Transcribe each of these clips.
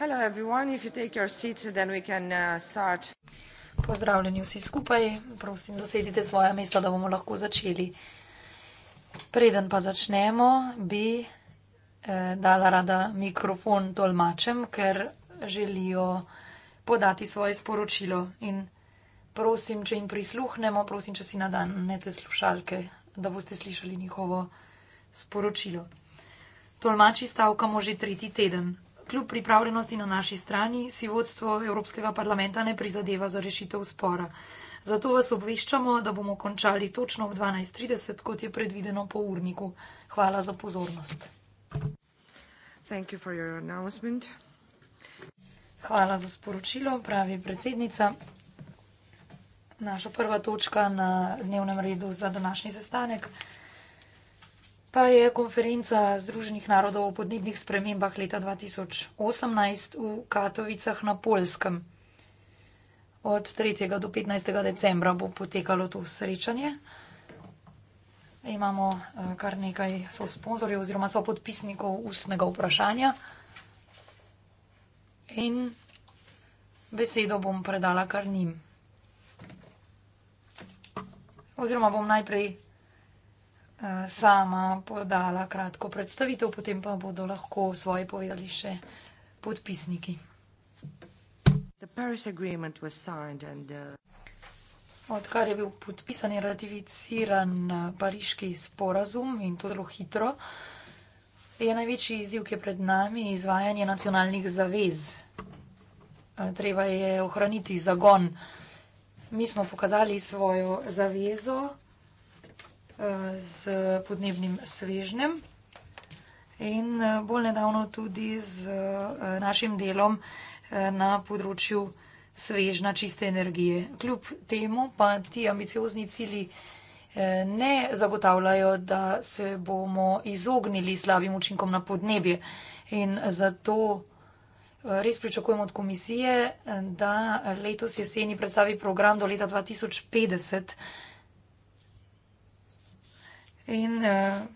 Hello everyone, if you take your seats, then we can uh, start. Pozdravljeni vsi skupaj, prosim, zasedite svoje mesto, da bomo lahko začeli. Preden pa začnemo, bi eh, dala rada mikrofon tolmačem, ker želijo podati svoje sporočilo. In prosim, če jim prisluhnemo, prosim, če si nadanete slušalke, da boste slišali njihovo sporočilo. Tolmači stavkamo že tretji teden kljub pripravljenosti na naši strani, si vodstvo Evropskega parlamenta ne prizadeva za rešitev spora. Zato vas obveščamo, da bomo končali točno ob 12.30, kot je predvideno po urniku. Hvala za pozornost. Hvala za sporočilo, pravi predsednica. Naša prva točka na dnevnem redu za današnji sestanek pa je konferenca Združenih narodov o podnebnih spremembah leta 2018 v Katovicah na Polskem. Od 3. do 15. decembra bo potekalo to srečanje. Imamo eh, kar nekaj so sponzorjev oziroma so podpisnikov ustnega vprašanja. In besedo bom predala kar njim. Oziroma bom najprej Eh, sama podala kratko predstavitev, potem pa bodo lahko svoje povedali še podpisniki. Uh, Odkar je bil podpisan in ratificiran eh, pariški sporazum in to zelo hitro, je največji izziv, ki je pred nami, izvajanje nacionalnih zavez. Eh, treba je ohraniti zagon. Mi smo pokazali svojo zavezo z podnebnim svežnem in bolj nedavno tudi z našim delom na področju svežna čiste energije. Kljub temu pa ti ambiciozni cili ne zagotavljajo, da se bomo izognili slabim učinkom na podnebje. In zato res pričakujemo od komisije, da letos jeseni predstavi program do leta 2050 in uh,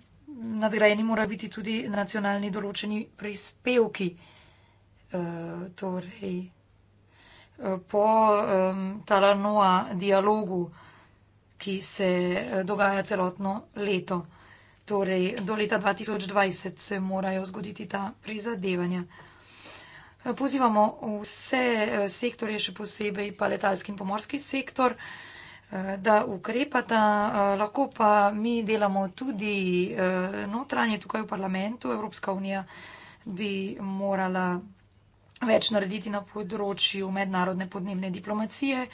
nadgrajeni morajo biti tudi nacionalni določeni prispevki. Uh, torej, eh, Po um, Talanoa dialogu, ki se dogaja celotno leto, torej do leta 2020 se morajo zgoditi ta prizadevanja. Pozivamo vse sektorje, še posebej pa letalski in pomorski sektor, uh, da ukrepata, eh, lahko pa mi delamo tudi eh, notranje tukaj v parlamentu. Evropska unija bi morala več narediti na področju mednarodne podnebne diplomacije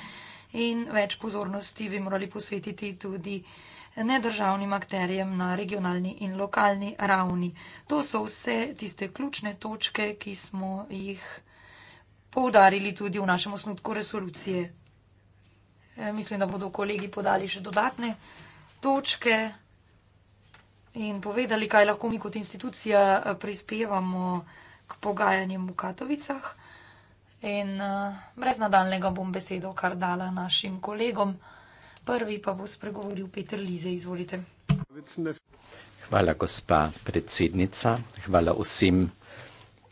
in več pozornosti bi morali posvetiti tudi nedržavnim akterjem na regionalni in lokalni ravni. To so vse tiste ključne točke, ki smo jih poudarili tudi v našem osnutku resolucije. E, mislim, da bodo kolegi podali še dodatne točke in povedali, kaj lahko mi kot institucija e, prispevamo k pogajanjem v Katovicah. In e, brez nadaljnega bom besedo kar dala našim kolegom. Prvi pa bo spregovoril Peter Lize, izvolite. Hvala, gospa predsednica. Hvala vsem,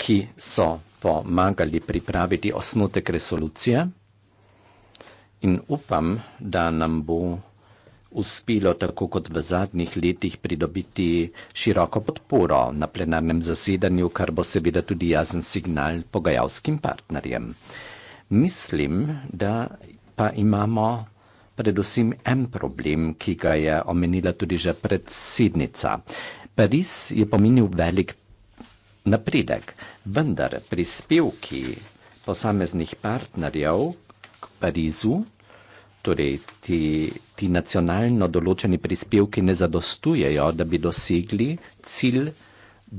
ki so pomagali pripraviti osnutek resolucije in upam, da nam bo uspelo tako kot v zadnjih letih pridobiti široko podporo na plenarnem zasedanju, kar bo seveda tudi jazen signal pogajalskim partnerjem. Mislim, da pa imamo predvsem en problem, ki ga je omenila tudi že predsednica. Pariz je pomenil velik napredek, vendar prispevki posameznih partnerjev k Parizu torej ti, ti nacionalno določeni prispevki ne zadostujejo, da bi dosegli cilj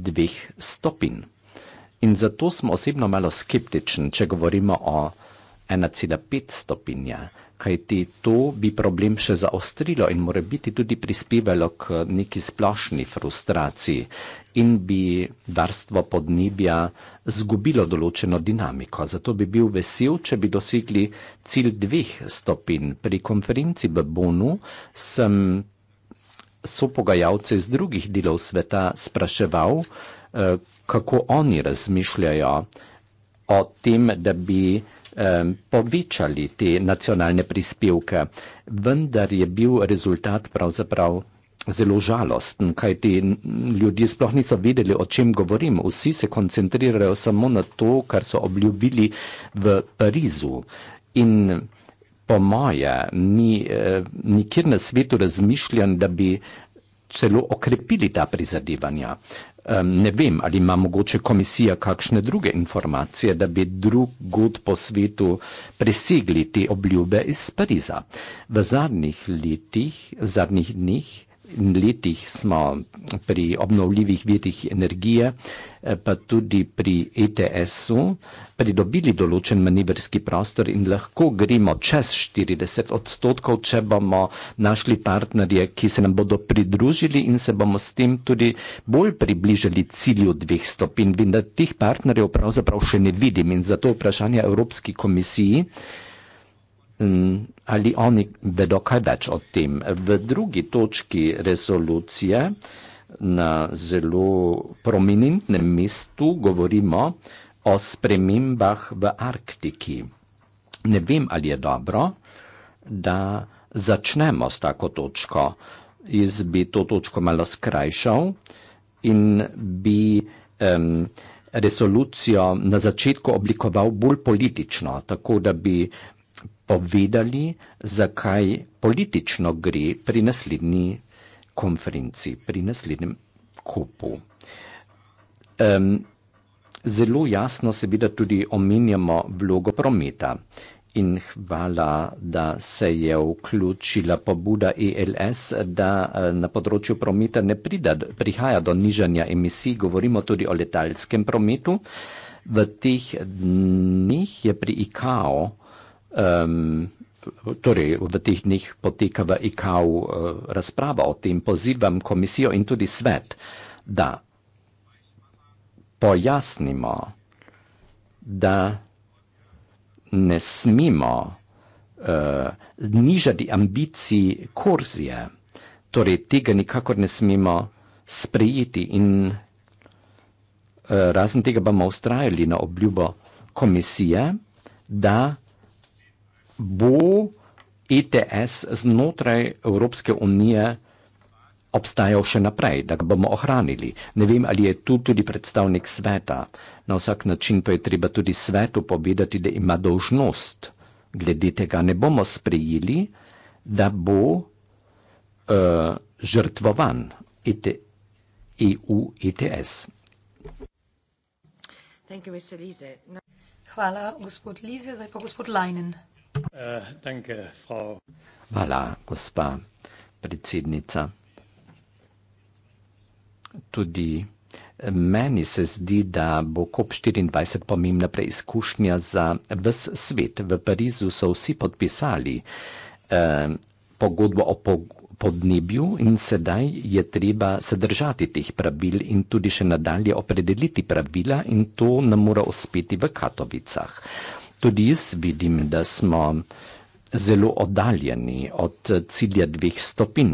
dveh stopin. In zato smo osebno malo skeptični, če govorimo o 1,5 stopinja kajti to bi problem še zaostrilo in more biti tudi prispevalo k neki splošni frustraciji in bi varstvo podnebja zgubilo določeno dinamiko. Zato bi bil vesel, če bi dosegli cilj dveh stopin. Pri konferenci v Bonu sem so pogajalce iz drugih delov sveta spraševal, eh, kako oni razmišljajo o tem, da bi Ehm, povečali te nacionalne prispevke, vendar je bil rezultat pravzaprav zelo žalosten, kaj ti ljudje sploh niso vedeli, o čem govorim. Vsi se koncentrirajo samo na to, kar so obljubili v Parizu. In po moje, ni eh, nikjer na svetu razmišljan, da bi celo okrepili ta prizadevanja. Um, ne vem, ali ima mogoče komisija kakšne druge informacije, da bi drugod po svetu presegli te obljube iz Pariza. V zadnjih letih, v zadnjih dneh, letih smo pri obnovljivih virih energije, eh, pa tudi pri ETS-u, pridobili določen manevrski prostor in lahko gremo čez 40 odstotkov, če bomo našli partnerje, ki se nam bodo pridružili in se bomo s tem tudi bolj približali cilju dveh stopin. Vem, da tih partnerjev pravzaprav še ne vidim in zato vprašanje Evropski komisiji. Mm, ali oni vedo kaj več o tem. V drugi točki rezolucije na zelo prominentnem mestu govorimo o spremembah v Arktiki. Ne vem, ali je dobro, da začnemo s tako točko. Jaz bi to točko malo skrajšal in bi um, resolucijo na začetku oblikoval bolj politično, tako da bi povedali, zakaj politično gre pri naslednji konferenci, pri naslednjem kupu. Um, zelo jasno seveda tudi omenjamo vlogo prometa in hvala, da se je vključila pobuda ELS, da eh, na področju prometa ne prida, prihaja do nižanja emisij, govorimo tudi o letalskem prometu. V teh dneh je pri IKAO uh, um, torej v teh dneh poteka v IKAV uh, eh, razprava o tem, pozivam komisijo in tudi svet, da pojasnimo, da ne smemo uh, nižati ambicij korzije, torej tega nikakor ne smemo sprejeti in uh, razen tega bomo ustrajali na obljubo komisije, da bo ETS znotraj Evropske unije obstajal še naprej, da ga bomo ohranili. Ne vem, ali je tu tudi predstavnik sveta. Na vsak način pa je treba tudi svetu povedati, da ima dožnost. Glede tega ne bomo sprejeli, da bo uh, žrtvovan ET, EU ETS. Hvala, gospod Lize. Zdaj pa gospod Lajnen. Hvala, gospa predsednica. Tudi meni se zdi, da bo COP24 pomembna preizkušnja za ves svet. V Parizu so vsi podpisali eh, pogodbo o podnebju in sedaj je treba se držati teh pravil in tudi še nadalje opredeliti pravila in to nam mora uspeti v Katovicah. Tudi jaz vidim, da smo zelo oddaljeni od cilja dveh stopin.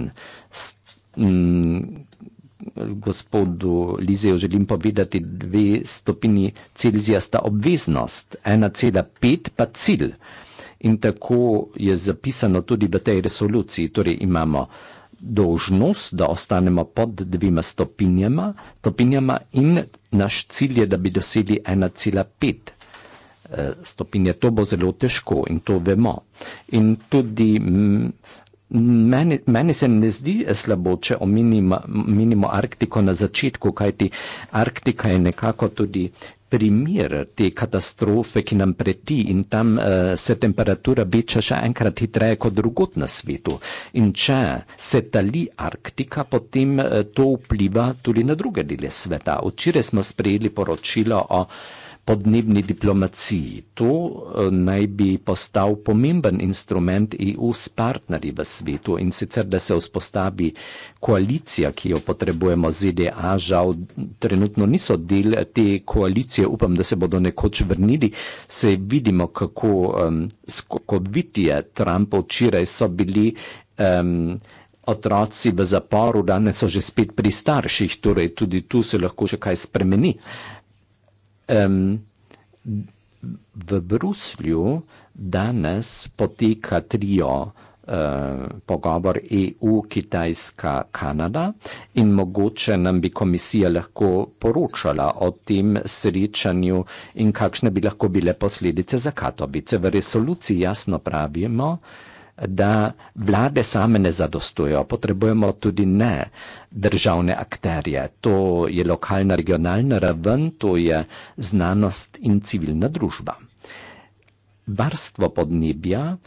S, m, mm, gospodu Lizeju želim povedati, dve stopini Celzija sta obveznost, 1,5 pa cilj. In tako je zapisano tudi v tej resoluciji, torej imamo dožnost, da ostanemo pod dvima stopinjama, stopinjama in naš cilj je, da bi dosegli 1,5. Eh, stopinje. To bo zelo težko in to vemo. In tudi meni, meni se ne zdi eh, slabo, če omenimo Arktiko na začetku, kajti Arktika je nekako tudi primer te katastrofe, ki nam preti in tam uh, se temperatura veča še enkrat hitreje kot drugot na svetu. In če se tali Arktika, potem uh, to vpliva tudi na druge dele sveta. Včeraj smo sprejeli poročilo o uh, podnebni diplomaciji. To eh, naj bi postal pomemben instrument EU s partnerji v svetu in sicer, da se vzpostavi koalicija, ki jo potrebujemo ZDA. Žal, trenutno niso del eh, te koalicije, upam, da se bodo nekoč vrnili. Se vidimo, kako um, skokovitije Trumpa včeraj so bili. Um, Otroci v zaporu, danes so že spet pri starših, torej tudi tu se lahko še kaj spremeni um, v Bruslju danes poteka trio uh, pogovor EU, Kitajska, Kanada in mogoče nam bi komisija lahko poročala o tem srečanju in kakšne bi lahko bile posledice za Katovice. V resoluciji jasno pravimo, da vlade same ne zadostujejo, potrebujemo tudi ne državne akterje. To je lokalna, regionalna raven, to je znanost in civilna družba. Varstvo podnebja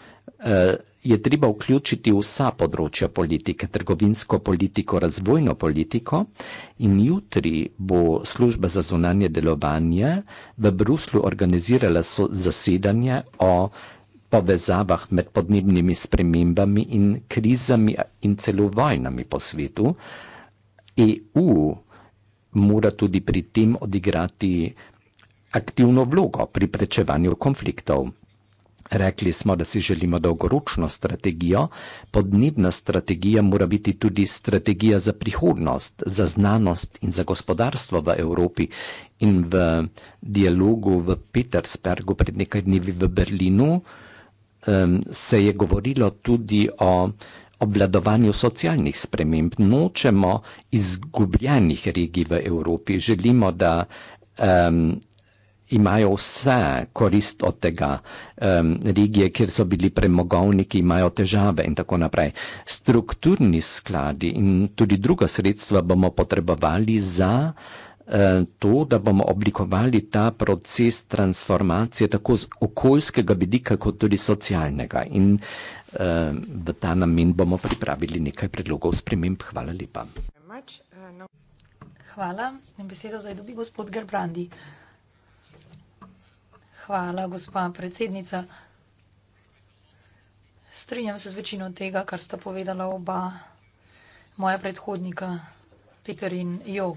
eh, je treba vključiti v vsa področja politike, trgovinsko politiko, razvojno politiko in jutri bo služba za zunanje delovanje v Bruslu organizirala zasedanje o povezavah med podnebnimi spremembami in krizami in celo vojnami po svetu. EU mora tudi pri tem odigrati aktivno vlogo pri prečevanju konfliktov. Rekli smo, da si želimo dolgoročno strategijo, podnebna strategija mora biti tudi strategija za prihodnost, za znanost in za gospodarstvo v Evropi. In v dialogu v Petersbergu pred nekaj dnevi v Berlinu uh, um, se je govorilo tudi o obvladovanju socialnih sprememb. Nočemo izgubljenih regij v Evropi, želimo, da um, imajo vse korist od tega. Um, regije, kjer so bili premogovniki, imajo težave in tako naprej. Strukturni skladi in tudi druga sredstva bomo potrebovali za. Eh, to, da bomo oblikovali ta proces transformacije tako z okoljskega vidika, kot tudi socialnega. In eh, v ta namen bomo pripravili nekaj predlogov sprememb. Hvala lepa. Hvala. Besedo zdaj dobi gospod Gerbrandi. Hvala, gospa predsednica. Strinjam se z večino tega, kar sta povedala oba moja predhodnika, Peter in Jov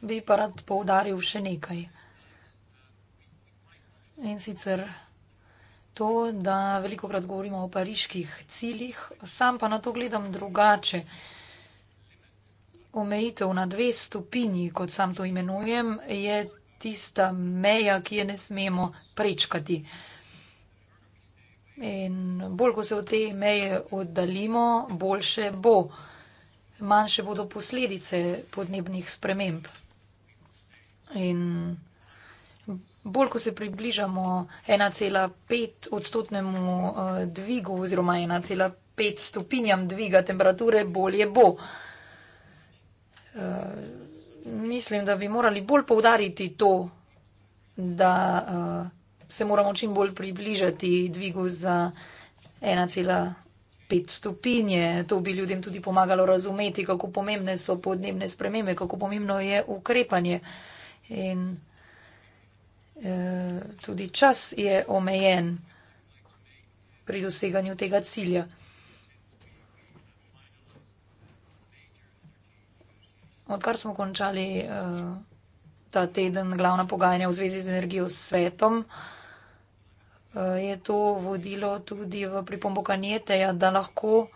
bi pa rad poudaril še nekaj. In sicer to, da veliko krat govorimo o pariških ciljih, sam pa na to gledam drugače. Omejitev na dve stopinji, kot sam to imenujem, je tista meja, ki je ne smemo prečkati. In bolj, ko se od te meje oddaljimo, boljše bo. Manjše bodo posledice podnebnih sprememb. In bolj, ko se približamo 1,5 odstotnemu eh, dvigu oziroma 1,5 stopinjam dviga temperature, bolje bo. Eh, mislim, da bi morali bolj povdariti to, da eh, se moramo čim bolj približati dvigu za 1,5 stopinje. To bi ljudem tudi pomagalo razumeti, kako pomembne so podnebne spremembe, kako pomembno je ukrepanje in eh, tudi čas je omejen pri doseganju tega cilja. Odkar smo končali eh, ta teden glavna pogajanja v zvezi z energijo s svetom, eh, je to vodilo tudi v pripombo kanjeteja, da lahko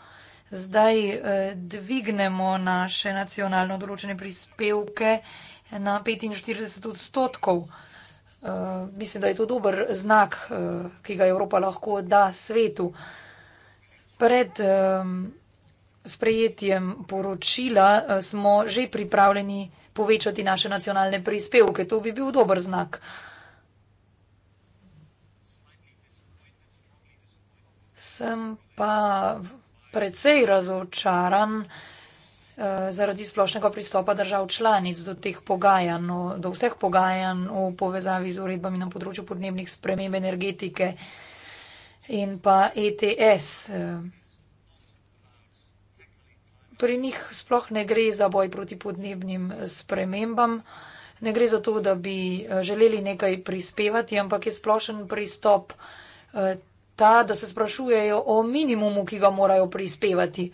zdaj dvignemo naše nacionalno določene prispevke in na 45 odstotkov. Eh, mislim, da je to dober znak, eh, ki ga Evropa lahko da svetu. Pred ehm, sprejetjem poročila eh, smo že pripravljeni povečati naše nacionalne prispevke. To bi bil dober znak. Sem pa precej razočaran, da Eh, zaradi splošnega pristopa držav članic do teh pogajanj, do vseh pogajanj v povezavi z uredbami na področju podnebnih sprememb energetike in pa ETS. Eh, pri njih sploh ne gre za boj proti podnebnim spremembam, ne gre za to, da bi eh, želeli nekaj prispevati, ampak je splošen pristop ta, da se sprašujejo o minimumu, ki ga morajo prispevati.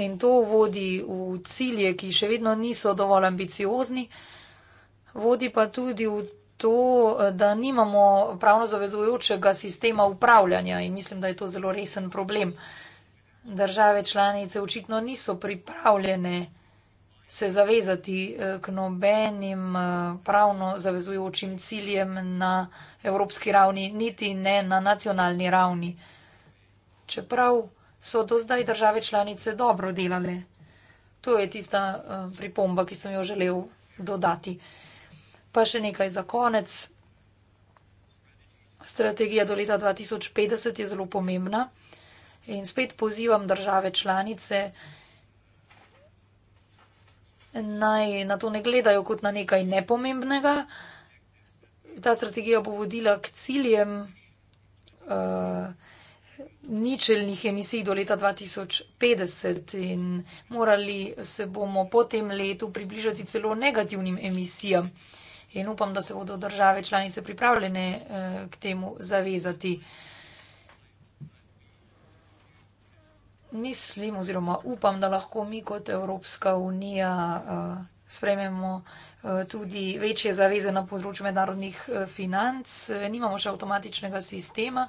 In to vodi v cilje, ki še vedno niso dovolj ambiciozni, vodi pa tudi v to, da nimamo pravno zavezujočega sistema upravljanja in mislim, da je to zelo resen problem. Države članice očitno niso pripravljene se zavezati eh, k nobenim eh, pravno zavezujočim ciljem na evropski ravni, niti ne na nacionalni ravni. Čeprav so do zdaj države članice dobro delale. To je tista eh, pripomba, ki sem jo želel dodati. Pa še nekaj za konec. Strategija do leta 2050 je zelo pomembna in spet pozivam države članice, naj na to ne gledajo kot na nekaj nepomembnega. Ta strategija bo vodila k ciljem. Uh, ničelnih emisij do leta 2050 in morali se bomo po tem letu približati celo negativnim emisijam. In upam, da se bodo države članice pripravljene eh, k temu zavezati. Mislim oziroma upam, da lahko mi kot Evropska unija eh, sprememo eh, tudi večje zaveze na področju mednarodnih financ. Nimamo še avtomatičnega sistema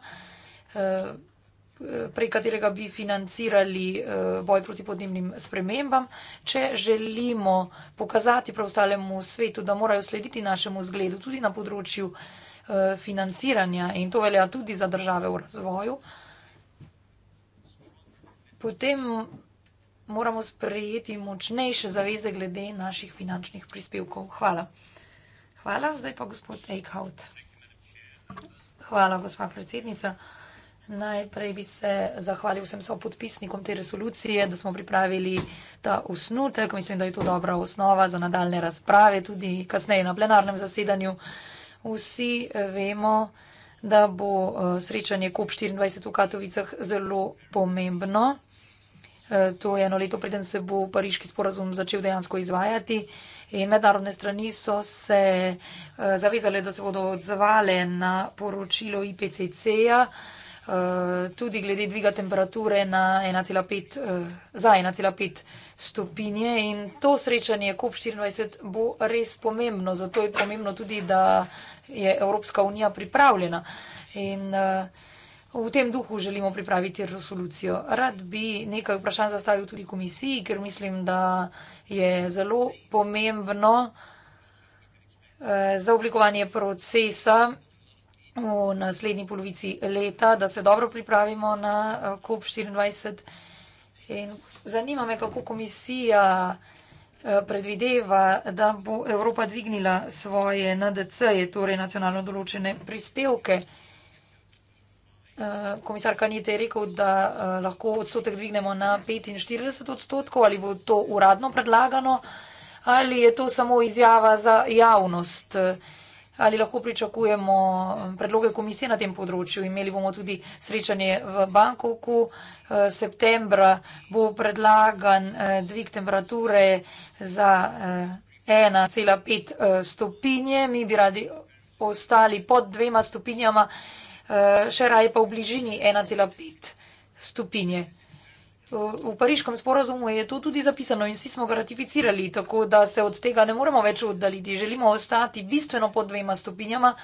prek katerega bi financirali eh, boj proti podnebnim spremembam, če želimo pokazati preostalemu svetu, da morajo slediti našemu zgledu tudi na področju eh, financiranja in to velja tudi za države v razvoju, potem moramo sprejeti močnejše zaveze glede naših finančnih prispevkov. Hvala. Hvala, zdaj pa gospod Eichhout. Hvala, gospod predsednica. Najprej bi se zahvalil vsem sopodpisnikom te resolucije, da smo pripravili ta osnutek. Mislim, da je to dobra osnova za nadaljne razprave, tudi kasneje na plenarnem zasedanju. Vsi vemo, da bo eh, srečanje COP24 v Katovicah zelo pomembno. Eh, to je eno leto, preden se bo pariški sporazum začel dejansko izvajati. In mednarodne strani so se eh, zavezale, da se bodo odzvale na poročilo IPCC-ja. -ja. Eh, tudi glede dviga temperature na 1,5, eh, za 1,5 stopinje. In to srečanje COP24 bo res pomembno, zato je pomembno tudi, da je Evropska unija pripravljena. In eh, v tem duhu želimo pripraviti resolucijo. Rad bi nekaj vprašanj zastavil tudi komisiji, ker mislim, da je zelo pomembno za oblikovanje procesa v naslednji polovici leta, da se dobro pripravimo na eh, COP24. In zanima me, kako komisija eh, predvideva, da bo Evropa dvignila svoje NDC-je, torej nacionalno določene prispevke. Eh, Komisar Kanjete je rekel, da lahko odstotek dvignemo na 45 odstotkov, ali bo to uradno predlagano, ali je to samo izjava za javnost. Hvala ali lahko pričakujemo um, predloge komisije na tem področju. Imeli bomo tudi srečanje v Bankovku. Uh, septembra bo predlagan uh, dvig temperature za 1,5 uh, stopinje. Mi bi radi ostali pod dvema stopinjama, še raje pa v bližini 1,5 stopinje v pariškem sporazumu je to tudi zapisano in vsi smo ga ratificirali, tako da se od tega ne moremo več oddaliti. Želimo ostati bistveno pod dvema stopinjama,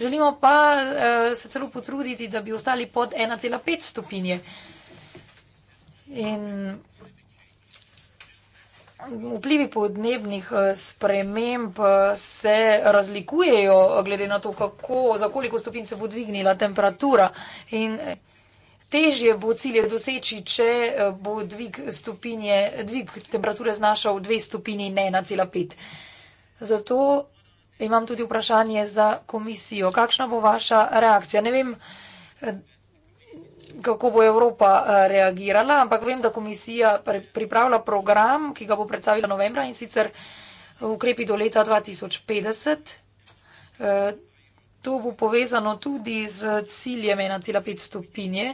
želimo pa eh, se celo potruditi, da bi ostali pod 1,5 stopinje. In vplivi podnebnih eh, sprememb eh, se razlikujejo glede na to, kako, za koliko stopin se bo dvignila temperatura. In Težje bo cilje doseči, če eh, bo dvig, stopinje, dvig temperature znašal 2 stopinje in ne 1,5. Zato imam tudi vprašanje za komisijo. Kakšna bo vaša reakcija? Ne vem, eh, kako bo Evropa eh, reagirala, ampak vem, da komisija pripravlja program, ki ga bo predstavila novembra in sicer ukrepi do leta 2050. To bo povezano tudi z ciljem 1,5 stopinje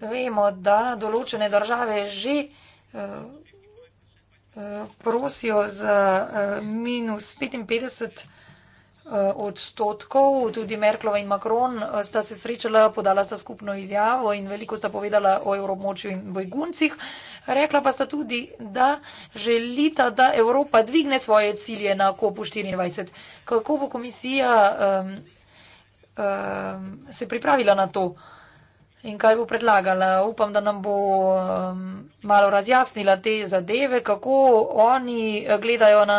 vemo, da določene države že eh, eh, prosijo za eh, minus 55 odstotkov. Tudi Merklova in Macron sta se srečala, podala sta skupno izjavo in veliko sta povedala o evromočju in bojguncih. Rekla pa sta tudi, da želita, da Evropa dvigne svoje cilje na kopu 24. Kako bo komisija se pripravila na to vprašanje? in kaj bo predlagala. Upam, da nam bo um, malo razjasnila te zadeve, kako oni gledajo na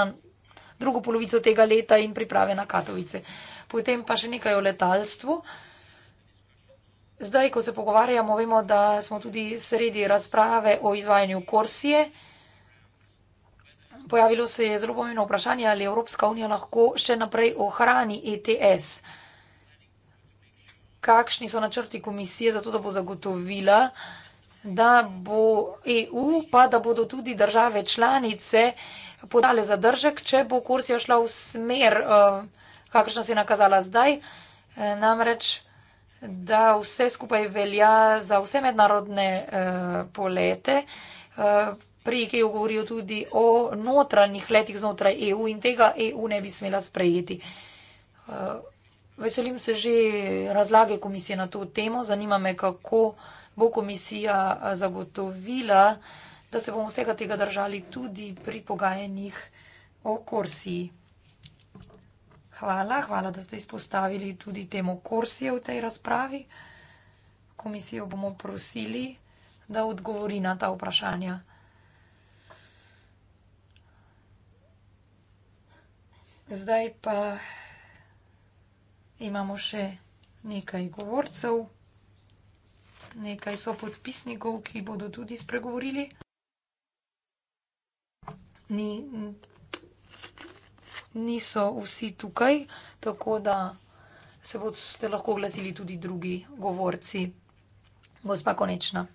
drugo polovico tega leta in priprave na Katovice. Potem pa še nekaj o letalstvu. Zdaj, ko se pogovarjamo, vemo, da smo tudi sredi razprave o izvajanju Korsije. Pojavilo se je zelo pomembno vprašanje, ali Evropska unija lahko še naprej ohrani ETS kakšni so načrti komisije za to, da bo zagotovila, da bo EU, pa da bodo tudi države članice podale zadržek, če bo kursija šla v smer, eh, kakršna se je nakazala zdaj, eh, namreč, da vse skupaj velja za vse mednarodne eh, polete. Pri EU govorijo tudi o notranjih letih znotraj EU in tega EU ne bi smela sprejeti veselim se že razlage komisije na to temo. Zanima me, kako bo komisija zagotovila, da se bomo vsega tega držali tudi pri pogajanjih o korsiji. Hvala, hvala, da ste izpostavili tudi temo korsije v tej razpravi. Komisijo bomo prosili, da odgovori na ta vprašanja. Zdaj pa imamo še nekaj govorcev, nekaj so podpisnikov, ki bodo tudi spregovorili. Ni, niso vsi tukaj, tako da se boste lahko oglasili tudi drugi govorci. Gospa Konečna.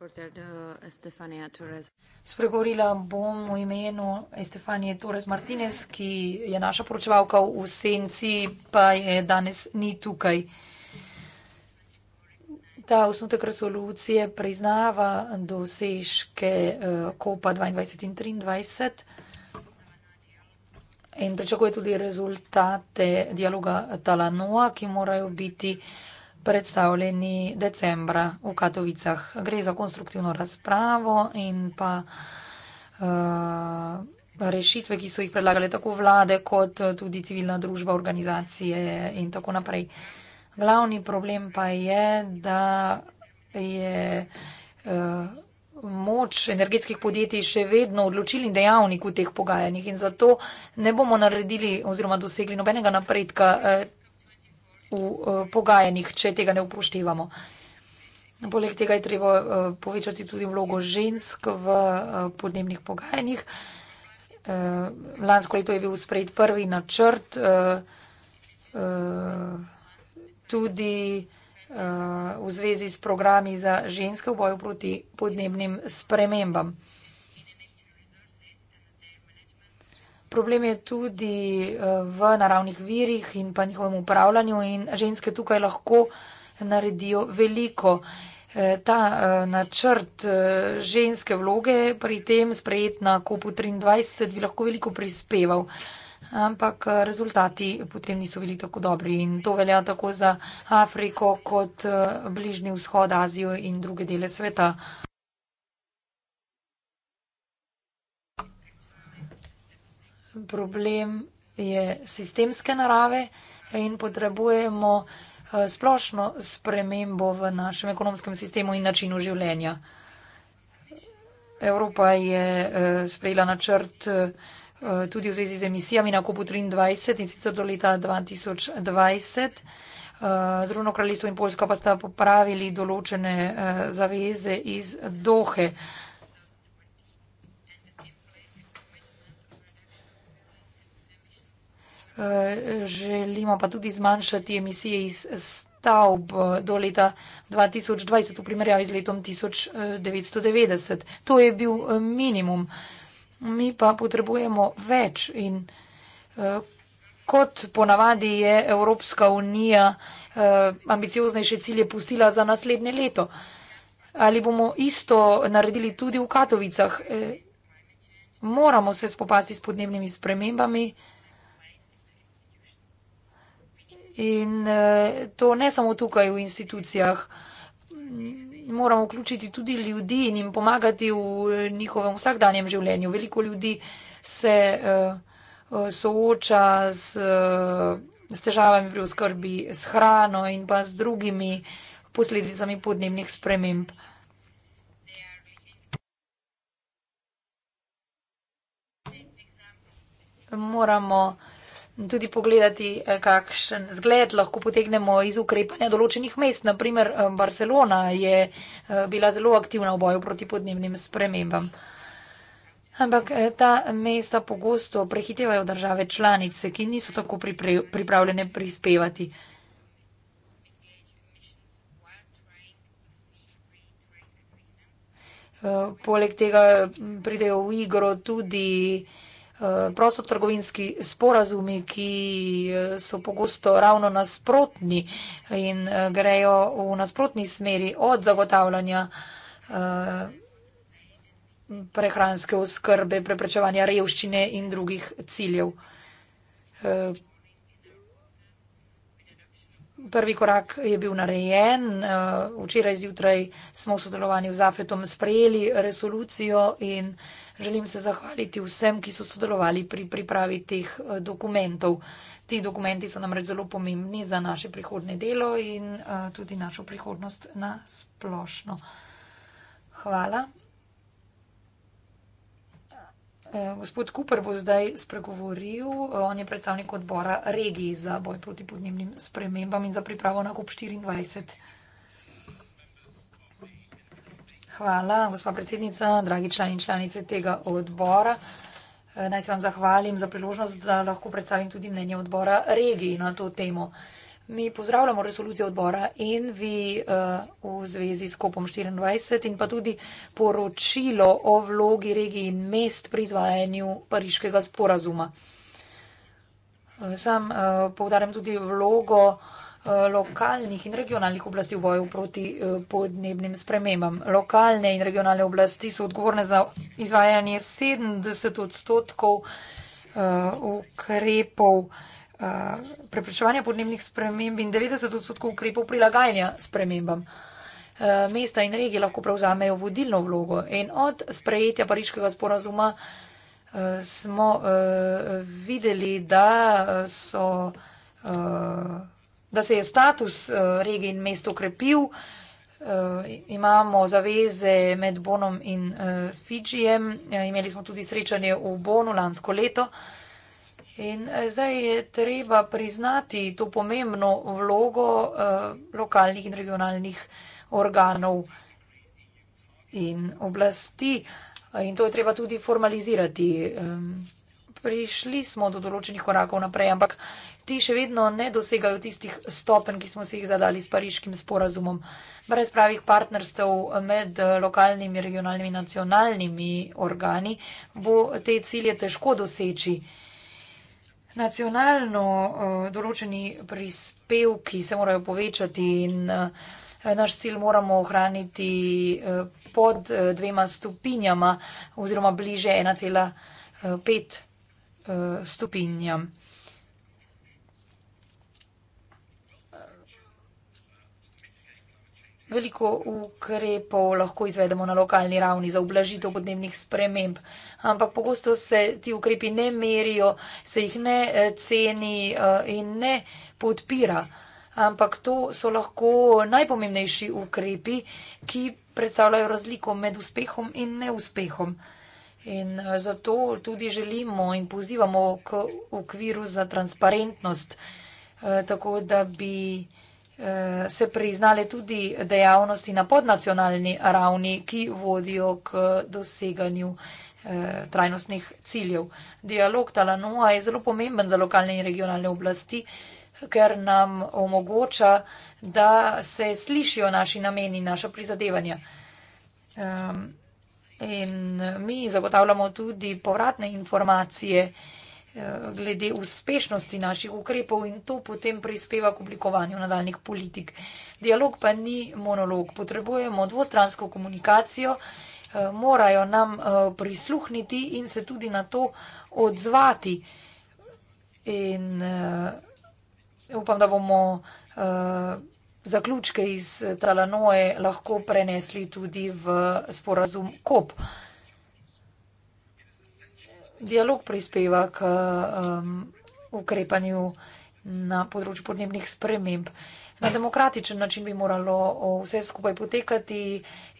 Uh, Spregovorila bom v imenu Estefanije Torres Martinez, ki je naša poročevalka v senci, pa je danes ni tukaj. Ta osnutek resolucije priznava dosežke COP-a uh, 22 in 23 in pričakuje tudi rezultate dialoga Talanoa, ki morajo biti predstavljeni decembra v Katovicah. Gre za konstruktivno razpravo in pa uh, rešitve, ki so jih predlagali tako vlade, kot eh, tudi civilna družba, organizacije in tako naprej. Glavni problem pa je, da je uh, moč energetskih podjetij še vedno odločilni dejavnik v teh pogajanjih in zato ne bomo naredili oziroma dosegli nobenega napredka. Uh, v uh, pogajanjih, če tega ne upoštevamo. Poleg tega je treba uh, povečati tudi vlogo žensk v uh, podnebnih pogajanjih. Uh, lansko leto je bil sprejet prvi načrt, uh, uh, tudi uh, v zvezi s programi za ženske v boju proti podnebnim spremembam. Problem je tudi eh, v naravnih virih in pa njihovem upravljanju in ženske tukaj lahko naredijo veliko. Eh, ta eh, načrt ženske vloge pri tem sprejet na kopu 23 bi lahko veliko prispeval, ampak rezultati potem niso bili tako dobri in to velja tako za Afriko kot bližnji vzhod, Azijo in druge dele sveta. problem je sistemske narave in potrebujemo eh, splošno spremembo v našem ekonomskem sistemu in načinu življenja. Evropa je eh, sprejela načrt eh, tudi v zvezi z emisijami na kopu 23 in sicer do leta 2020. Zrovno kraljestvo in Poljska pa sta popravili določene zaveze iz Dohe. Eh, želimo pa tudi zmanjšati emisije iz stavb eh, do leta 2020 v primerjavi z letom 1990. Eh, to je bil minimum. Mi pa potrebujemo več in kot ponavadi je Evropska unija ambicioznejše cilje pustila za naslednje leto. Ali bomo isto naredili tudi v Katovicah? Moramo se spopasti s podnebnimi spremembami in In eh, to ne samo tukaj v institucijah. Moramo vključiti tudi ljudi in jim pomagati v eh, njihovem vsakdanjem življenju. Veliko ljudi se eh, sooča s, s težavami pri oskrbi s hrano in pa z drugimi posledicami podnebnih sprememb. Moramo tudi pogledati, eh, kakšen zgled lahko potegnemo iz ukrepanja določenih mest. Naprimer, eh, Barcelona je eh, bila zelo aktivna v boju proti podnebnim spremembam. Ampak ta mesta pogosto prehitevajo države članice, ki niso tako pripravljene prispevati. Poleg tega mm, pridejo v igro tudi. Eh, prostotrgovinski sporazumi, ki eh, so pogosto ravno nasprotni in eh, grejo v nasprotni smeri od zagotavljanja prehranske oskrbe, preprečevanja revščine in drugih ciljev. Prvi korak je bil narejen. Včeraj zjutraj smo v sodelovanju z Afetom sprejeli resolucijo in resolucijo. Želim se zahvaliti vsem, ki so sodelovali pri pripravi teh eh, dokumentov. Ti dokumenti so namreč zelo pomembni za naše prihodne delo in eh, tudi našo prihodnost na splošno. Hvala. Eh, gospod Kuper bo zdaj spregovoril. On je predstavnik odbora regiji za boj proti podnebnim spremembam in za pripravo na COP24. Hvala, gospa predsednica, dragi člani in članice tega odbora. Eh, naj se vam zahvalim za priložnost, da lahko predstavim tudi mnenje odbora regiji na to temo. Mi pozdravljamo resolucijo odbora in vi eh, v zvezi s Kopom 24 in pa tudi poročilo o vlogi regiji in mest pri izvajanju pariškega sporazuma. Eh, sam poudarjam tudi vlogo Eh, lokalnih in regionalnih oblasti v boju proti eh, podnebnim spremembam. Lokalne in regionalne oblasti so odgovorne za izvajanje 70 odstotkov eh, ukrepov preprečevanja podnebnih sprememb in 90 odstotkov ukrepov prilagajanja spremembam. Mesta in regije lahko prevzamejo vodilno vlogo in od sprejetja pariškega sporazuma smo videli, da so da se je status eh, regij in mest okrepil. Eh, imamo zaveze med Bonom in eh, Fidžijem, imeli smo tudi srečanje v Bonu lansko leto. In zdaj je treba priznati to pomembno vlogo lokalnih in regionalnih organov in oblasti. In to je treba tudi formalizirati. Prišli smo do določenih korakov naprej, ampak ti še vedno ne dosegajo tistih stopenj, ki smo si jih zadali s pariškim sporazumom. Brez pravih partnerstev med lokalnimi, regionalnimi, nacionalnimi organi bo te cilje težko doseči. Nacionalno uh, določeni prispevki se morajo povečati in uh, naš cilj moramo ohraniti uh, pod uh, dvema stopinjama oziroma bliže 1,5 uh, stopinjam. Veliko ukrepov lahko izvedemo na lokalni ravni za oblažitev podnebnih sprememb, ampak pogosto se ti ukrepi ne merijo, se jih ne eh, ceni eh, in ne podpira. Ampak to so lahko najpomembnejši ukrepi, ki predstavljajo razliko med uspehom in neuspehom. In eh, zato tudi želimo in pozivamo k ukviru za transparentnost, tako da bi. Eh, se priznale tudi dejavnosti na podnacionalni ravni, ki vodijo k doseganju eh, trajnostnih ciljev. Dialog Talanoa je zelo pomemben za lokalne in regionalne oblasti, ker nam omogoča, da se slišijo naši nameni, naša prizadevanja. Ehm, in mi zagotavljamo tudi povratne informacije, Eh, glede uspešnosti naših ukrepov in to potem prispeva k oblikovanju nadaljnih politik. Dialog pa ni monolog. Potrebujemo dvostransko komunikacijo, eh, morajo nam eh, prisluhniti in se tudi na to odzvati. In upam, da bomo zaključke iz Talanoje lahko prenesli tudi v sporazum KOP dialog prispeva k um, ukrepanju na področju podnebnih sprememb. Na demokratičen način bi moralo vse skupaj potekati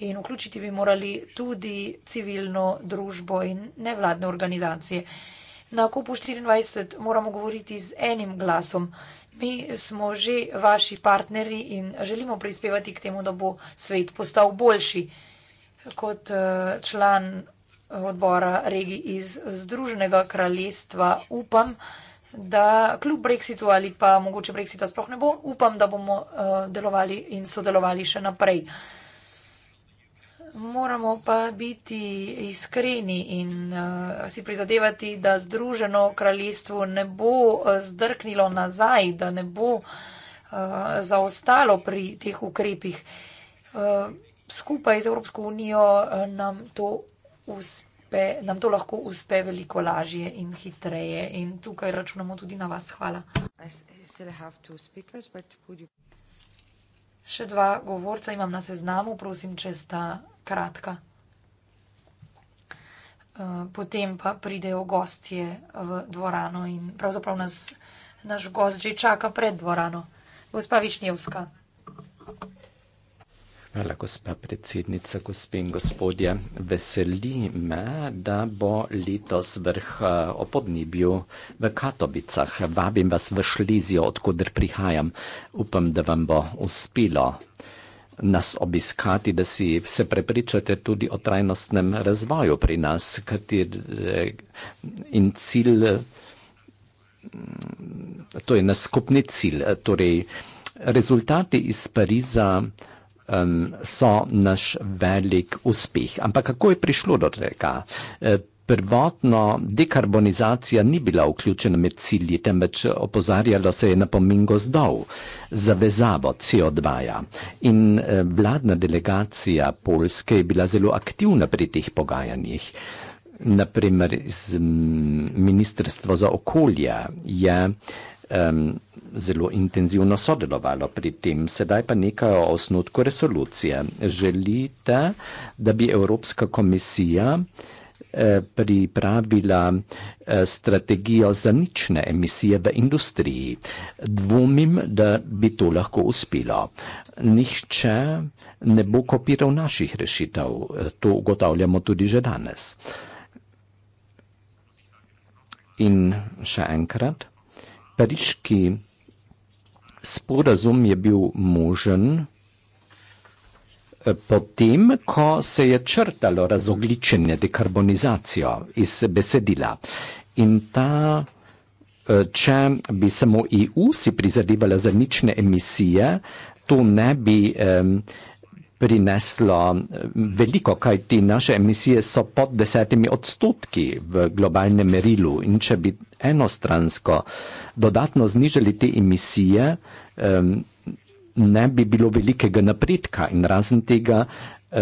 in vključiti bi morali tudi civilno družbo in nevladne organizacije. Na kupu 24 moramo govoriti z enim glasom. Mi smo že vaši partneri in želimo prispevati k temu, da bo svet postal boljši. Kot eh, član odbora regij iz Združenega kraljestva. Upam, da kljub brexitu ali pa mogoče brexita sploh ne bo, upam, da bomo eh, delovali in sodelovali še naprej. Moramo pa biti iskreni in uh, si prizadevati, da Združeno kraljestvo ne bo eh, zdrknilo nazaj, da ne bo uh, zaostalo pri teh ukrepih. Uh, skupaj z Evropsko unijo nam to uspe, nam to lahko uspe veliko lažje in hitreje. In tukaj računamo tudi na vas. Hvala. Še dva govorca imam na seznamu, prosim, če sta kratka. Eh, potem pa pridejo gostje v dvorano in pravzaprav nas, naš gost že čaka pred dvorano. Gospa Višnjevska. Thank you. Hvala, gospa predsednica, gospe in gospodje. Veseli me, da bo letos vrh eh, o podnebju v Katovicah. Vabim vas v Šlezijo, odkudr prihajam. Upam, da vam bo uspelo nas obiskati, da si se prepričate tudi o trajnostnem razvoju pri nas, katir in cilj, mm, to je naš skupni cilj, torej rezultati iz Pariza, um, so naš velik uspeh. Ampak kako je prišlo do tega? E, prvotno dekarbonizacija ni bila vključena med cilji, temveč opozarjalo se je na pomen gozdov, zavezavo CO2. -ja. In e, vladna delegacija Poljske je bila zelo aktivna pri teh pogajanjih. Naprimer, z Ministrstvo za okolje je um, zelo intenzivno sodelovalo pri tem. Sedaj pa nekaj o osnutku resolucije. Želite, da bi Evropska komisija eh, pripravila eh, strategijo za nične emisije v industriji. Dvomim, da bi to lahko uspelo. Nihče ne bo kopiral naših rešitev, eh, to ugotavljamo tudi že danes. In še enkrat, Pariški sporazum je bil možen eh, potem, ko se je črtalo razogličenje dekarbonizacijo iz besedila. In ta, eh, če bi samo EU si prizadevala za nične emisije, to ne bi um, prineslo veliko, kaj ti naše emisije so pod desetimi odstotki v globalnem merilu. In če bi enostransko dodatno znižali te emisije, um, ne bi bilo velikega napredka in razen tega,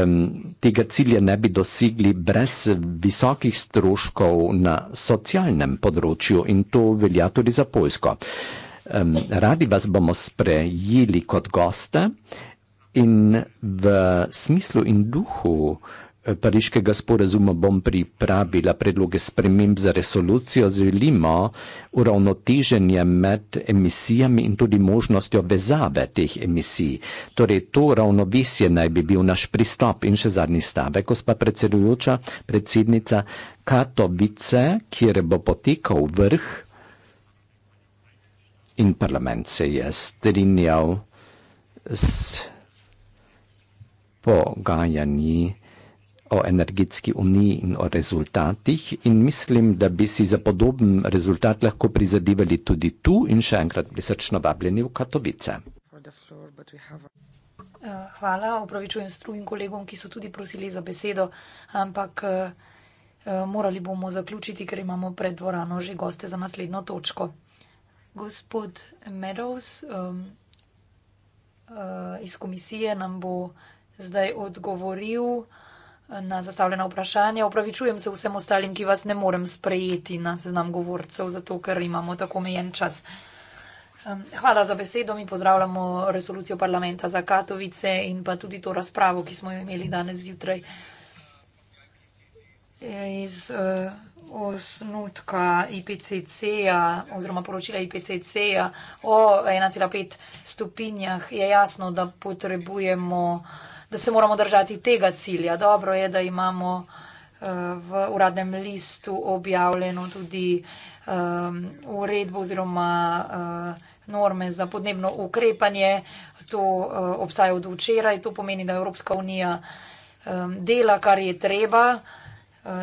um, tega cilja ne bi dosegli brez visokih stroškov na socialnem področju in to velja tudi za Poljsko. Um, radi vas bomo sprejeli kot goste in v smislu in duhu pariškega sporazuma bom pripravila predloge sprememb za resolucijo, želimo uravnoteženje med emisijami in tudi možnostjo vezave teh emisij. Torej, to ravnovesje naj bi bil naš pristop. In še zadnji stavek, gospa predsedujoča, predsednica Katovice, kjer bo potekal vrh in parlament se je strinjal s pogajanji o energetski uniji in o rezultatih in mislim, da bi si za podoben rezultat lahko prizadevali tudi tu in še enkrat prisrčno vabljeni v Katovice. Eh, hvala, opravičujem strujim kolegom, ki so tudi prosili za besedo, ampak eh, eh, morali bomo zaključiti, ker imamo pred dvorano že goste za naslednjo točko. Gospod Meadows iz komisije nam bo zdaj odgovoril, na zastavljena vprašanja. Opravičujem se vsem ostalim, ki vas ne morem sprejeti na seznam govorcev, zato ker imamo tako mejen čas. Hvala za besedo. Mi pozdravljamo resolucijo parlamenta za Katovice in pa tudi to razpravo, ki smo jo imeli danes zjutraj. Iz uh, osnutka IPCC-ja oziroma poročila IPCC-ja o 1,5 stopinjah je jasno, da potrebujemo da se moramo držati tega cilja. Dobro je, da imamo eh, v uradnem listu objavljeno tudi ehm, uredbo oziroma eh, norme za podnebno ukrepanje. To eh, obstaja od včeraj. To pomeni, da Evropska unija ehm, dela, kar je treba,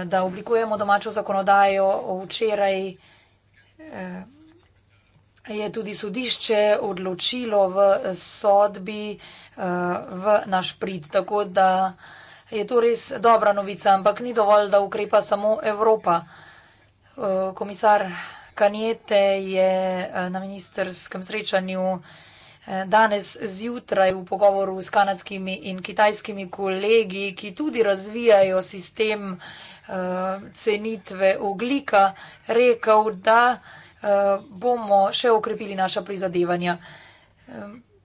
da oblikujemo domačo zakonodajo. Včeraj je tudi sodišče odločilo v sodbi, da je Eh, v naš prid. Tako da je to res dobra novica, ampak ni dovolj, da ukrepa samo Evropa. Eh, komisar Kanjete je eh, na ministerskem srečanju danes zjutraj v pogovoru s kanadskimi in kitajskimi kolegi, ki tudi razvijajo sistem cenitve oglika, rekel, da bomo še okrepili naša prizadevanja.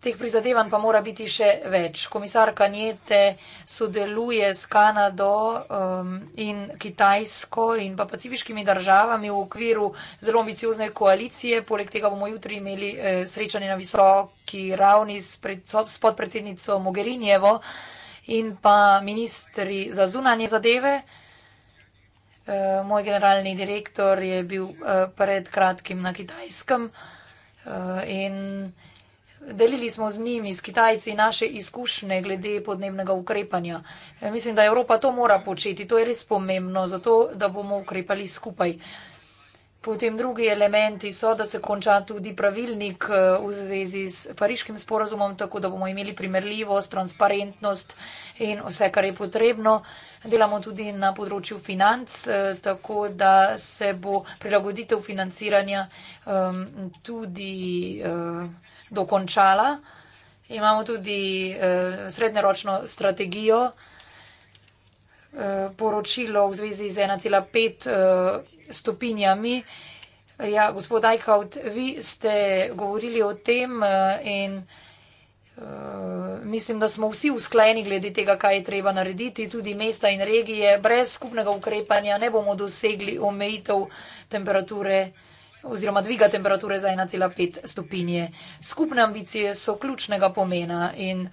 Teh prizadevanj pa mora biti še več. Komisar Kanjete sodeluje s Kanado um, in Kitajsko in pa pacifiškimi državami v okviru zelo ambiciozne koalicije. Poleg tega bomo jutri imeli eh, srečanje na visoki ravni s, pred, s podpredsednico Mogherinjevo in pa ministri za zunanje zadeve. E, moj generalni direktor je bil eh, pred kratkim na Kitajskem eh, in delili smo z njimi, s Kitajci, naše izkušnje glede podnebnega ukrepanja. E, mislim, da Evropa to mora početi, to je res pomembno, zato da bomo ukrepali skupaj. Potem drugi elementi so, da se konča tudi pravilnik e, v zvezi s pariškim sporozumom, tako da bomo imeli primerljivost, transparentnost in vse, kar je potrebno. Delamo tudi na področju financ, e, tako da se bo prilagoditev financiranja tudi dokončala. Imamo tudi uh, srednjeročno strategijo, uh, poročilo v zvezi z 1,5 uh, eh, stopinjami. Ja, gospod Eichhout, vi ste govorili o tem uh, in Mislim, da smo vsi usklajeni glede tega, kaj je treba narediti, tudi mesta in regije. Brez skupnega ukrepanja ne bomo dosegli omejitev temperature oziroma dviga temperature za 1,5 stopinje. Skupne ambicije so ključnega pomena in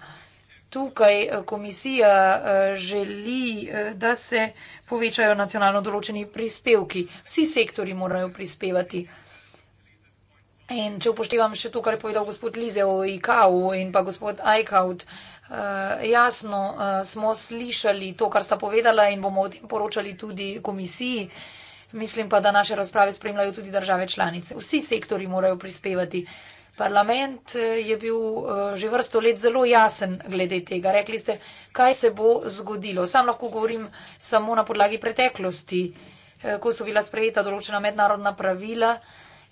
tukaj eh, komisija eh, želi, eh, da se povečajo nacionalno določeni prispevki. Vsi sektori morajo prispevati. In če upoštevam še to, kar je povedal gospod Lize o IKAU in pa gospod Eichhout, jasno smo slišali to, kar sta povedala in bomo o tem poročali tudi komisiji mislim pa, da naše razprave spremljajo tudi države članice. Vsi sektori morajo prispevati. Parlament eh, je bil eh, že vrsto let zelo jasen glede tega. Rekli ste, kaj se bo zgodilo. Sam lahko govorim samo na podlagi preteklosti, eh, ko so bila sprejeta določena mednarodna pravila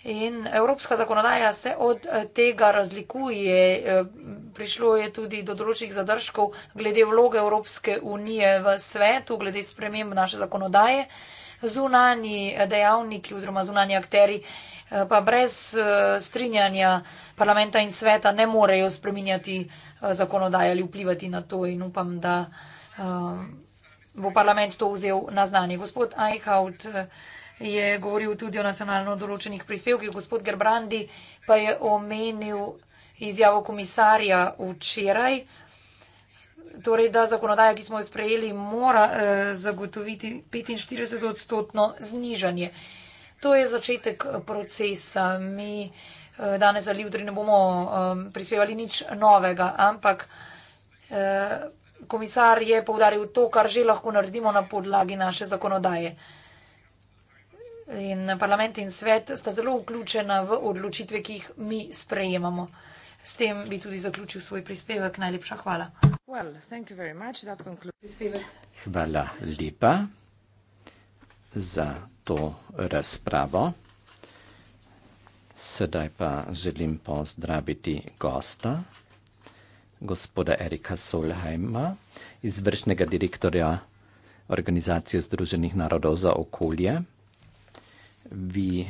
in evropska zakonodaja se od tega razlikuje. Prišlo je tudi do določenih zadržkov glede vloge Evropske unije v svetu, glede sprememb naše zakonodaje zunani dejavniki oziroma zunani akteri eh, pa brez eh, strinjanja parlamenta in sveta ne morejo spreminjati eh, zakonodaje ali vplivati na to in upam, da bo parlament to vzel na znanje. Gospod Eichhout je govoril tudi o nacionalno določenih prispevkih, gospod Gerbrandi pa je omenil izjavo komisarja včeraj, torej da zakonodaja, ki smo jo sprejeli, mora eh, zagotoviti 45 odstotno znižanje. To je začetek eh, procesa. Mi eh, danes ali jutri ne bomo eh, prispevali nič novega, ampak eh, komisar je povdaril to, kar že lahko naredimo na podlagi naše zakonodaje. In parlament in svet sta zelo vključena v odločitve, ki jih mi sprejemamo. S tem bi tudi zaključil svoj prispevek. Najlepša hvala. Well, hvala lepa za to razpravo. Sedaj pa želim pozdraviti gosta, gospoda Erika Solheima, izvršnega direktorja Organizacije Združenih narodov za okolje. Vi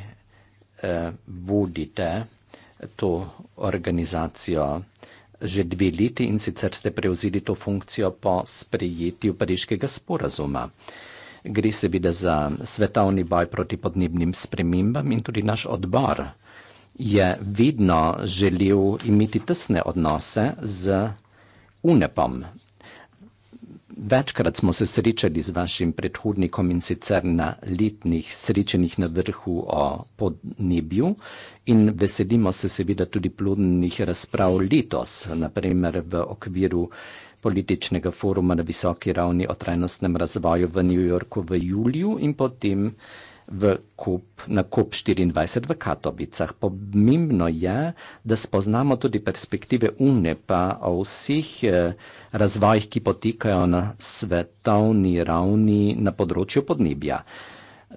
eh, vodite to organizacijo že dve leti in sicer ste prevzeli to funkcijo po sprejetju pariškega sporazuma. Gre seveda za svetovni boj proti podnebnim spremembam in tudi naš odbor je vedno želel imeti tesne odnose z UNEP-om, Večkrat smo se srečali z vašim predhodnikom in sicer na letnih srečanjih na vrhu o podnebju in veselimo se seveda tudi plodnih razprav letos, naprimer v okviru političnega foruma na visoki ravni o trajnostnem razvoju v New Yorku v juliju in potem v kup, na kup 24 v Katovicah. Pomembno je, da spoznamo tudi perspektive UNEP-a o vseh eh, razvojih, ki potekajo na svetovni ravni na področju podnebja.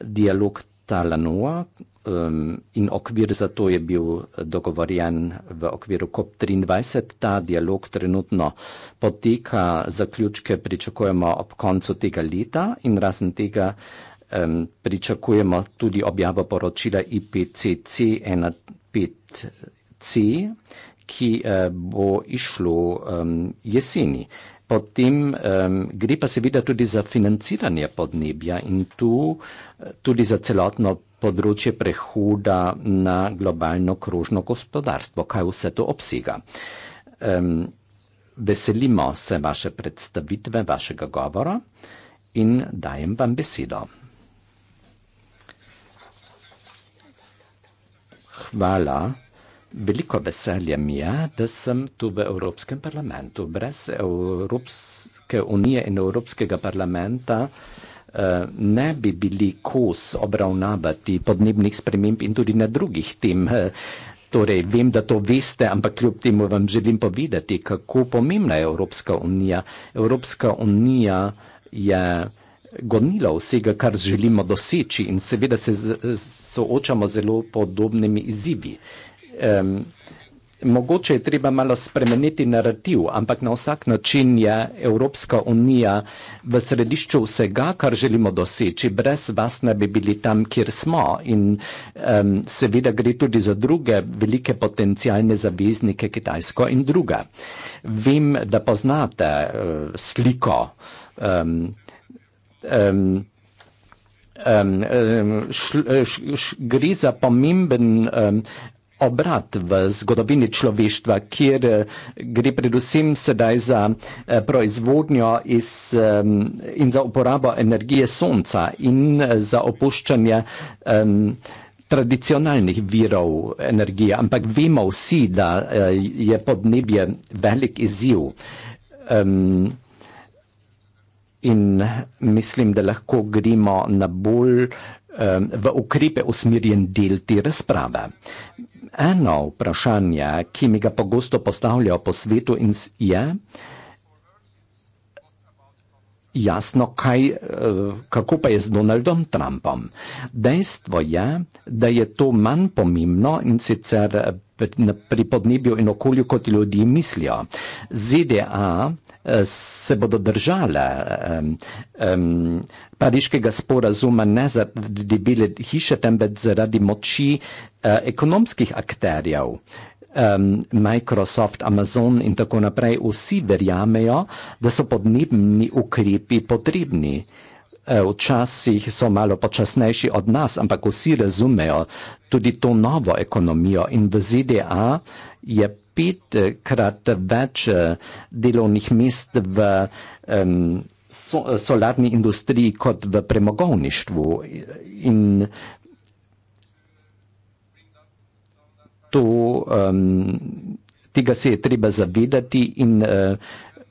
Dialog Talanoa um, in okvir za to je bil dogovorjen v okviru COP23. Ta dialog trenutno poteka, zaključke pričakujemo ob koncu tega leta in razen tega uh, um, pričakujemo tudi objavo poročila IPCC 1.5C, ki uh, bo išlo um, jeseni. Potem um, gre pa seveda tudi za financiranje podnebja in tu eh, tudi za celotno področje prehoda na globalno krožno gospodarstvo, kaj vse to obsega. Um, veselimo se vaše predstavitve, vašega govora in dajem vam besedo. hvala. Veliko veselje mi je, da sem tu v Evropskem parlamentu. Brez Evropske unije in Evropskega parlamenta eh, ne bi bili kos obravnavati podnebnih sprememb in tudi na drugih tem. Eh, torej, vem, da to veste, ampak kljub temu vam želim povedati, kako pomembna je Evropska unija. Evropska unija je gonilo vsega, kar želimo doseči in seveda se soočamo zelo podobnimi izzivi. Um, mogoče je treba malo spremeniti narativ, ampak na vsak način je Evropska unija v središču vsega, kar želimo doseči. Brez vas ne bi bili tam, kjer smo in um, seveda gre tudi za druge velike potencijalne zaveznike Kitajsko in druga. Vem, da poznate uh, sliko. Um, um, um, gre za pomemben um, obrat v zgodovini človeštva, kjer eh, gre predvsem sedaj za eh, proizvodnjo iz, um, in za uporabo energije sonca in za opuščanje um, tradicionalnih virov energije. Ampak vemo vsi, da je podnebje velik izziv. Um, in mislim, da lahko gremo na bolj um, v ukrepe usmerjen del te razprave. Eno vprašanje, ki mi ga pogosto postavljajo po svetu in je jasno, kaj, eh, kako pa je z Donaldom Trumpom. Dejstvo je, da je to manj pomembno in sicer eh, pri podnebju in okolju, kot ljudje mislijo. ZDA se bodo držale um, um, pariškega sporazuma ne zaradi bile hiše, temveč zaradi moči uh, ekonomskih akterjev. Um, Microsoft, Amazon in tako naprej, vsi verjamejo, da so podnebni ukrepi potrebni. E, včasih so malo počasnejši od nas, ampak vsi razumejo tudi to novo ekonomijo in v ZDA uh, je petkrat več eh, delovnih mest v um, so, solarni industriji kot v premogovništvu. In to, um, tega se je treba zavedati in uh,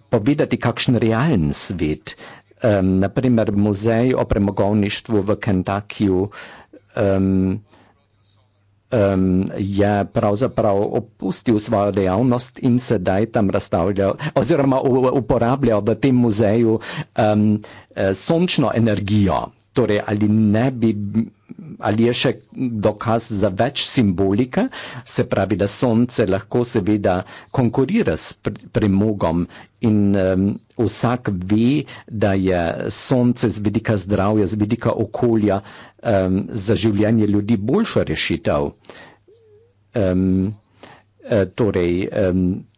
povedati, kakšen realen svet. Um, naprimer, muzej o premogovništvu v Kentakiju. Um, um, je pravzaprav opustil svojo dejavnost in sedaj tam razstavljal oziroma uporabljal v tem muzeju um, sončno energijo. Torej, ali ne bi ali je še dokaz za več simbolike, se pravi, da sonce lahko seveda konkurira s premogom in um, vsak ve, da je sonce z vidika zdravja, z vidika okolja um, za življenje ljudi boljša rešitev. Um, Eh, torej,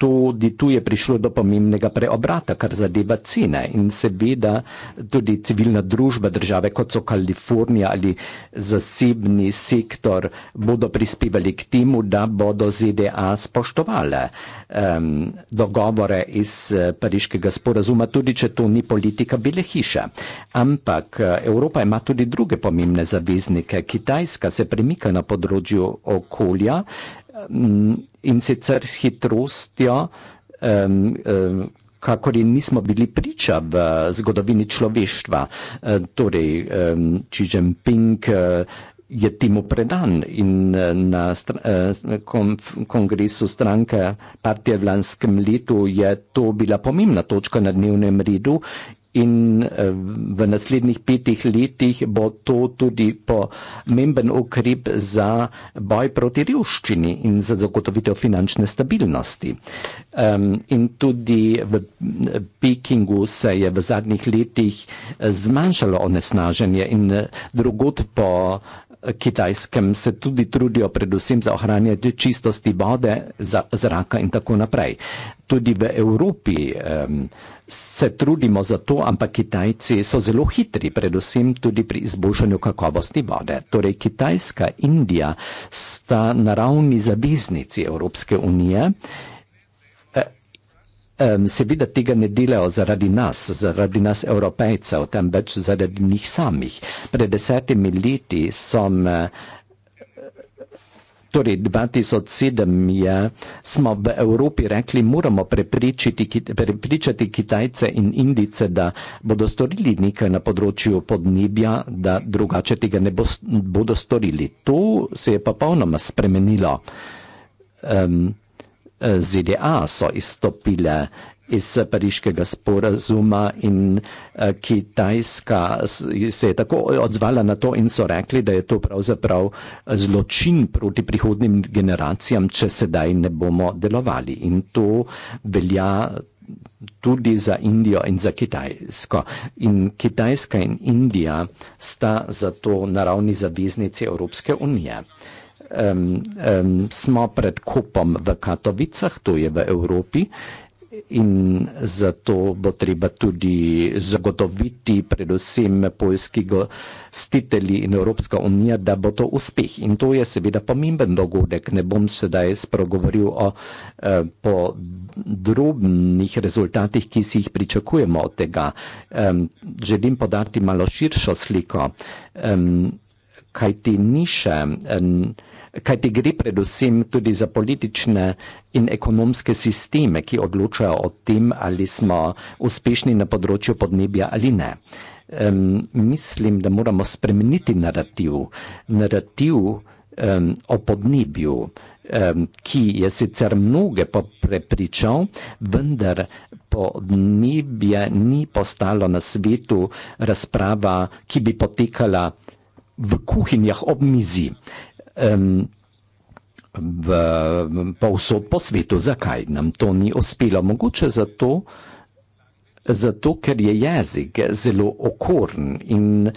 to, tu je prišlo do pomembnega preobrata, kar zadeva cene in seveda tudi civilna družba države, kot so Kalifornija ali zasebni sektor, bodo prispevali k temu, da bodo ZDA spoštovale um, dogovore iz eh, pariškega sporazuma, tudi če to ni politika bele hiše. Ampak eh, Evropa ima tudi druge pomembne zaveznike. Kitajska se premika na področju okolja in sicer s hitrostjo, um, um, kakor ji nismo bili priča v zgodovini človeštva. Uh, torej, um, Xi Jinping uh, je temu predan in uh, na str uh, konf kongresu stranke partije v lanskem letu je to bila pomembna točka na dnevnem redu in eh, v naslednjih petih letih bo to tudi pomemben ukrep za boj proti revščini in za zagotovitev finančne stabilnosti. Um, in tudi v eh, Pekingu se je v zadnjih letih eh, zmanjšalo onesnaženje in drugot po kitajskem se tudi trudijo predvsem za ohranjanje čistosti vode, zraka in tako naprej. Tudi v Evropi um, se trudimo za to, ampak Kitajci so zelo hitri, predvsem tudi pri izboljšanju kakovosti vode. Torej, Kitajska in Indija sta naravni zaveznici Evropske unije um, seveda tega ne delajo zaradi nas, zaradi nas evropejcev, temveč zaradi njih samih. Pred desetimi leti sem, eh, torej 2007 je, smo v Evropi rekli, moramo prepričati, prepričati Kitajce in Indice, da bodo storili nekaj na področju podnebja, da drugače tega ne bo, bodo storili. To se je popolnoma spremenilo. Um, ZDA so izstopile iz pariškega sporazuma in eh, Kitajska se je tako odzvala na to in so rekli, da je to pravzaprav eh, zločin proti prihodnim generacijam, če sedaj ne bomo delovali. In to velja tudi za Indijo in za Kitajsko. In Kitajska in Indija sta zato naravni zaveznici Evropske unije um, um, smo pred kopom v Katovicah, to je v Evropi. In zato bo treba tudi zagotoviti, predvsem, poljski gostitelji in Evropska unija, da bo to uspeh. In to je seveda pomemben dogodek. Ne bom sedaj spregovoril o eh, podrobnih rezultatih, ki si jih pričakujemo od tega. Eh, želim podati malo širšo sliko, eh, kaj ti ni še. Eh, kaj ti gre predvsem tudi za politične in ekonomske sisteme, ki odločajo o tem, ali smo uspešni na področju podnebja ali ne. Um, mislim, da moramo spremeniti narativ, narativ um, o podnebju, um, ki je sicer mnoge prepričal, vendar podnebje ni postalo na svetu razprava, ki bi potekala v kuhinjah ob mizi um, v, pa vsod po svetu. Zakaj nam to ni uspelo? Mogoče zato, zato, ker je jezik zelo okorn in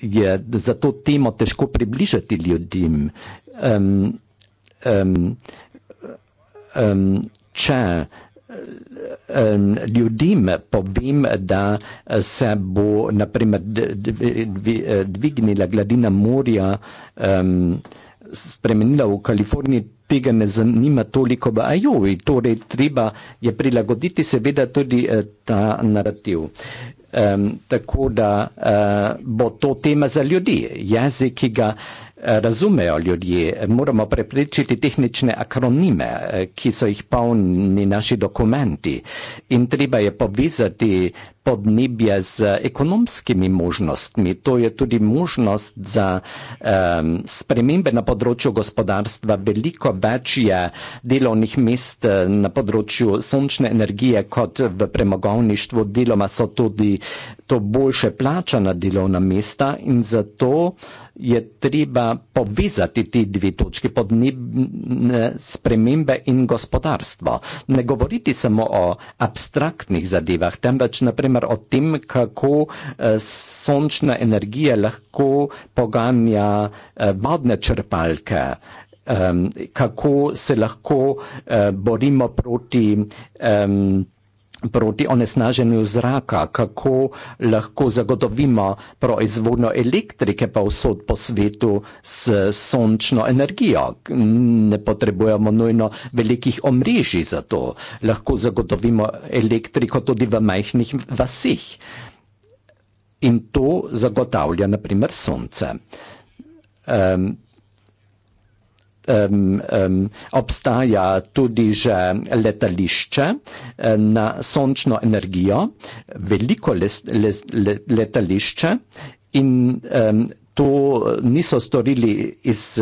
je zato temo težko približati ljudem. Um, um, um, če ljudem povem, da se bo naprimer eh, dvignila gladina morja, um, spremenila v Kaliforniji, tega ne zanima toliko, a joj, torej treba je prilagoditi seveda tudi eh, ta narativ. Um, tako da uh, bo to tema za ljudi, jezik, ki ga uh, Eh, razumejo ljudje. Eh, moramo preprečiti tehnične akronime, eh, ki so jih polni naši dokumenti. In treba je povezati podnebje z ekonomskimi možnostmi. To je tudi možnost za um, spremembe na področju gospodarstva. Veliko več je delovnih mest eh, na področju sončne energije kot v premogovništvu. Deloma so tudi to boljše plačana delovna mesta in zato je treba povezati ti dve točki podnebne spremembe in gospodarstvo. Ne govoriti samo o abstraktnih zadevah, temveč naprimer primer o tem, kako eh, sončna energija lahko poganja eh, vodne črpalke, eh, kako se lahko eh, borimo proti eh, proti onesnaženju zraka, kako lahko zagotovimo proizvodno elektrike pa vsod po svetu s sončno energijo. Ne potrebujemo nujno velikih omrežij za to. Lahko zagotovimo elektriko tudi v majhnih vasih. In to zagotavlja naprimer sonce. Um, um, um, obstaja tudi že letališče na sončno energijo, veliko les, les, letališče in um, to niso storili iz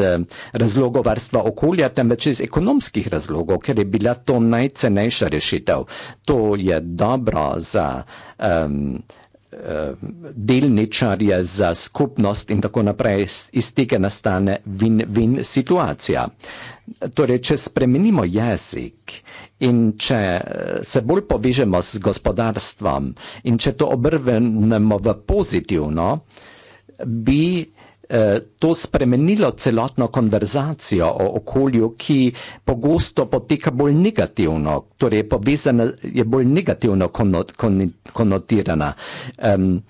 razlogov varstva okolja, temveč iz ekonomskih razlogov, ker je bila to najcenejša rešitev. To je dobro za. Um, delničarje za skupnost in tako naprej iz tega nastane win-win situacija. Torej, če spremenimo jezik in če eh, se bolj povežemo s gospodarstvom in če to obrvenemo v pozitivno, bi Eh, to spremenilo celotno konverzacijo o okolju, ki pogosto poteka bolj negativno, torej je, je bolj negativno konotirana. Um,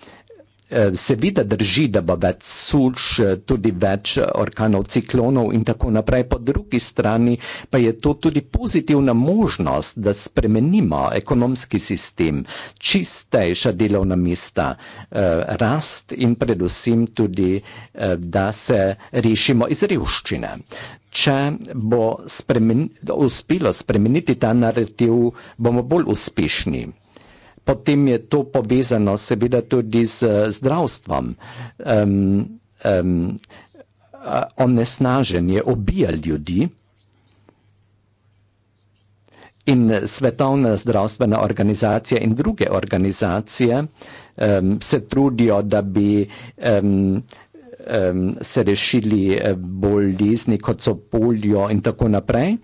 Eh, seveda drži, da bo več suš, eh, tudi več eh, orkanov, ciklonov in tako naprej. Po drugi strani pa je to tudi pozitivna možnost, da spremenimo ekonomski sistem, čistejša delovna mesta, rast in predvsem tudi, da se rešimo iz revščine. Če bo spremen, uspelo spremeniti ta narativ, bomo bolj uspešni potem je to povezano seveda tudi z eh, zdravstvom. Um, um, onesnaženje obija ljudi in eh, Svetovna zdravstvena organizacija in druge organizacije um, se trudijo, da bi um, um, se rešili bolj lizni, kot so polijo in tako naprej,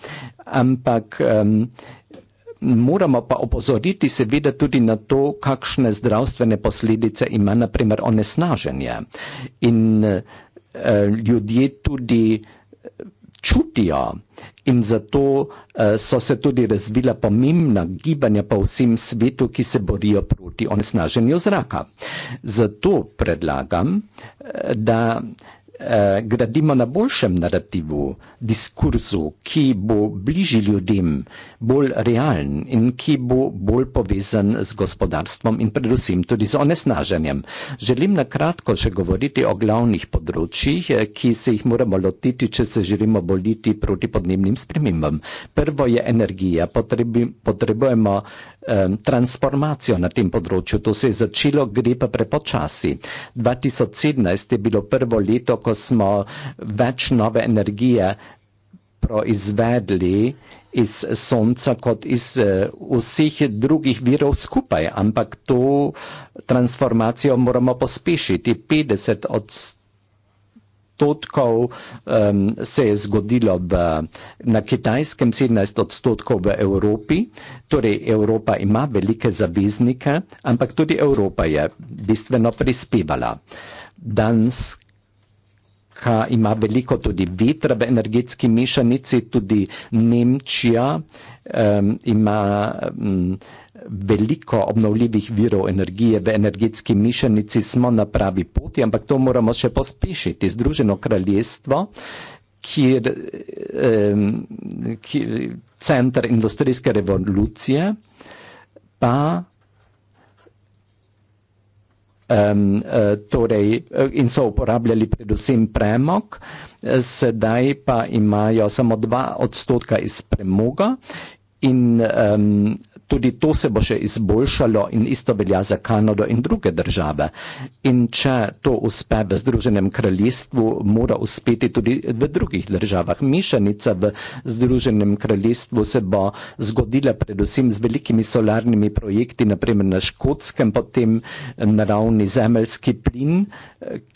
ampak um, moramo pa opozoriti seveda tudi na to, kakšne zdravstvene posledice ima naprimer onesnaženje. In eh, ljudje tudi eh, čutijo in zato eh, so se tudi razvila pomembna gibanja po vsem svetu, ki se borijo proti onesnaženju zraka. Zato predlagam, eh, da eh, gradimo na boljšem narativu eh, diskurzu, ki bo bližji ljudem, bolj realen in ki bo bolj povezan z gospodarstvom in predvsem tudi z onesnaženjem. Želim na kratko še govoriti o glavnih področjih, eh, ki se jih moramo lotiti, če se želimo boriti proti podnebnim spremembam. Prvo je energija. Potrebi, potrebujemo eh, transformacijo na tem področju. To se je začelo, gre pa prepočasi. 2017 je bilo prvo leto, ko smo več nove energije proizvedli iz sonca kot iz uh, vseh drugih virov skupaj, ampak to transformacijo moramo pospešiti. 50 odstotkov um, se je zgodilo v, na kitajskem, 17 odstotkov v Evropi, torej Evropa ima velike zaveznike, ampak tudi Evropa je bistveno prispevala. Dansk ki ima veliko tudi vetra v energetski mešanici, tudi Nemčija um, ima um, veliko obnovljivih virov energije v energetski mešanici, smo na pravi poti, ampak to moramo še pospešiti. Združeno kraljestvo, kjer je um, center industrijske revolucije, pa um, torej, e, in so uporabljali predvsem premog, e, sedaj pa imajo samo 2 odstotka iz premoga in um, tudi to se bo še izboljšalo in isto velja za Kanado in druge države. In če to uspe v Združenem kraljestvu, mora uspeti tudi v drugih državah. Mišanica v Združenem kraljestvu se bo zgodila predvsem z velikimi solarnimi projekti, naprimer na škotskem, potem naravni zemeljski plin,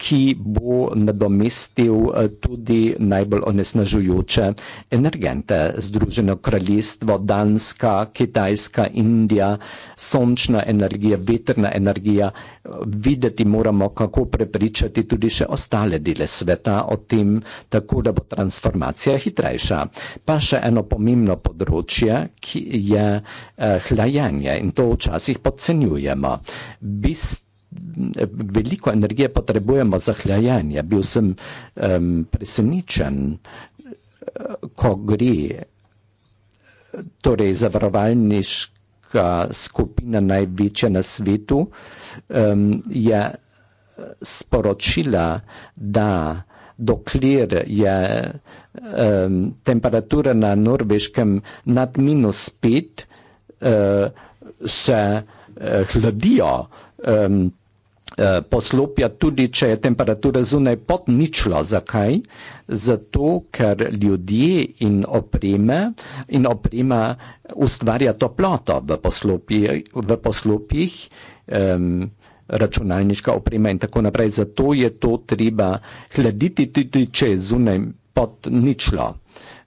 ki bo nadomestil eh, tudi najbolj onesnažujoče energente. Združeno kraljestvo, Danska, Kitajska, Kitajska, Indija, sončna energija, vetrna energija. Videti moramo, kako prepričati tudi še ostale dele sveta o tem, tako da bo transformacija hitrejša. Pa še eno pomembno področje, ki je eh, hlajenje in to včasih podcenjujemo. Bist Veliko energije potrebujemo za hlajanje. Bil sem um, presenečen, ko gre torej zavarovalniška skupina največja na svetu, um, je eh, sporočila, da dokler je um, temperatura na norveškem nad minus pet, uh, se uh, hladijo. Um, Eh, poslopja, tudi če je temperatura zunaj pod ničlo. Zakaj? Zato, ker ljudje in opreme in oprema ustvarja toploto v, poslopji, v poslopjih, um, računalniška oprema in tako naprej. Zato je to treba hladiti tudi, če je zunaj pod ničlo.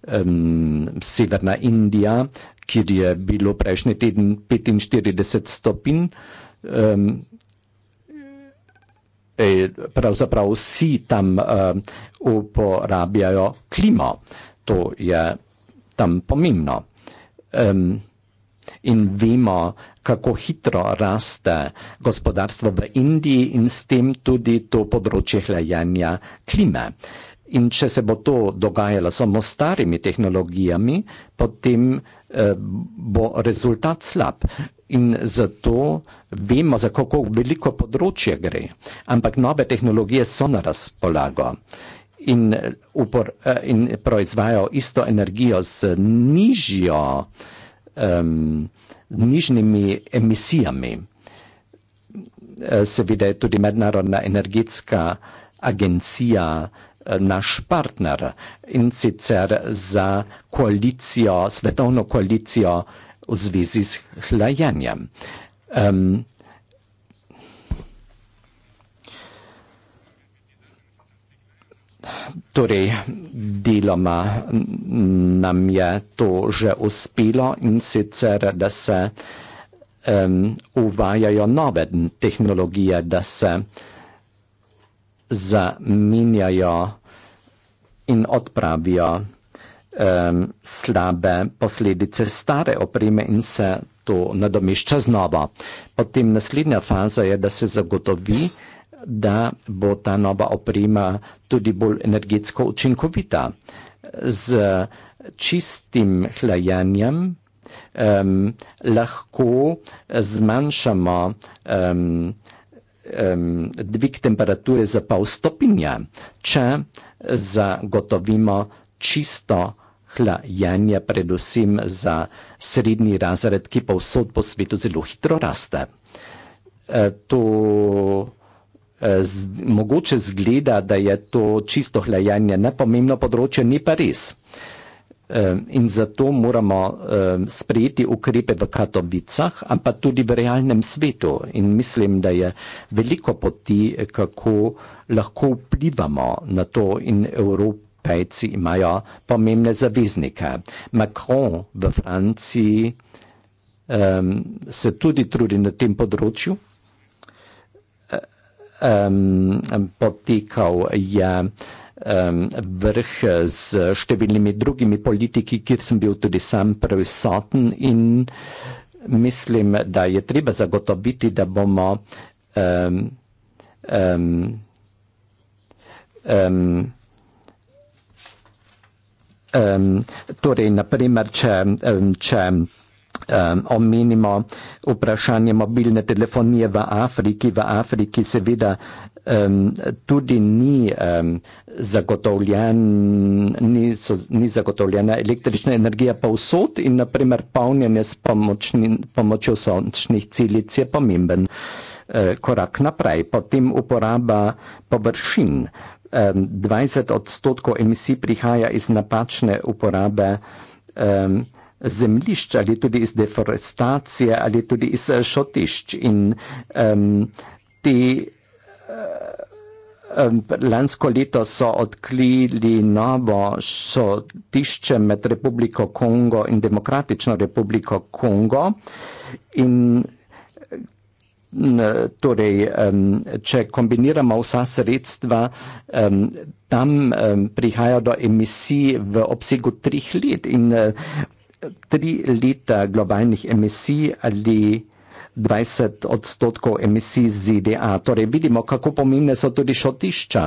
Um, Severna Indija, kjer je bilo prejšnji teden 45 stopinj. Um, E, pravzaprav vsi tam uh, uporabljajo klimo. To je tam pomembno. Um, in vemo, kako hitro raste gospodarstvo v Indiji in s tem tudi to področje hlajenja klime. In če se bo to dogajalo samo starimi tehnologijami, potem eh, bo rezultat slab in zato vemo, za kako veliko področje gre. Ampak nove tehnologije so na razpolago in, upor, eh, in proizvajajo isto energijo z nižjo, um, nižnimi emisijami. Eh, seveda je tudi mednarodna energetska agencija eh, naš partner in sicer za koalicijo, svetovno koalicijo, v zvezi z hlajanjem. Um, torej, deloma nam je to že uspelo in sicer, da se um, uvajajo nove tehnologije, da se zamenjajo in odpravijo um, slabe posledice stare opreme in se to nadomešča znova. Potem naslednja faza je, da se zagotovi, da bo ta nova oprema tudi bolj energetsko učinkovita. Z čistim hlajanjem um, lahko zmanjšamo um, um, dvig temperature za pol stopinja, če zagotovimo čisto hlajenje, predvsem za srednji razred, ki pa vsod po svetu zelo hitro raste. E, to e, z, mogoče zgleda, da je to čisto hlajenje nepomembno področje, ni pa res. E, in zato moramo e, sprejeti ukrepe v Katovicah, ampak tudi v realnem svetu. In mislim, da je veliko poti, kako lahko vplivamo na to in Evropo pejci imajo pomembne zaveznike. Macron v Franciji um, se tudi trudi na tem področju. Um, potekal je um, vrh z številnimi drugimi politiki, kjer sem bil tudi sam prisoten in mislim, da je treba zagotoviti, da bomo um, um, um, um, torej, naprimer, če, um, če um, omenimo vprašanje mobilne telefonije v Afriki, v Afriki seveda um, tudi ni, um, zagotovljen, ni, so, ni zagotovljena električna energija pa vsot in naprimer polnjenje s pomočni, pomočjo sončnih celic je pomemben eh, korak naprej, potem uporaba površin, 20 odstotkov emisij prihaja iz napačne uporabe um, zemljišč ali tudi iz deforestacije ali tudi iz eh, šotišč. In um, ti um, lansko leto so odkrili novo šotišče med Republiko Kongo in Demokratično Republiko Kongo. In torej, um, če kombiniramo vsa sredstva, um, tam um, prihaja do emisij v obsegu trih let in uh, tri leta globalnih emisij ali 20 odstotkov emisij z ZDA. Torej, vidimo, kako pomembne so tudi šotišča.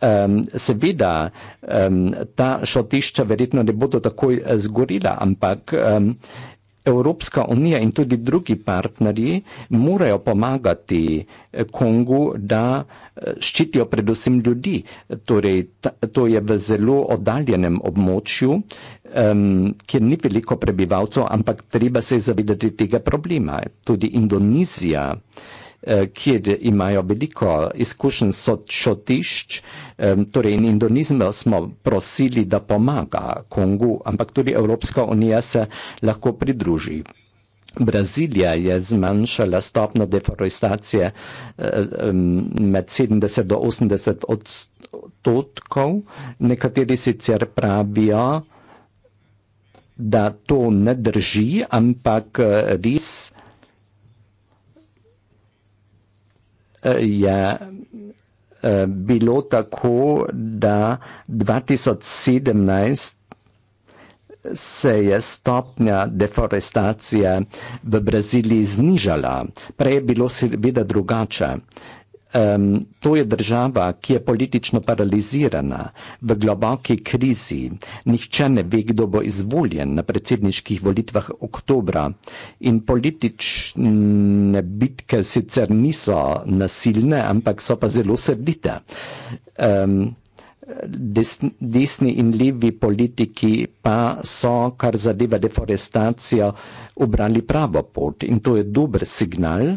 Um, seveda, um, ta šotišča verjetno ne bodo tako eh, zgorila, ampak um, Evropska unija in tudi drugi partnerji morajo pomagati eh, Kongu, da eh, ščitijo predvsem ljudi. Torej, ta, to je v zelo oddaljenem območju, um, kjer ni veliko prebivalcev, ampak treba se zavedati tega problema. Tudi Indonizija uh, Eh, kjer imajo veliko izkušenj sočotišč, torej in Indonizmo smo prosili, da pomaga Kongu, ampak tudi Evropska unija se lahko pridruži. Brazilija je zmanjšala stopno deforestacije eh, med 70 do 80 odstotkov. Nekateri sicer pravijo, da to ne drži, ampak eh, res je, je eh, bilo tako, da 2017 se je stopnja deforestacije v Braziliji znižala. Prej je bilo seveda drugače. Um, to je država, ki je politično paralizirana, v globoki krizi. Nihče ne ve, kdo bo izvoljen na predsedniških volitvah oktobra. In politične bitke sicer niso nasilne, ampak so pa zelo srdite. Um, Desni in levi politiki pa so, kar zadeva deforestacijo, obrali pravo pot in to je dober signal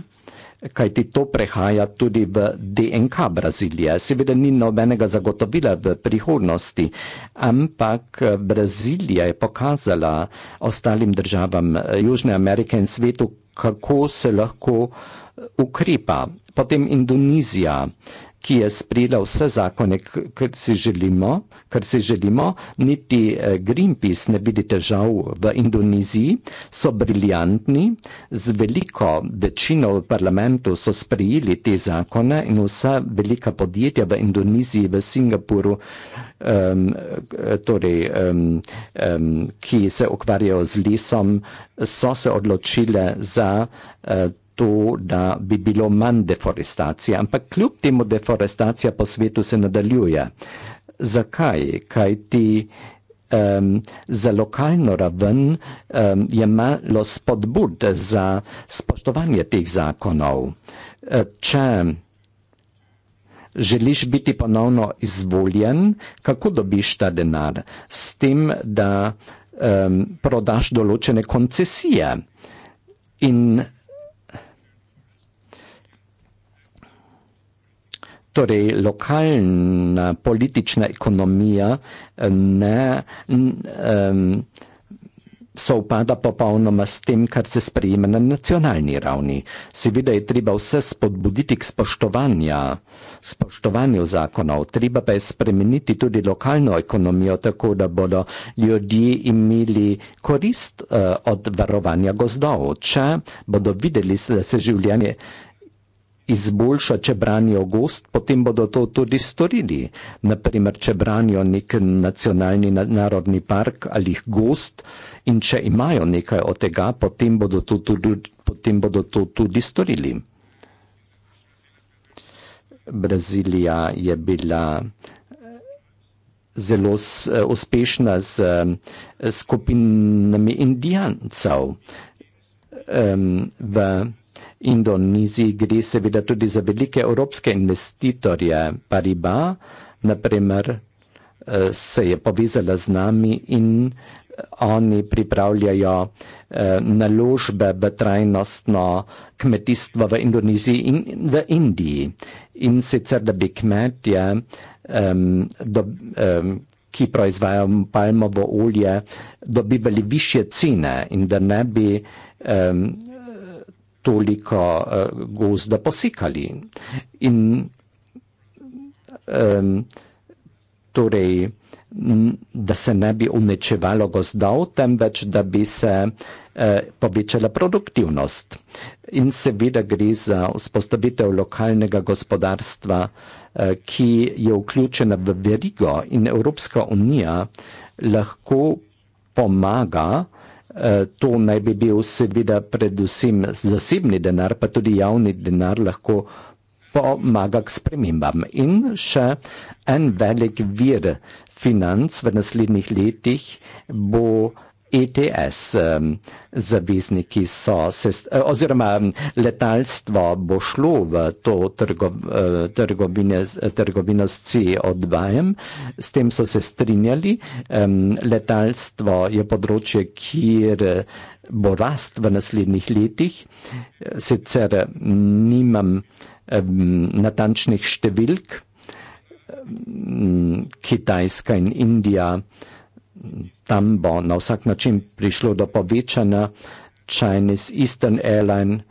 kajti to prehaja tudi v DNK Brazilije. Seveda ni nobenega zagotovila v prihodnosti, ampak Brazilija je pokazala ostalim državam eh, Južne Amerike in svetu, kako se lahko eh, ukrepa. Potem Indonizija, ki je sprila vse zakone, kar si želimo, kar si želimo. niti eh, Greenpeace ne vidi težav v Indoneziji, so briljantni, z veliko večino v parlamentu so sprijeli te zakone in vsa velika podjetja v Indoneziji, v Singapuru, um, torej, um, um, ki se ukvarjajo z lesom, so se odločile za uh, to, da bi bilo manj deforestacije, ampak kljub temu deforestacija po svetu se nadaljuje. Zakaj? Kaj ti um, za lokalno raven um, je malo spodbud za spoštovanje teh zakonov? E, če želiš biti ponovno izvoljen, kako dobiš ta denar? S tem, da um, prodaš določene koncesije. In torej lokalna politična ekonomija eh, ne um, se upada popolnoma s tem, kar se sprejema na nacionalni ravni. Seveda je treba vse spodbuditi k spoštovanju zakonov, treba pa je spremeniti tudi lokalno ekonomijo, tako da bodo ljudje imeli korist uh, od varovanja gozdov, če bodo videli, da se življenje izboljša, če branijo gost, potem bodo to tudi storili. Naprimer, če branijo nek nacionalni narodni park ali jih gost in če imajo nekaj od tega, potem bodo to tudi, potem bodo to tudi storili. Brazilija je bila eh, zelo eh, uspešna z eh, skupinami indijancev. Um, Indoneziji gre seveda tudi za velike evropske investitorje. Pariba, naprimer, eh, se je povezala z nami in eh, oni pripravljajo eh, naložbe v trajnostno kmetijstvo v Indoneziji in v Indiji. In sicer, da bi kmetje, ki proizvajajo palmovo olje, dobivali više cene in da ne bi toliko uh, gozda posikali. In um, torej, da se ne bi umečevalo gozdov, temveč da bi se eh, povečala produktivnost. In seveda gre za vzpostavitev lokalnega gospodarstva, eh, ki je vključena v verigo in Evropska unija lahko pomaga eh, Eh, to naj bi bil seveda predvsem zasebni denar, pa tudi javni denar lahko pomaga k spremembam. In še en velik vir financ v naslednjih letih bo ETS. Zavezniki so se, eh, oziroma letalstvo bo šlo v to eh, eh, trgovino s CO2-jem, s tem so se strinjali. Letalstvo je področje, kjer bo rast v naslednjih letih. Sicer nimam natančnih številk, Kitajska in Indija tam bo na vsak način prišlo do povečanja Chinese Eastern Airline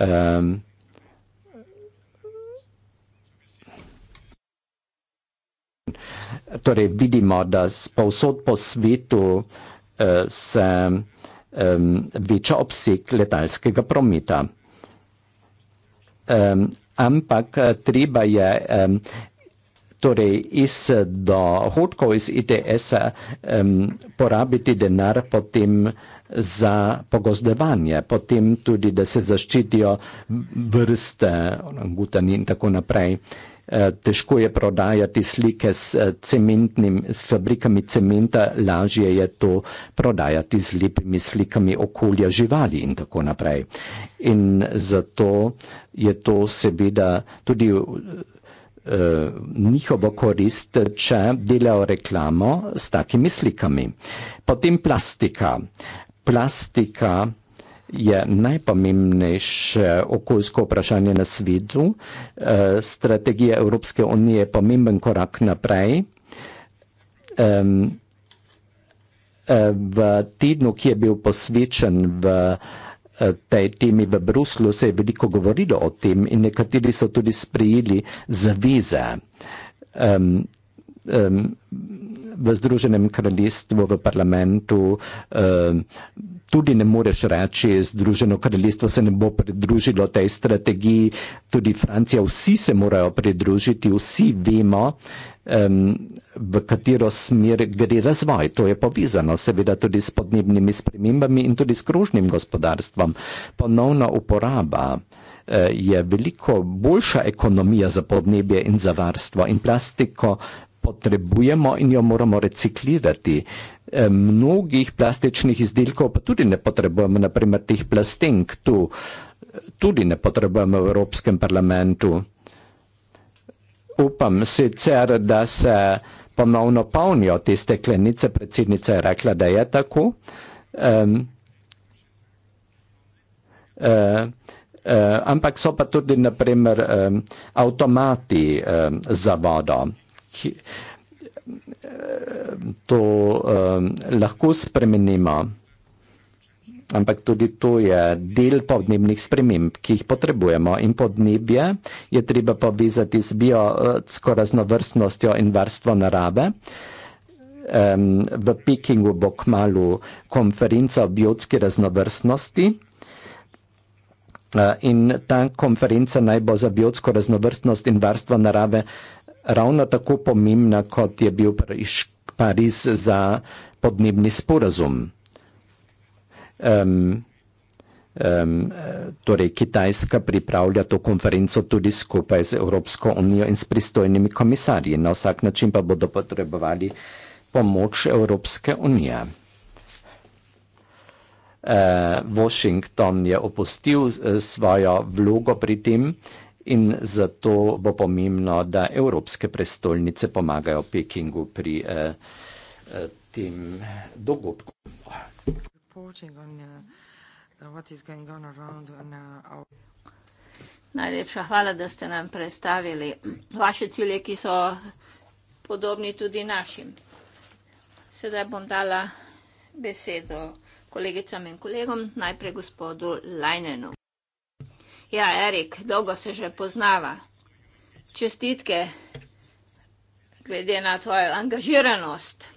um, Torej vidimo, da povsod po svetu uh, se um, veča obseg letalskega prometa. Um, ampak eh, treba je um, torej iz dohodkov iz ITS um, porabiti denar potem za pogozdevanje, potem tudi, da se zaščitijo vrste gutani in tako naprej. E, težko je prodajati slike s, e, cementnim, s fabrikami cementa, lažje je to prodajati z lepimi slikami okolja živali in tako naprej. In zato je to seveda tudi Eh, njihovo korist, če delajo reklamo s takimi slikami. Potem plastika. Plastika je najpomembnejše okoljsko vprašanje na svetu. Eh, strategija Evropske unije je pomemben korak naprej. Eh, v tednu, ki je bil posvečen v Evropi, tej temi v Bruslu se je veliko govorilo o tem in nekateri so tudi sprejeli zaveze. Um, um, v Združenem kraljestvu, v parlamentu um, tudi ne moreš reči, Združeno kraljestvo se ne bo pridružilo tej strategiji, tudi Francija, vsi se morajo pridružiti, vsi vemo, um, v katero smer gre razvoj. To je povezano seveda tudi s podnebnimi spremembami in tudi s krožnim gospodarstvom. Ponovna uporaba uh, je veliko boljša ekonomija za podnebje in za varstvo in plastiko potrebujemo in jo moramo reciklirati. Mnogih plastičnih izdelkov pa tudi ne potrebujemo, naprimer teh plastenk tu, eh, tudi ne potrebujemo v Evropskem parlamentu upam sicer, da se ponovno polnijo te steklenice, predsednica je rekla, da je tako. Um, uh, uh, ampak so pa tudi, naprimer, um, avtomati um, za vodo. Ki, um, to um, lahko spremenimo ampak tudi to je del podnebnih sprememb, ki jih potrebujemo. In podnebje je treba povezati z biotsko eh, raznovrstnostjo in varstvo narave. Um, v Pekingu bo k malu konferenca o biotski raznovrstnosti. Eh, in ta konferenca naj bo za biotsko raznovrstnost in varstvo narave ravno tako pomembna, kot je bil Pariz za podnebni sporazum um, um, torej Kitajska pripravlja to konferenco tudi skupaj z Evropsko unijo in s pristojnimi komisarji. Na vsak način pa bodo potrebovali pomoč Evropske unije. Washington je opustil svojo vlogo pri tem in zato bo pomembno, da evropske prestolnice pomagajo Pekingu pri eh, eh tem dogodku reporting on uh, what is going on around on uh, our. Najlepša hvala, da ste nam predstavili vaše cilje, ki so podobni tudi našim. Sedaj bom dala besedo kolegicam in kolegom, najprej gospodu Lajnenu. Ja, Erik, dolgo se že poznava. Čestitke glede na tvojo angažiranost.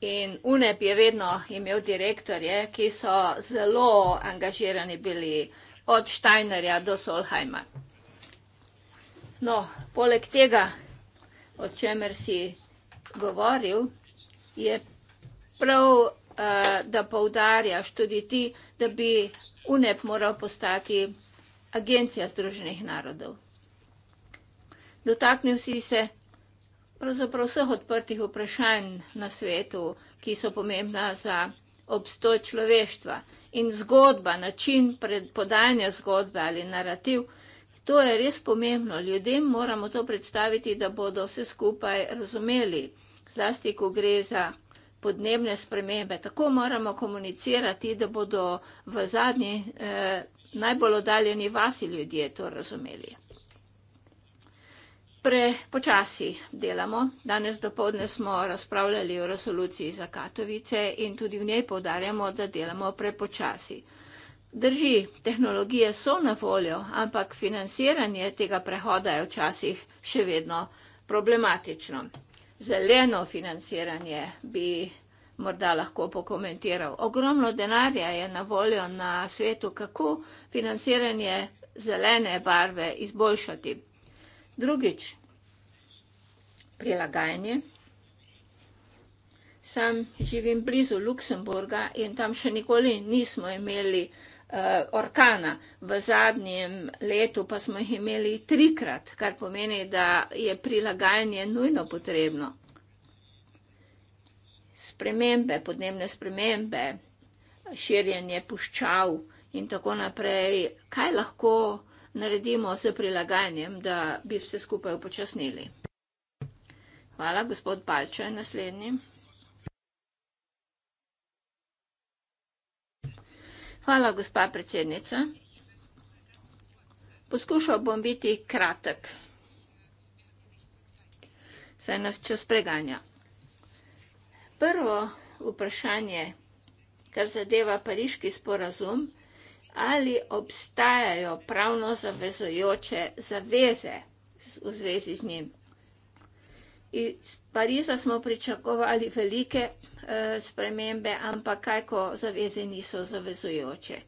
In UNEP je vedno imel direktorje, ki so zelo angažirani bili od Steinerja do Solheima. No, poleg tega, o čemer si govoril, je prav, eh, da poudarjaš tudi ti, da bi UNEP moral postati agencija Združenih narodov. Dotaknil si se pravzaprav vseh odprtih vprašanj na svetu, ki so pomembna za obstoj človeštva. In zgodba, način podajanja zgodbe ali narativ, to je res pomembno. Ljudem moramo to predstaviti, da bodo vse skupaj razumeli, zlasti, ko gre za podnebne spremembe. Tako moramo komunicirati, da bodo v zadnji, eh, najbolj oddaljeni vasi ljudje to razumeli prepočasi delamo. Danes dopoledne smo razpravljali o resoluciji za Katovice in tudi v njej povdarjamo, da delamo prepočasi. Drži, tehnologije so na voljo, ampak financiranje tega prehoda je včasih še vedno problematično. Zeleno financiranje bi morda lahko pokomentiral. Ogromno denarja je na voljo na svetu, kako financiranje zelene barve izboljšati. Drugič, prilagajanje. Sam živim blizu Luksemburga in tam še nikoli nismo imeli uh, orkana. V zadnjem letu pa smo jih imeli trikrat, kar pomeni, da je prilagajanje nujno potrebno. Spremembe, podnebne spremembe, širjenje puščav in tako naprej. Kaj lahko? naredimo s prilagajanjem, da bi vse skupaj upočasnili. Hvala, gospod Palča je naslednji. Hvala, gospa predsednica. Poskušal bom biti kratek, saj nas čas preganja. Prvo vprašanje, kar zadeva pariški sporazum, je, ali obstajajo pravno zavezojoče zaveze v zvezi z njim. Iz Pariza smo pričakovali velike eh, spremembe, ampak kaj, ko zaveze niso zavezojoče.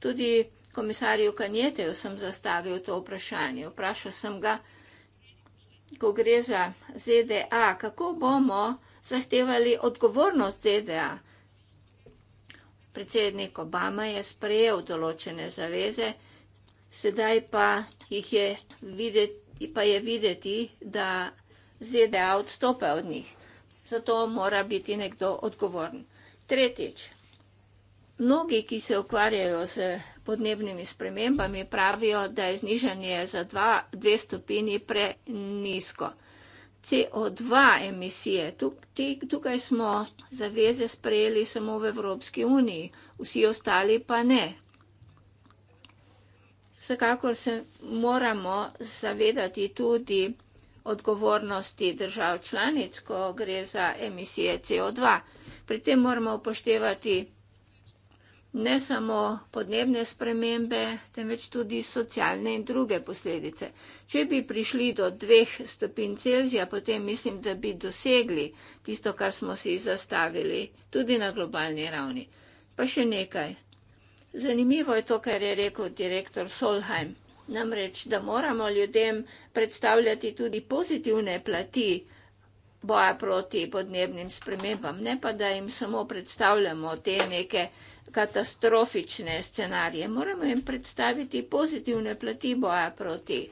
Tudi komisarju Kanjeteju sem zastavil to vprašanje. Vprašal sem ga, ko gre za ZDA, kako bomo zahtevali odgovornost ZDA. Predsednik Obama je sprejel določene zaveze, sedaj pa, jih je, videti, pa je videti, da ZDA odstopa od njih. Zato mora biti nekdo odgovoren. Tretjič. Mnogi, ki se ukvarjajo z podnebnimi spremembami, pravijo, da je znižanje za dva, dve stopini pre nizko. CO2 emisije. Tukaj smo zaveze sprejeli samo v Evropski uniji, vsi ostali pa ne. Vsekakor se moramo zavedati tudi odgovornosti držav članic, ko gre za emisije CO2. Pri tem moramo upoštevati ne samo podnebne spremembe, temveč tudi socialne in druge posledice. Če bi prišli do dveh stopinj Celzija, potem mislim, da bi dosegli tisto, kar smo si zastavili tudi na globalni ravni. Pa še nekaj. Zanimivo je to, kar je rekel direktor Solheim. Namreč, da moramo ljudem predstavljati tudi pozitivne plati boja proti podnebnim spremembam, ne pa da jim samo predstavljamo te neke katastrofične scenarije. Moramo jim predstaviti pozitivne plati boja proti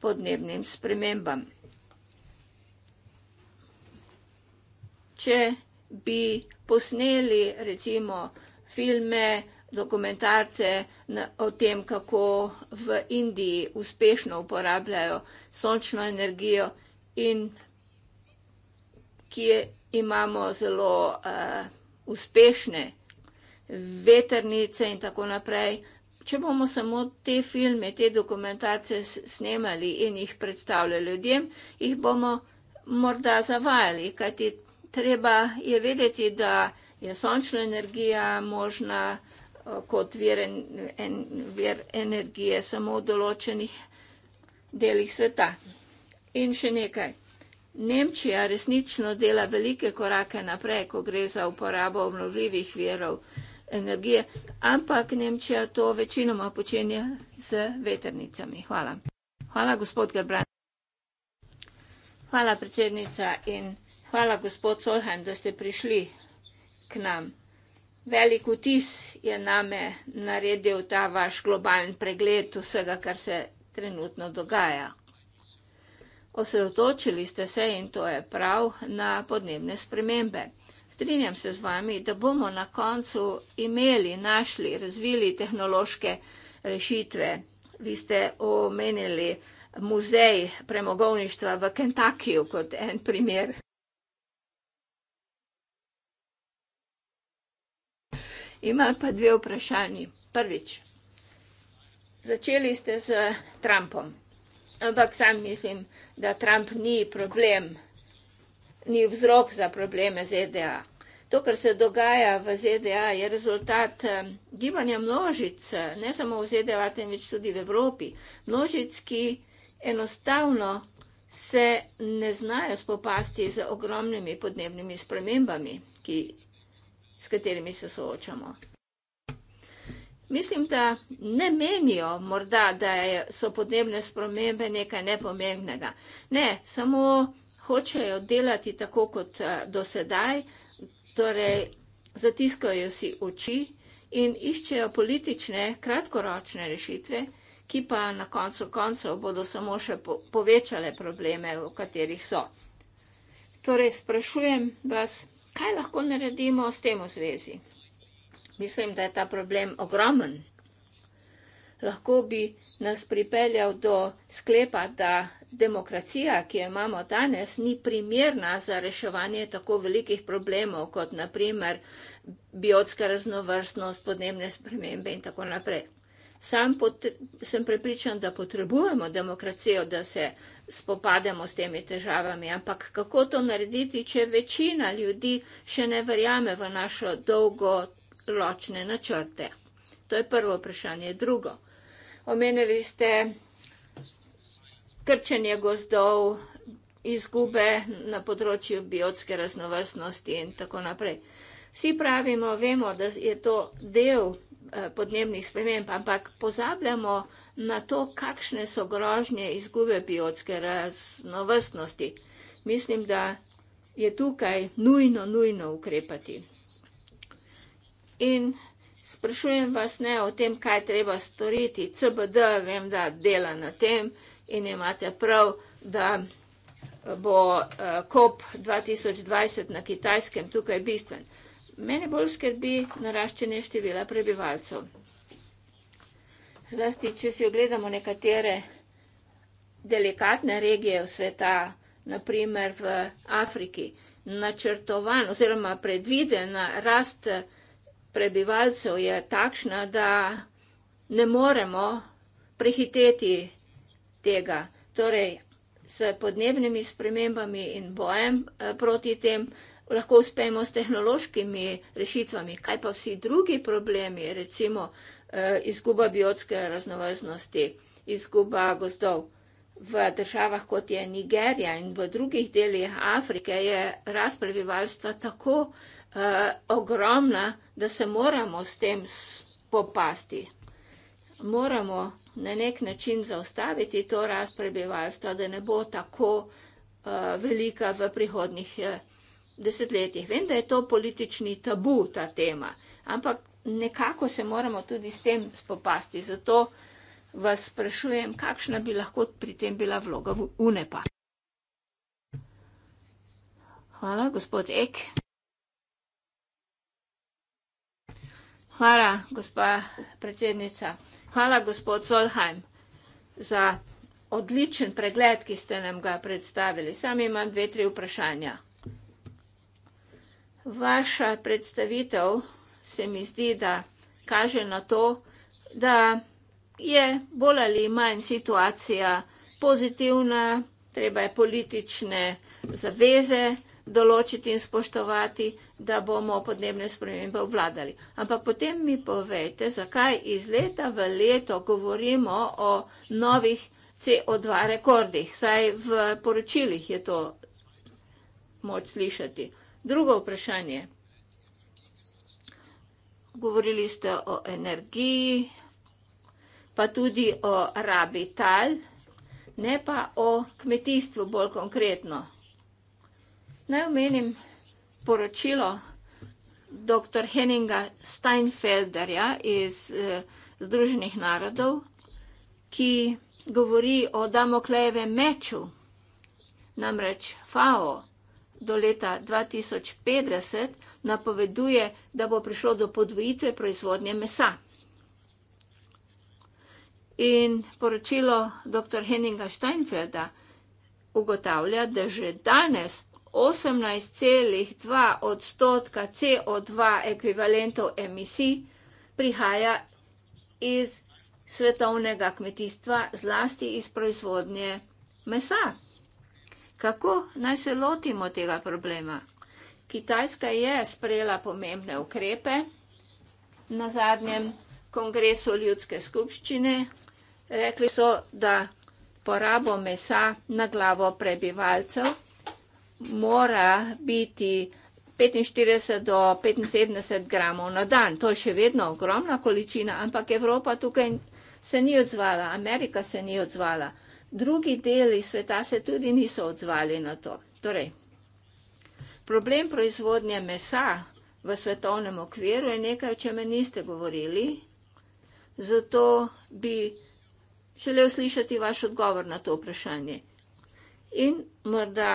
podnebnim spremembam. Če bi posneli recimo filme, dokumentarce o tem, kako v Indiji uspešno uporabljajo sončno energijo in kje imamo zelo uh, uspešne energije, veternice in tako naprej. Če bomo samo te filme, te dokumentacije snemali in jih predstavljali ljudem, jih bomo morda zavajali, kajti treba je vedeti, da je sončna energija možna eh, kot vir, en, en, vir energije samo v določenih delih sveta. In še nekaj. Nemčija resnično dela velike korake naprej, ko gre za uporabo obnovljivih verov energije, ampak Nemčija to večinoma počenja z veternicami. Hvala. Hvala, gospod Gerbran. Hvala, predsednica in hvala, gospod Solheim, da ste prišli k nam. Velik vtis je name naredil ta vaš globalen pregled vsega, kar se trenutno dogaja. Osredotočili ste se, in to je prav, na podnebne spremembe. Strinjam se z vami, da bomo na koncu imeli, našli, razvili tehnološke rešitve. Vi ste omenili muzej premogovništva v Kentakiju kot en primer. Imam pa dve vprašanji. Prvič, začeli ste z Trumpom, ampak sam mislim, da Trump ni problem ni vzrok za probleme ZDA. To, kar se dogaja v ZDA, je rezultat eh, gibanja množic, eh, ne samo v ZDA, temveč tudi v Evropi. Množic, ki enostavno se ne znajo spopasti z ogromnimi podnebnimi spremembami, ki, s katerimi se soočamo. Mislim, da ne menijo morda, da so podnebne spremembe nekaj nepomembnega. Ne, samo hočejo delati tako kot eh, dosedaj, torej zatiskajo si oči in iščejo politične kratkoročne rešitve, ki pa na koncu koncev bodo samo še povečale probleme, v katerih so. Torej sprašujem vas, kaj lahko naredimo s tem v zvezi? Mislim, da je ta problem ogromen. Lahko bi nas pripeljal do sklepa, da demokracija, ki jo imamo danes, ni primerna za reševanje tako velikih problemov, kot naprimer biotska raznovrstnost, podnebne spremembe in tako naprej. Sam pot, sem prepričan, da potrebujemo demokracijo, da se spopademo s temi težavami, ampak kako to narediti, če večina ljudi še ne verjame v našo dolgoročne načrte? To je prvo vprašanje. Drugo. Omenili ste krčenje gozdov, izgube na področju biotske raznovrstnosti in tako naprej. Vsi pravimo, vemo, da je to del eh, podnebnih sprememb, ampak pozabljamo na to, kakšne so grožnje izgube biotske raznovrstnosti. Mislim, da je tukaj nujno, nujno ukrepati. In sprašujem vas ne o tem, kaj treba storiti. CBD vem, da dela na tem in imate prav, da eh, bo eh, COP 2020 na kitajskem tukaj bistven. Meni bolj skrbi naraščenje števila prebivalcev. Zlasti, če si ogledamo nekatere delikatne regije v sveta, naprimer v Afriki, načrtovan oziroma predvidena rast eh, prebivalcev je takšna, da ne moremo prehiteti prebivalcev tega. Torej, s podnebnimi spremembami in bojem eh, proti tem lahko uspemo s tehnološkimi rešitvami, kaj pa vsi drugi problemi, recimo eh, izguba biotske raznovrznosti, izguba gozdov. V državah kot je Nigerija in v drugih delih Afrike je rast prebivalstva tako uh, ogromna, da se moramo s tem spopasti. Moramo na nek način zaustaviti to rast prebivalstva, da ne bo tako uh, velika v prihodnih eh, desetletjih. Vem, da je to politični tabu, ta tema, ampak nekako se moramo tudi s tem spopasti. Zato vas sprašujem, kakšna bi lahko pri tem bila vloga UNEPA. Hvala, gospod Ek. Hvala, gospa predsednica. Hvala, gospod Solheim, za odličen pregled, ki ste nam ga predstavili. Sam imam dve, tri vprašanja. Vaša predstavitev se mi zdi, da kaže na to, da je bolj ali manj situacija pozitivna, treba je politične zaveze določiti in spoštovati, da bomo podnebne spremembe obvladali. Ampak potem mi povejte, zakaj iz leta v leto govorimo o novih CO2 rekordih. Saj v poročilih je to moč slišati. Drugo vprašanje. Govorili ste o energiji, pa tudi o rabi tal, ne pa o kmetijstvu bolj konkretno. Naj omenim, poročilo dr. Henninga Steinfelderja iz eh, Združenih narodov, ki govori o Damoklejevem meču, namreč FAO do leta 2050 napoveduje, da bo prišlo do podvojitve proizvodnje mesa. In poročilo dr. Henninga Steinfelda ugotavlja, da že danes 18,2 odstotka CO2 ekvivalentov emisij prihaja iz svetovnega kmetijstva, zlasti iz proizvodnje mesa. Kako naj se lotimo tega problema? Kitajska je sprejela pomembne ukrepe na zadnjem kongresu ljudske skupščine. Rekli so, da porabo mesa na glavo prebivalcev mora biti 45 do 75 gramov na dan. To je še vedno ogromna količina, ampak Evropa tukaj se ni odzvala, Amerika se ni odzvala. Drugi deli sveta se tudi niso odzvali na to. Torej, problem proizvodnje mesa v svetovnem okviru je nekaj, o čemer niste govorili, zato bi želel slišati vaš odgovor na to vprašanje. In morda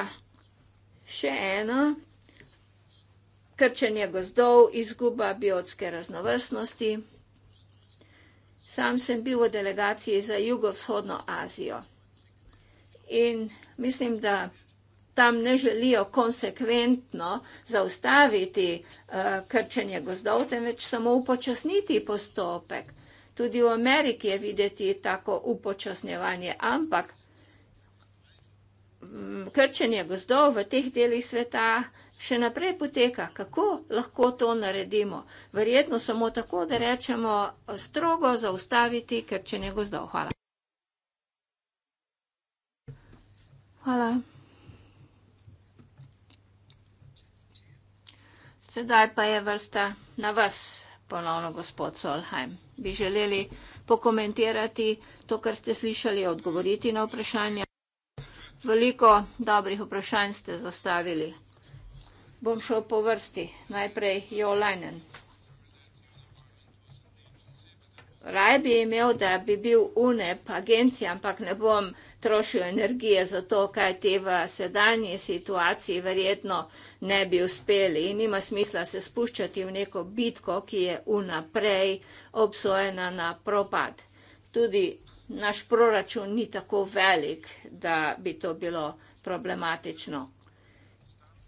še eno. Krčenje gozdov, izguba biotske raznovrstnosti. Sam sem bil v delegaciji za jugovzhodno Azijo in mislim, da tam ne želijo konsekventno zaustaviti uh, krčenje gozdov, temveč samo upočasniti postopek. Tudi v Ameriki je videti tako upočasnjevanje, ampak Mm, krčenje gozdov v teh delih sveta še naprej poteka. Kako lahko to naredimo? Verjetno samo tako, da rečemo eh, strogo zaustaviti krčenje gozdov. Hvala. Hvala. Sedaj pa je vrsta na vas, ponovno gospod Solheim. Bi želeli pokomentirati to, kar ste slišali, odgovoriti na vprašanje veliko dobrih vprašanj ste zastavili. Bom šel po vrsti. Najprej Jo Lajnen. Raj bi imel, da bi bil UNEP agencija, ampak ne bom trošil energije za to, kaj ti v sedanji situaciji verjetno ne bi uspeli. In nima smisla se spuščati v neko bitko, ki je unaprej obsojena na propad. Tudi naš proračun ni tako velik, da bi to bilo problematično.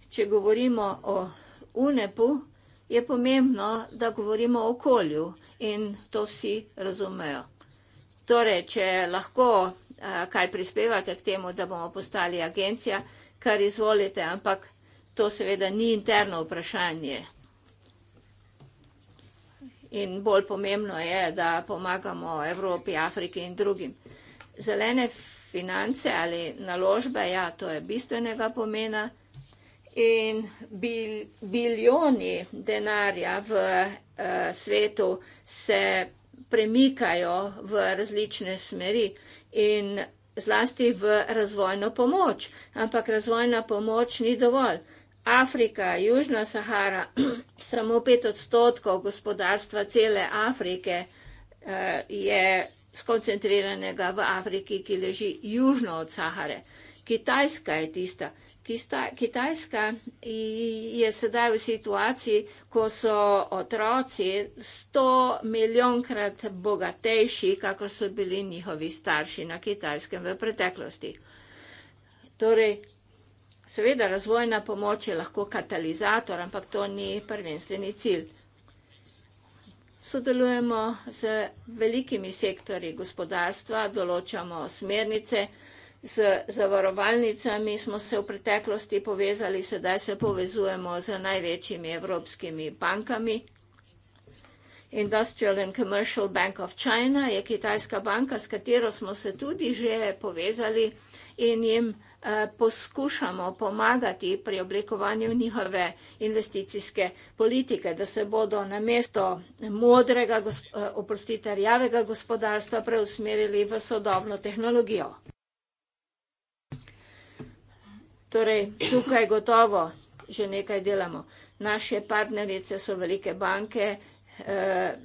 Če govorimo o UNEP-u, je pomembno, da govorimo o okolju in to vsi razumejo. Torej, če lahko kaj prispevate k temu, da bomo postali agencija, kar izvolite, ampak to seveda ni interno vprašanje in bolj pomembno je, da pomagamo Evropi, Afriki in drugim. Zelene finance ali naložbe, ja, to je bistvenega pomena in bil, biljoni denarja v uh, svetu se premikajo v različne smeri in zlasti v razvojno pomoč. Ampak razvojna pomoč ni dovolj. Afrika, Južna Sahara, samo pet odstotkov gospodarstva cele Afrike eh, je skoncentriranega v Afriki, ki leži južno od Sahare. Kitajska je tista. Kitajska je sedaj v situaciji, ko so otroci sto milijonkrat bogatejši, kakor so bili njihovi starši na kitajskem v preteklosti. Torej, Seveda, razvojna pomoč je lahko katalizator, ampak to ni prvenstveni cilj. Sodelujemo z velikimi sektori gospodarstva, določamo smernice, z zavarovalnicami smo se v preteklosti povezali, sedaj se povezujemo z največjimi evropskimi bankami. Industrial and Commercial Bank of China je kitajska banka, s katero smo se tudi že povezali in jim povezali Eh, poskušamo pomagati pri oblikovanju njihove investicijske politike, da se bodo na mesto modrega, eh, oprostite, rjavega gospodarstva preusmerili v sodobno tehnologijo. Torej, tukaj gotovo že nekaj delamo. Naše partnerice so velike banke, eh,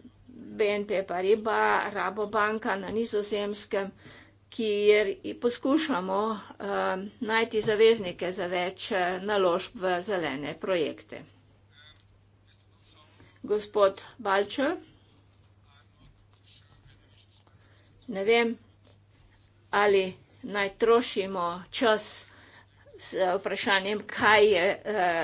BNP Paribas, Rabobanka na nizozemskem, kjer poskušamo uh, najti zaveznike za več eh, naložb v zelene projekte. Gospod Balčo, ne vem, ali naj trošimo čas z vprašanjem, kaj je uh,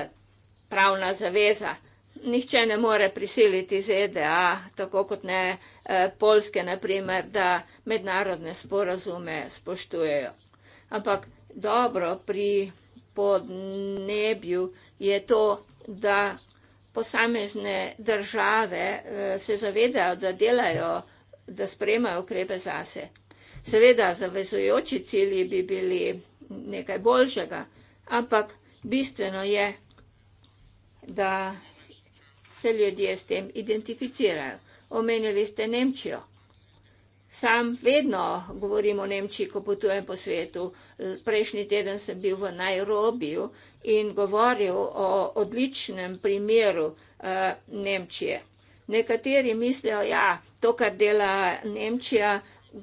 pravna zaveza nihče ne more prisiliti ZDA, e tako kot ne eh, Poljske, naprimer, da mednarodne sporazume spoštujejo. Ampak dobro pri podnebju je to, da posamezne države eh, se zavedajo, da delajo, da spremajo ukrepe zase. Seveda, zavezujoči cilji bi bili nekaj boljšega, ampak bistveno je, da se ljudje s tem identificirajo. Omenili ste Nemčijo. Sam vedno govorim o Nemčiji, ko potujem po svetu. Prejšnji teden sem bil v Nairobiju in govoril o odličnem primeru uh, Nemčije. Nekateri mislijo, da ja, to, kar dela Nemčija,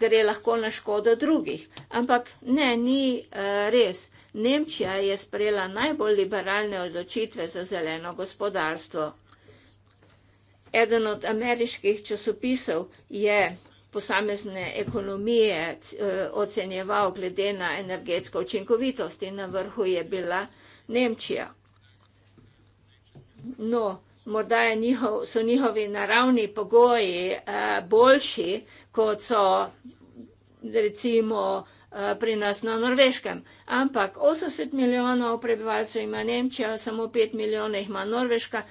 gre lahko na škodo drugih. Ampak ne, ni uh, res. Nemčija je sprejela najbolj liberalne odločitve za zeleno gospodarstvo eden od ameriških časopisov je posamezne ekonomije eh, ocenjeval glede na energetsko učinkovitost in na vrhu je bila Nemčija. No, morda so njihovi naravni pogoji eh, boljši, kot so recimo eh, pri nas na Norveškem. Ampak 80 milijonov prebivalcev ima Nemčija, samo 5 milijonov ima Norveška,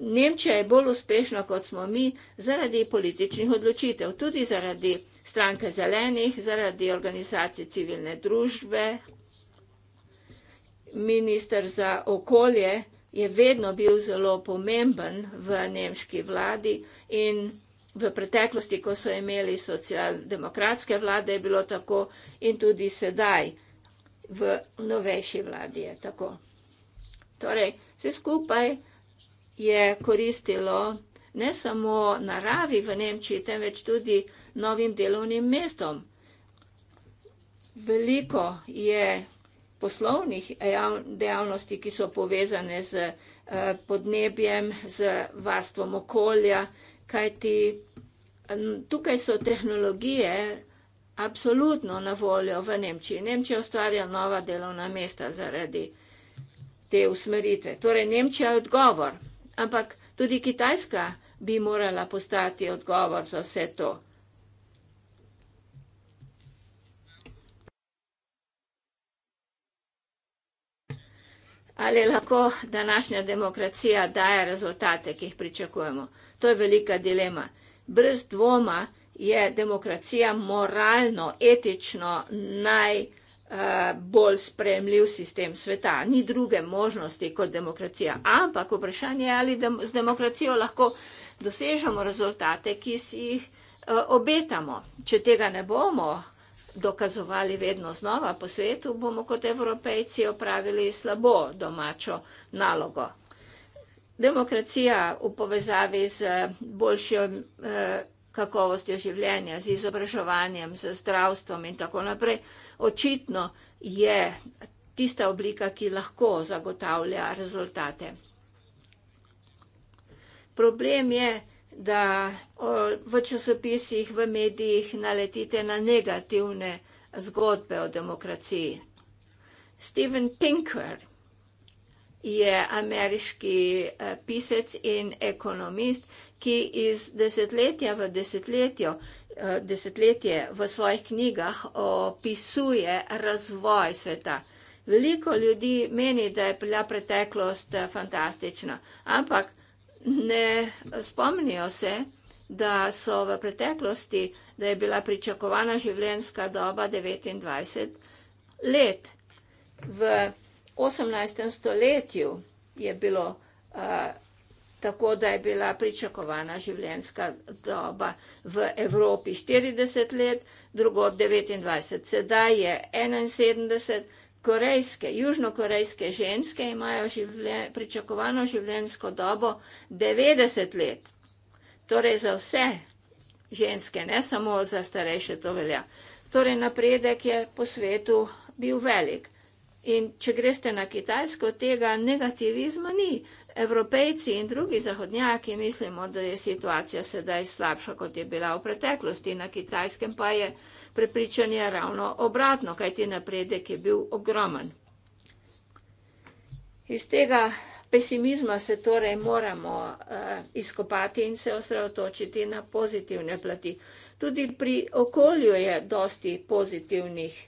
Nemčija je bolj uspešna kot smo mi zaradi političnih odločitev, tudi zaradi stranke zelenih, zaradi organizacije civilne družbe. Minister za okolje je vedno bil zelo pomemben v nemški vladi in v preteklosti, ko so imeli socialdemokratske vlade, je bilo tako in tudi sedaj v novejši vladi je tako. Torej, vse skupaj je koristilo ne samo naravi v Nemčiji, temveč tudi novim delovnim mestom. Veliko je poslovnih dejavnosti, ki so povezane z eh, podnebjem, z varstvom okolja, kajti tukaj so tehnologije absolutno na voljo v Nemčiji. Nemčija ustvarja nova delovna mesta zaradi te usmeritve. Torej, Nemčija je odgovor. Ampak tudi Kitajska bi morala postati odgovor za vse to. Ali lahko današnja demokracija daje rezultate, ki jih pričakujemo? To je velika dilema. Brez dvoma je demokracija moralno, etično najbolj Eh, bolj spremljiv sistem sveta. Ni druge možnosti kot demokracija. Ampak vprašanje je, ali dem z demokracijo lahko dosežemo rezultate, ki si jih eh, obetamo. Če tega ne bomo dokazovali vedno znova po svetu, bomo kot evropejci opravili slabo domačo nalogo. Demokracija v povezavi z boljšim eh, kakovostjo življenja, z izobraževanjem, z zdravstvom in tako naprej. Očitno je tista oblika, ki lahko zagotavlja rezultate. Problem je, da v časopisih, v medijih naletite na negativne zgodbe o demokraciji. Steven Pinker je ameriški eh, pisec in ekonomist, ki iz desetletja v desetletje, eh, desetletje v svojih knjigah opisuje razvoj sveta. Veliko ljudi meni, da je bila preteklost eh, fantastična, ampak ne spomnijo se, da so v preteklosti, da je bila pričakovana življenjska doba 29 let. V 18. stoletju je bilo uh, tako da je bila pričakovana življenjska doba v Evropi 40 let, drugod 29. Sedaj je 71. Korejske, južnokorejske ženske imajo živle, pričakovano življenjsko dobo 90 let. Torej za vse ženske, ne samo za starejše to velja. Torej napredek je po svetu bil velik. In če greste na Kitajsko, tega negativizma ni. Evropejci in drugi zahodnjaki mislimo, da je situacija sedaj slabša, kot je bila v preteklosti. Na kitajskem pa je prepričanje ravno obratno, kajti napredek je bil ogromen. Iz tega pesimizma se torej moramo uh, izkopati in se osredotočiti na pozitivne plati. Tudi pri okolju je dosti pozitivnih,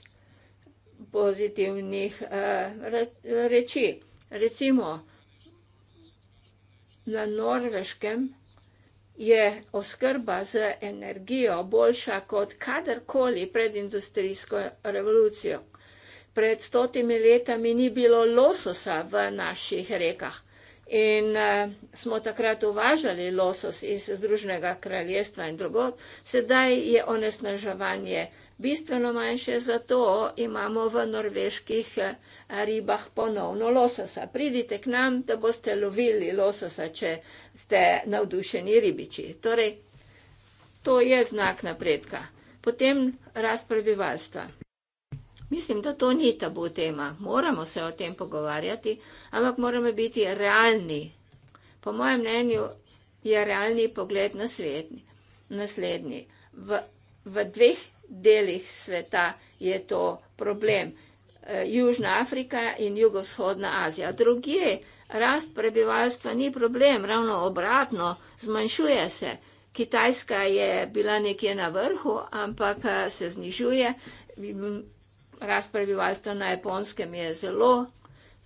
pozitivnih uh, reči. Recimo, na norveškem je oskrba z energijo boljša kot kadarkoli pred industrijsko revolucijo. Pred stotimi letami ni bilo lososa v naših rekah. In uh, smo takrat uvažali losos iz Združenega kraljestva in drugot, sedaj je onesnaževanje bistveno manjše, zato imamo v norveških eh, ribah ponovno lososa. Pridite k nam, da boste lovili lososa, če ste navdušeni ribiči. Torej, to je znak napredka. Potem rast prebivalstva. Mislim, da to ni tabu tema. Moramo se o tem pogovarjati, ampak moramo biti realni. Po mojem mnenju je realni pogled naslednji. naslednji. V, v dveh delih sveta je to problem. Eh, Južna Afrika in jugovzhodna Azija. Drugje, rast prebivalstva ni problem, ravno obratno, zmanjšuje se. Kitajska je bila nekje na vrhu, ampak eh, se znižuje rast prebivalstva na japonskem je zelo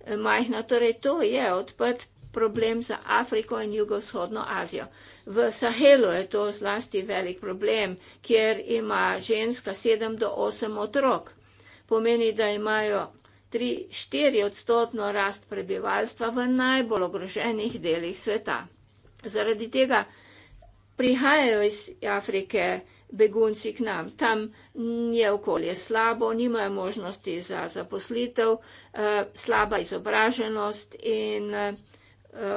eh, majhna, torej to je odprt problem za Afriko in jugovzhodno Azijo. V Sahelu je to zlasti velik problem, kjer ima ženska sedem do osem otrok. Pomeni, da imajo tri, štiri odstotno rast prebivalstva v najbolj ogroženih delih sveta. Zaradi tega prihajajo iz Afrike, begunci k nam. Tam je okolje slabo, nimajo možnosti za zaposlitev, eh, slaba izobraženost in eh,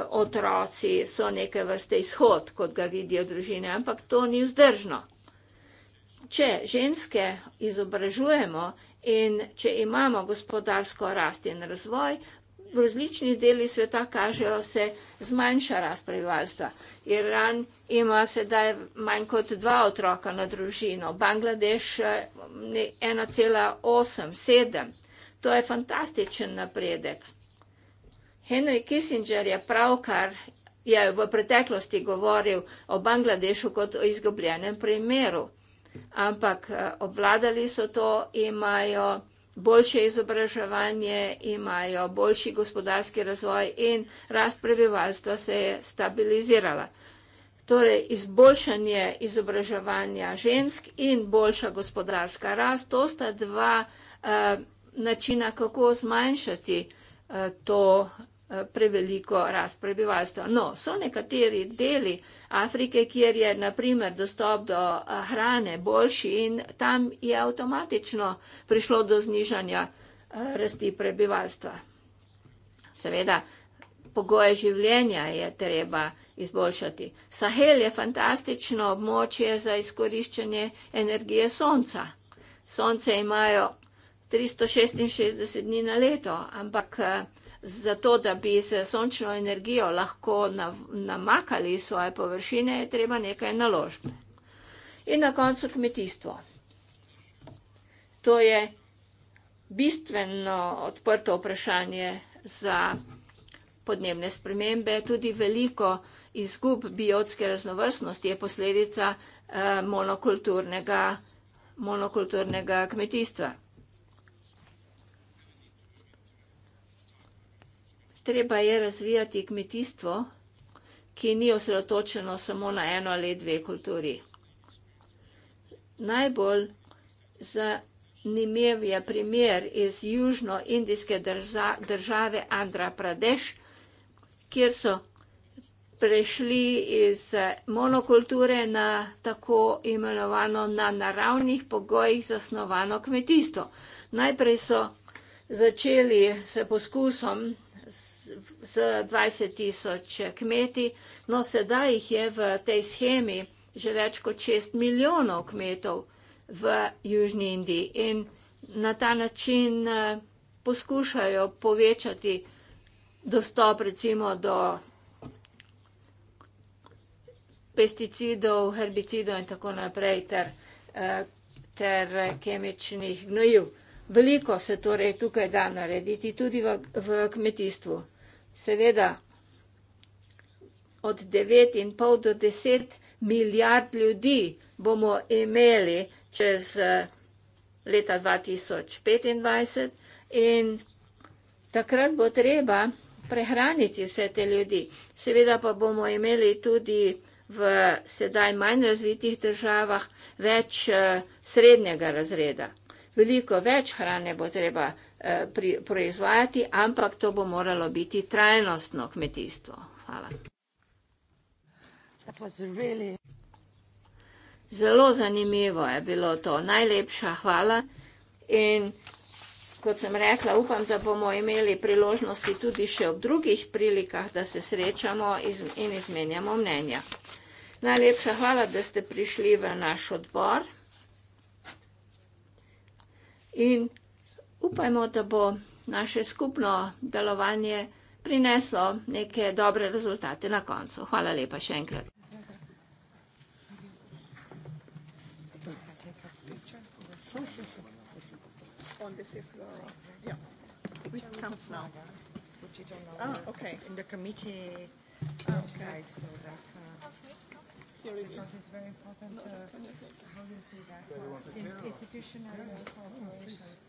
otroci so neke vrste izhod, kot ga vidijo družine, ampak to ni vzdržno. Če ženske izobražujemo in če imamo gospodarsko rast in razvoj, v različnih delih sveta kažejo se zmanjša rast prebivalstva. Iran ima sedaj manj kot dva otroka na družino, Bangladeš 1,87. Eh, to je fantastičen napredek. Henry Kissinger je pravkar je v preteklosti govoril o Bangladešu kot o izgubljenem primeru, ampak eh, obvladali so to, imajo boljše izobraževanje, imajo boljši gospodarski razvoj in rast prebivalstva se je stabilizirala. Torej, izboljšanje izobraževanja žensk in boljša gospodarska rast, to sta dva uh, načina, kako zmanjšati uh, to Eh, preveliko rast prebivalstva. No, so nekateri deli Afrike, kjer je naprimer dostop do eh, hrane boljši in tam je avtomatično prišlo do znižanja eh, rasti prebivalstva. Seveda, pogoje življenja je treba izboljšati. Sahel je fantastično območje za izkoriščanje energije sonca. Sonce imajo 366 dni na leto, ampak zato, da bi se sončno energijo lahko nav, namakali svoje površine, je treba nekaj naložb. In na koncu kmetijstvo. To je bistveno odprto vprašanje za podnebne spremembe. Tudi veliko izgub biotske raznovrstnosti je posledica eh, monokulturnega, monokulturnega kmetijstva. treba je razvijati kmetijstvo, ki ni osredotočeno samo na eno ali dve kulturi. Najbolj zanimiv je primer iz južnoindijske države Andhra Pradesh, kjer so prešli iz monokulture na tako imenovano na naravnih pogojih zasnovano kmetijstvo. Najprej so začeli s poskusom, z 20 tisoč kmeti. No, sedaj jih je v tej schemi že več kot 6 milijonov kmetov v Južni Indiji in na ta način eh, poskušajo povečati dostop recimo do pesticidov, herbicidov in tako naprej ter, eh, ter kemičnih gnojiv. Veliko se torej tukaj da narediti tudi v, v kmetijstvu seveda od 9,5 do 10 milijard ljudi bomo imeli čez eh, leta 2025 in takrat bo treba prehraniti vse te ljudi. Seveda pa bomo imeli tudi v sedaj manj razvitih državah več eh, srednjega razreda. Veliko več hrane bo treba Eh, pri, proizvajati, ampak to bo moralo biti trajnostno kmetijstvo. Hvala. Zelo zanimivo je bilo to. Najlepša hvala. In kot sem rekla, upam, da bomo imeli priložnosti tudi še ob drugih prilikah, da se srečamo in izmenjamo mnenja. Najlepša hvala, da ste prišli v naš odbor. In Upajmo, da bo naše skupno delovanje prineslo neke dobre rezultate na koncu. Hvala lepa še enkrat. On this floor. Yeah. Which comes now? Which you don't know. Ah, okay. In the committee ah, okay. side, so that. Uh, okay. Here it because is. it's very important. Uh, no, no, no, how do you see that? Uh, in institutional yeah. cooperation. Oh,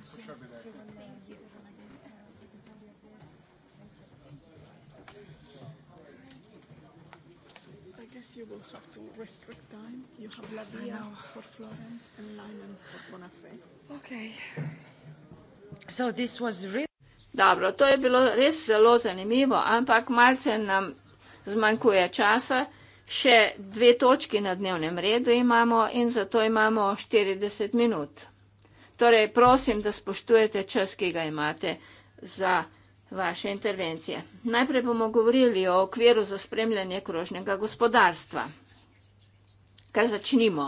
I guess you will have to restrict time. You have Lavia for Florence and Lyman for Bonafé. Okay. So this was really. Dobro, to je bilo res zelo zanimivo, ampak malce nam zmanjkuje časa. Še dve točki na dnevnem redu imamo in zato imamo 40 minut. Torej, prosim, da spoštujete čas, ki ga imate za vaše intervencije. Najprej bomo govorili o okviru za spremljanje krožnega gospodarstva. Kar začnimo.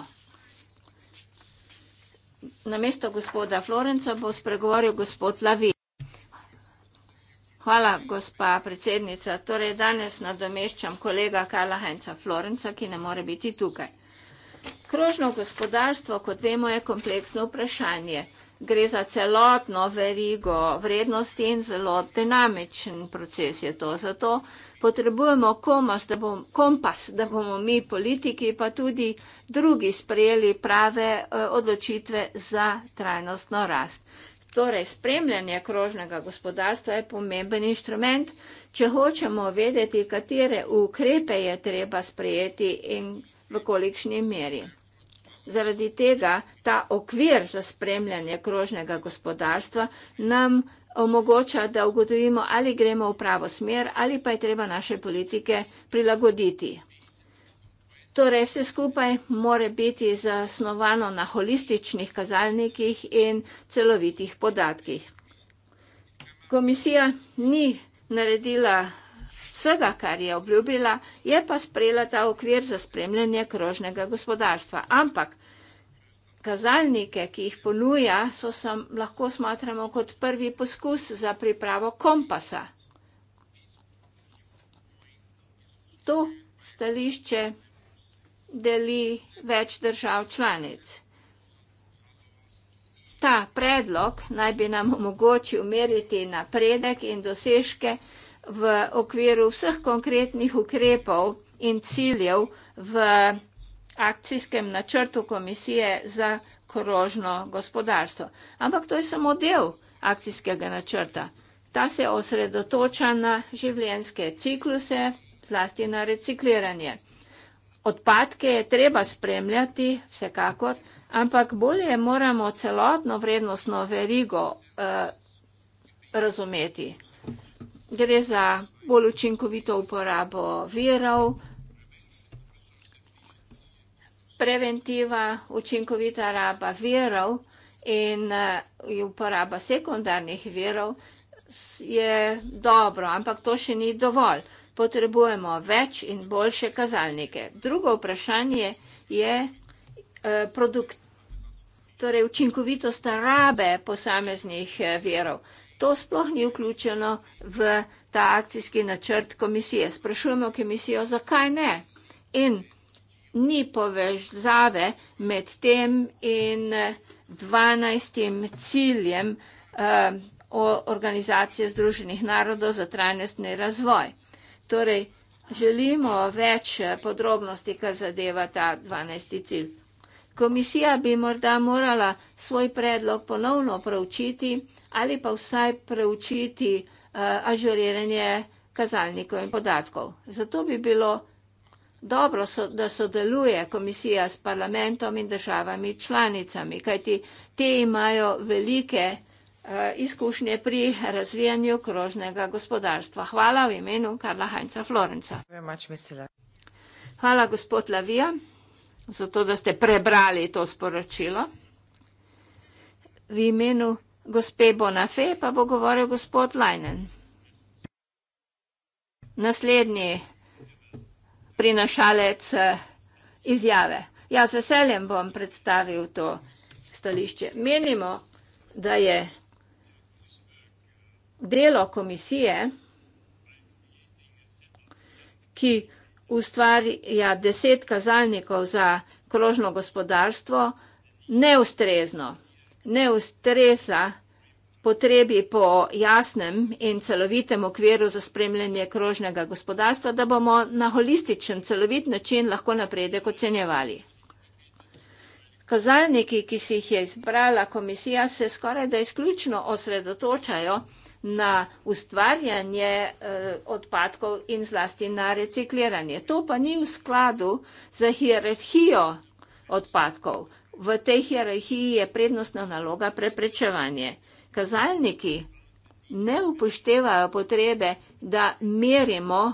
Na mesto gospoda Florenca bo spregovoril gospod Lavi. Hvala, gospa predsednica. Torej, danes nadomeščam kolega Karla Heinza Florenca, ki ne more biti tukaj. Krožno gospodarstvo, kot vemo, je kompleksno vprašanje. Gre za celotno verigo vrednosti in zelo dinamičen proces je to. Zato potrebujemo komas, da bom, kompas, da bomo mi politiki, pa tudi drugi sprejeli prave eh, odločitve za trajnostno rast. Torej, spremljanje krožnega gospodarstva je pomemben inštrument, če hočemo vedeti, katere ukrepe je treba sprejeti in v kolikšni meri. Zaradi tega ta okvir za spremljanje krožnega gospodarstva nam omogoča, da ugotovimo, ali gremo v pravo smer ali pa je treba naše politike prilagoditi. Torej, vse skupaj more biti zasnovano na holističnih kazalnikih in celovitih podatkih. Komisija ni naredila vsega, kar je obljubila, je pa sprejela ta okvir za spremljanje krožnega gospodarstva. Ampak kazalnike, ki jih ponuja, so sam, lahko smatramo kot prvi poskus za pripravo kompasa. To stališče deli več držav članic. Ta predlog naj bi nam omogočil meriti napredek in dosežke, v okviru vseh konkretnih ukrepov in ciljev v akcijskem načrtu komisije za krožno gospodarstvo. Ampak to je samo del akcijskega načrta. Ta se osredotoča na življenjske cikluse, zlasti na recikliranje. Odpadke je treba spremljati, vsekakor, ampak bolje moramo celotno vrednostno verigo eh, razumeti gre za bolj učinkovito uporabo virov, preventiva, učinkovita raba virov in eh, uporaba sekundarnih virov je dobro, ampak to še ni dovolj. Potrebujemo več in boljše kazalnike. Drugo vprašanje je eh, produkt, torej učinkovitost rabe posameznih eh, virov to sploh ni vključeno v ta akcijski načrt komisije. Sprašujemo komisijo, zakaj ne. In ni povezave med tem in 12. ciljem eh, organizacije Združenih narodov za trajnostni razvoj. Torej, želimo več podrobnosti, kar zadeva ta 12. cilj. Komisija bi morda morala svoj predlog ponovno preučiti ali pa vsaj preučiti uh, eh, ažuriranje kazalnikov in podatkov. Zato bi bilo dobro, so, da sodeluje komisija s parlamentom in državami članicami, kajti te imajo velike uh, izkušnje pri razvijanju krožnega gospodarstva. Hvala v imenu Karla Heinza Florenca. Hvala, gospod Lavija zato da ste prebrali to sporočilo. V imenu gospe Bonafe pa bo govoril gospod Lajnen. Naslednji prinašalec eh, izjave. Jaz z veseljem bom predstavil to stališče. Menimo, da je delo komisije, ki ustvarja deset kazalnikov za krožno gospodarstvo, neustrezno, neustreza potrebi po jasnem in celovitem okviru za spremljanje krožnega gospodarstva, da bomo na holističen, celovit način lahko napredek ocenjevali. Kazalniki, ki si jih je izbrala komisija, se skoraj da izključno osredotočajo na ustvarjanje eh, odpadkov in zlasti na recikliranje. To pa ni v skladu za hierarhijo odpadkov. V tej hierarhiji je prednostna naloga preprečevanje. Kazalniki ne upoštevajo potrebe, da merimo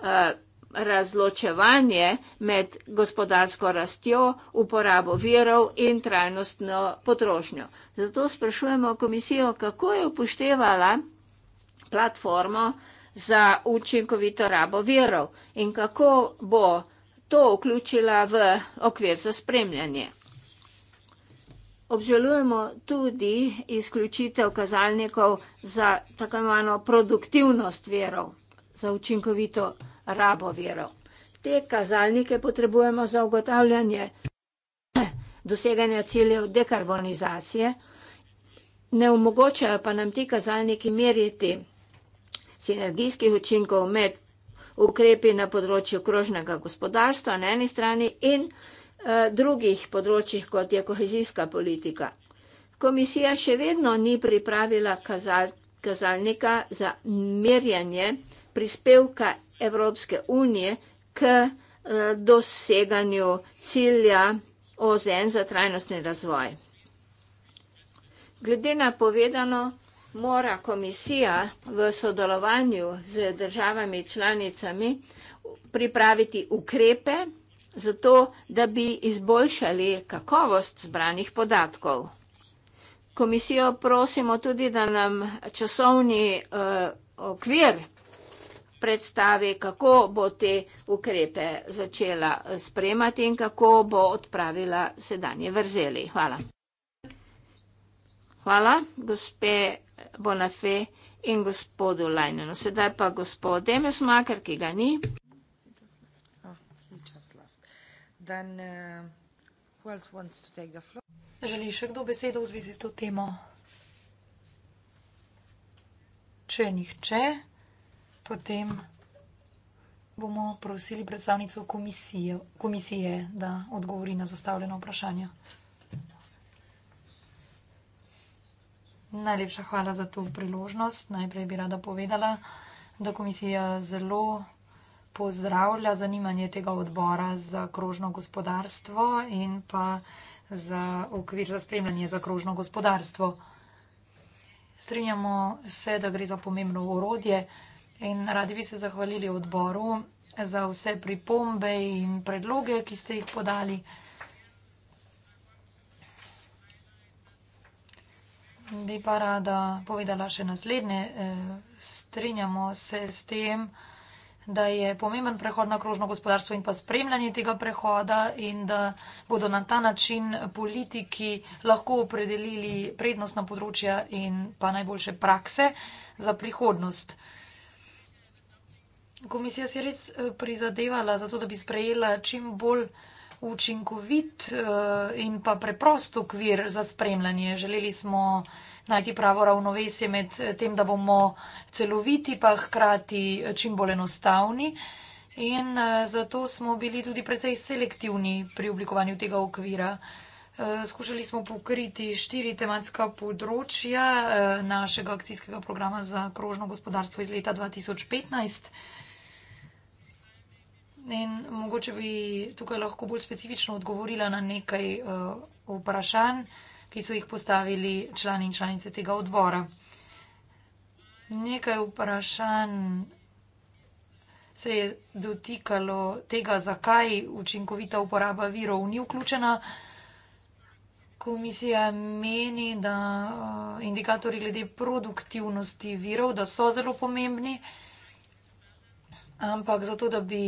odpadkov eh, razločevanje med gospodarsko rastjo, uporabo virov in trajnostno potrošnjo. Zato sprašujemo komisijo, kako je upoštevala platformo za učinkovito rabo virov in kako bo to vključila v okvir za spremljanje. Obžalujemo tudi izključitev kazalnikov za tako imenovano produktivnost virov, za učinkovito rabo virov rabo vero. Te kazalnike potrebujemo za ugotavljanje doseganja ciljev dekarbonizacije, ne omogočajo pa nam ti kazalniki meriti sinergijskih učinkov med ukrepi na področju krožnega gospodarstva na eni strani in eh, drugih področjih, kot je kohezijska politika. Komisija še vedno ni pripravila kazalnika za merjanje prispevka Evropske unije k eh, doseganju cilja OZN za trajnostni razvoj. Glede na povedano, mora komisija v sodelovanju z državami članicami pripraviti ukrepe za to, da bi izboljšali kakovost zbranih podatkov. Komisijo prosimo tudi, da nam časovni eh, okvir pripravi, predstavi, kako bo te ukrepe začela eh, spremati in kako bo odpravila sedanje vrzeli. Hvala. Hvala, gospe Bonafe in gospodu Lajnenu. Sedaj pa gospod Demes Makar, ki ga ni. Uh, Želi še kdo besedo v zvezi s to temo? Če nihče, Potem bomo prosili predstavnico komisije, komisije, da odgovori na zastavljeno vprašanje. Najlepša hvala za to priložnost. Najprej bi rada povedala, da komisija zelo pozdravlja zanimanje tega odbora za krožno gospodarstvo in pa za okvir za spremljanje za krožno gospodarstvo. Strinjamo se, da gre za pomembno orodje, In radi bi se zahvalili odboru za vse pripombe in predloge, ki ste jih podali. Bi pa rada povedala še naslednje. Eh, strinjamo se s tem, da je pomemben prehod na krožno gospodarstvo in pa spremljanje tega prehoda in da bodo na ta način politiki lahko opredelili prednostna področja in pa najboljše prakse za prihodnost. Komisija se je res eh, prizadevala za to, da bi sprejela čim bolj učinkovit eh, in pa preprost okvir za spremljanje. Želeli smo najti pravo ravnovesje med eh, tem, da bomo celoviti, pa hkrati čim bolj enostavni. In zato smo bili tudi precej selektivni pri oblikovanju tega okvira. Skušali smo pokriti štiri tematska področja našega akcijskega programa za krožno gospodarstvo iz leta 2015. In mogoče bi tukaj lahko bolj specifično odgovorila na nekaj uh, vprašanj, ki so jih postavili člani in članice tega odbora. Nekaj vprašanj se je dotikalo tega, zakaj učinkovita uporaba virov ni vključena. Komisija meni, da eh, indikatori glede produktivnosti virov, da so zelo pomembni, ampak zato, da bi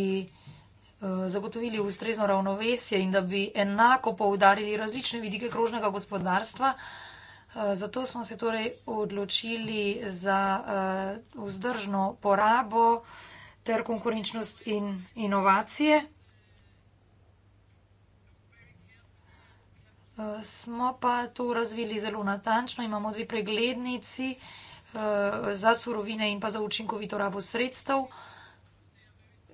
Eh, zagotovili ustrezno ravnovesje in da bi enako poudarili različne vidike krožnega gospodarstva. Eh, zato smo se torej odločili za eh, vzdržno porabo ter konkurenčnost in inovacije. Smo pa to razvili zelo natančno, imamo dve preglednici za surovine in pa za učinkovito rabo sredstev.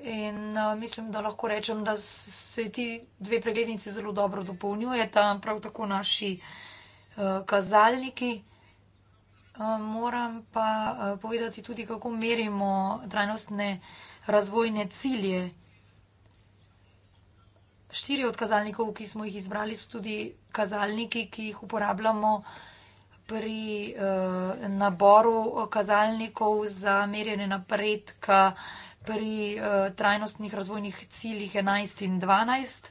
In uh, mislim, da lahko rečem, da se ti dve preglednici zelo dobro dopolnjujeta, prav tako naši uh, kazalniki. Uh, moram pa uh, povedati tudi, kako merimo trajnostne razvojne cilje. Štiri od kazalnikov, ki smo jih izbrali, so tudi kazalniki, ki jih uporabljamo pri uh, naboru kazalnikov za merjene napredka. Uh, pri uh, trajnostnih razvojnih ciljih 11 in 12.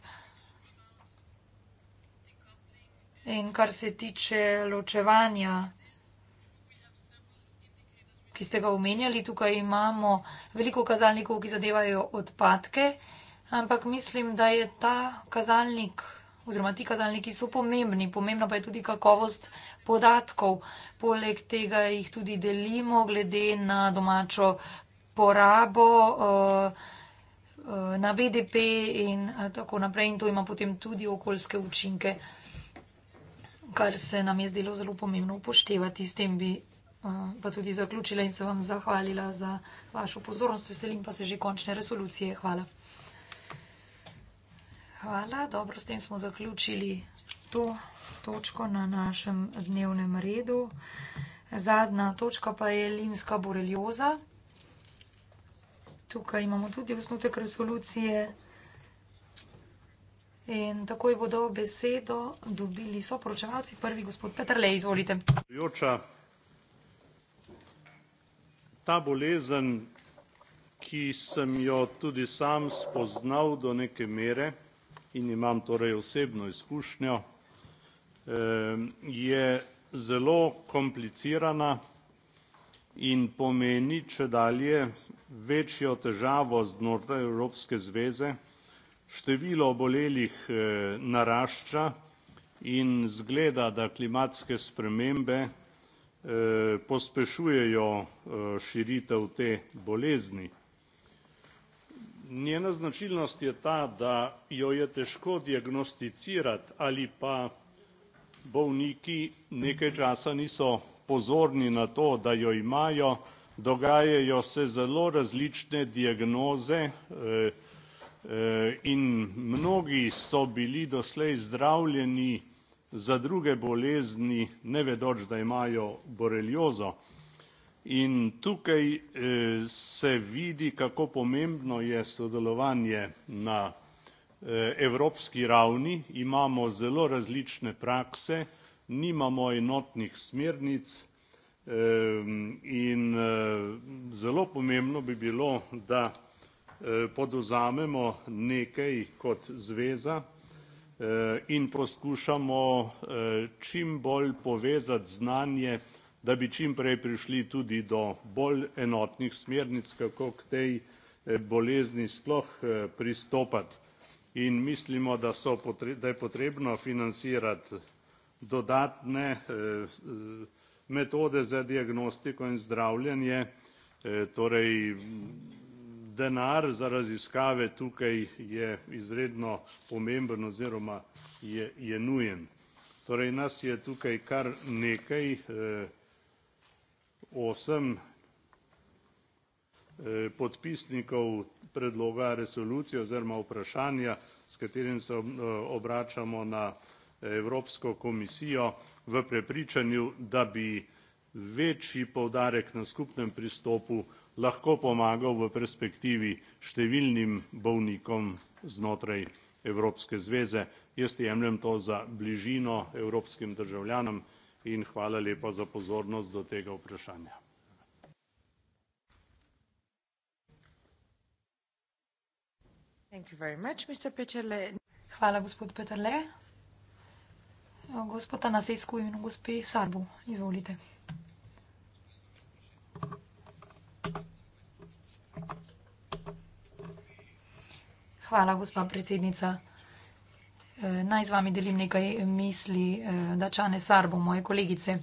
In kar se tiče ločevanja, ki ste ga omenjali, tukaj imamo veliko kazalnikov, ki zadevajo odpadke, ampak mislim, da je ta kazalnik oziroma ti kazalniki so pomembni. Pomembna pa je tudi kakovost podatkov. Poleg tega jih tudi delimo glede na domačo porabo eh, na BDP in eh, tako naprej. In to ima potem tudi okoljske učinke, kar se nam je zdelo zelo pomembno upoštevati. S tem bi eh, pa tudi zaključila in se vam zahvalila za vašo pozornost. Veselim pa se že končne resolucije. Hvala. Hvala, dobro, s tem smo zaključili to točko na našem dnevnem redu. Zadnja točka pa je limska borelioza. Tukaj imamo tudi osnutek resolucije. In takoj bodo besedo dobili soporočevalci. Prvi gospod Petr Lej, izvolite. Ta bolezen, ki sem jo tudi sam spoznal do neke mere in imam torej osebno izkušnjo, eh, je zelo komplicirana in pomeni, če dalje večjo težavo znotraj Evropske zveze. Število obolelih eh, narašča in zgleda, da klimatske spremembe eh, pospešujejo eh, širitev te bolezni. Njena značilnost je ta, da jo je težko diagnosticirati ali pa bolniki nekaj časa niso pozorni na to, da jo imajo, dogajajo se zelo različne diagnoze eh, eh, in mnogi so bili doslej zdravljeni za druge bolezni, ne vedoč, da imajo boreliozo. In tukaj eh, se vidi, kako pomembno je sodelovanje na evropski ravni. Imamo zelo različne prakse, nimamo enotnih smernic, Ehm, in eh, zelo pomembno bi bilo, da eh, podozamemo nekaj kot zveza eh, in poskušamo čim bolj povezati znanje, da bi čim prej prišli tudi do bolj enotnih smernic, kako k tej bolezni sploh pristopati. In mislimo, da, so, da je potrebno financirati dodatne eh, metode za diagnostiko in zdravljenje, eh, torej denar za raziskave tukaj je izredno pomemben oziroma je, je nujen. Torej nas je tukaj kar nekaj, eh, osem eh, podpisnikov predloga resolucije oziroma vprašanja, s katerim se obračamo na Evropsko komisijo v prepričanju, da bi večji poudarek na skupnem pristopu lahko pomagal v perspektivi številnim bovnikom znotraj Evropske zveze. Jaz jemljem to za bližino evropskim državljanom in hvala lepa za pozornost do tega vprašanja. Hvala, gospod Peterle. Gospod Anasejsku in gospe Sarbu, izvolite. Hvala, gospa predsednica. Eh, naj z vami delim nekaj eh, misli eh, Dačane Sarbo, moje kolegice.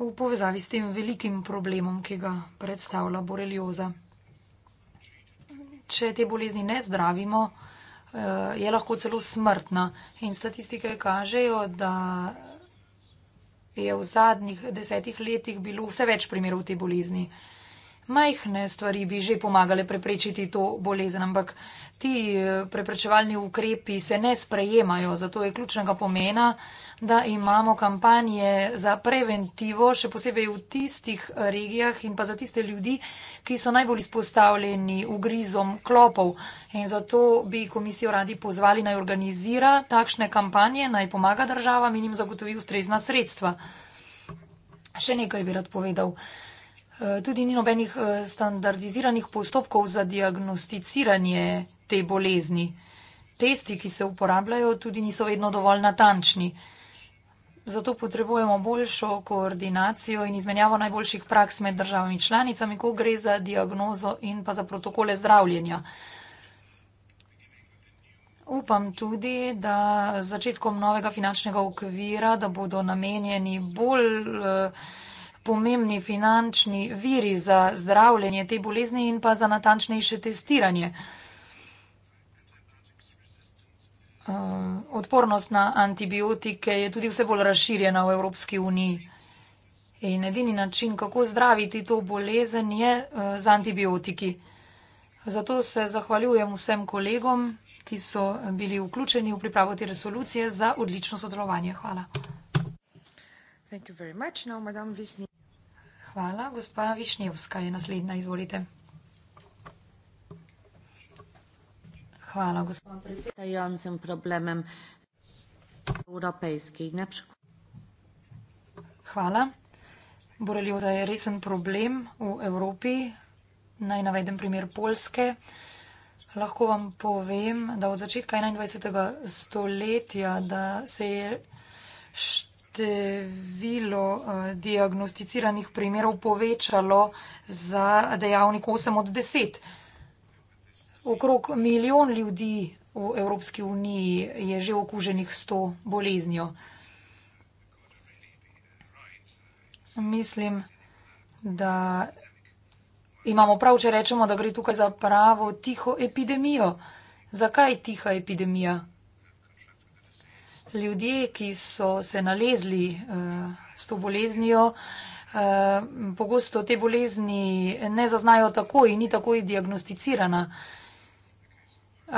V povezavi s tem velikim problemom, ki ga predstavlja borelioza. Če te bolezni ne zdravimo, Eh, je lahko celo smrtna. In statistike kažejo, da je v zadnjih desetih letih bilo vse več primerov te bolezni. Uh, majhne stvari bi že pomagale preprečiti to bolezen, ampak ti eh, preprečevalni ukrepi se ne sprejemajo. Zato je ključnega pomena, da imamo kampanje za preventivo, še posebej v tistih eh, regijah in pa za tiste ljudi, ki so najbolj izpostavljeni ugrizom klopov. In zato bi komisijo radi pozvali naj organizira takšne kampanje, naj pomaga državam in jim zagotovi ustrezna sredstva. Še nekaj bi rad povedal. Eh, tudi ni nobenih eh, standardiziranih postopkov za diagnosticiranje te bolezni. Testi, ki se uporabljajo, tudi niso vedno dovolj natančni. Zato potrebujemo boljšo koordinacijo in izmenjavo najboljših praks med državami članicami, ko gre za diagnozo in pa za protokole zdravljenja. Upam tudi, da začetkom novega finančnega okvira, da bodo namenjeni bolj. Uh, pomembni finančni viri za zdravljenje te bolezni in pa za natančnejše testiranje. Um, odpornost na antibiotike je tudi vse bolj razširjena v Evropski uniji. In edini način, kako zdraviti to bolezen, je uh, z antibiotiki. Zato se zahvaljujem vsem kolegom, ki so bili vključeni v pripravo te resolucije za odlično sodelovanje. Hvala. Thank you very much. Now, Madame Visnik. Hvala. Gospa Višnjevska je naslednja. Izvolite. Hvala, gospod predsedujočim ja, problemem evropejskih. Hvala. Borelioza je resen problem v Evropi. Naj navedem primer Polske. Lahko vam povem, da od začetka 21. stoletja, da se je št število eh, diagnosticiranih primerov povečalo za dejavnik 8 od 10. Okrog milijon ljudi v Evropski uniji je že okuženih s to boleznjo. Mislim, da imamo prav, če rečemo, da gre tukaj za pravo tiho epidemijo. Zakaj tiha epidemija? ljudje, ki so se nalezli uh, s to boleznijo, uh, pogosto te bolezni ne zaznajo takoj, ni takoj diagnosticirana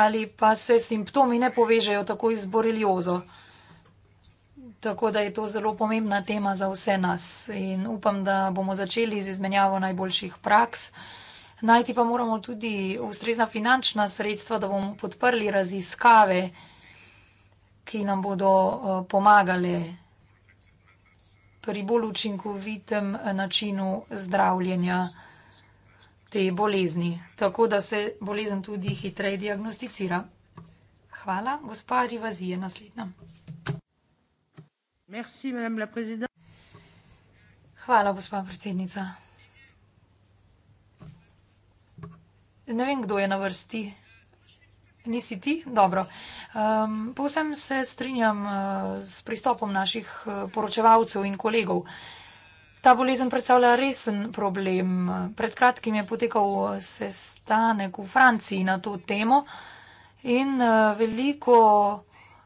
ali pa se simptomi ne povežejo takoj z boreliozo. Tako da je to zelo pomembna tema za vse nas in upam, da bomo začeli z izmenjavo najboljših praks. Najti pa moramo tudi ustrezna finančna sredstva, da bomo podprli raziskave, ki nam bodo eh, pomagale pri bolj učinkovitem eh, načinu zdravljenja te bolezni, tako da se bolezen tudi hitreje diagnosticira. Hvala, gospa Rivazi je naslednja. Hvala, gospa predsednica. Ne vem, kdo je na vrsti nisi ti? Dobro. Um, Povsem se strinjam uh, s pristopom naših eh, poročevalcev in kolegov. Ta bolezen predstavlja resen problem. Pred kratkim je potekal eh, sestanek v Franciji na to temo in uh, veliko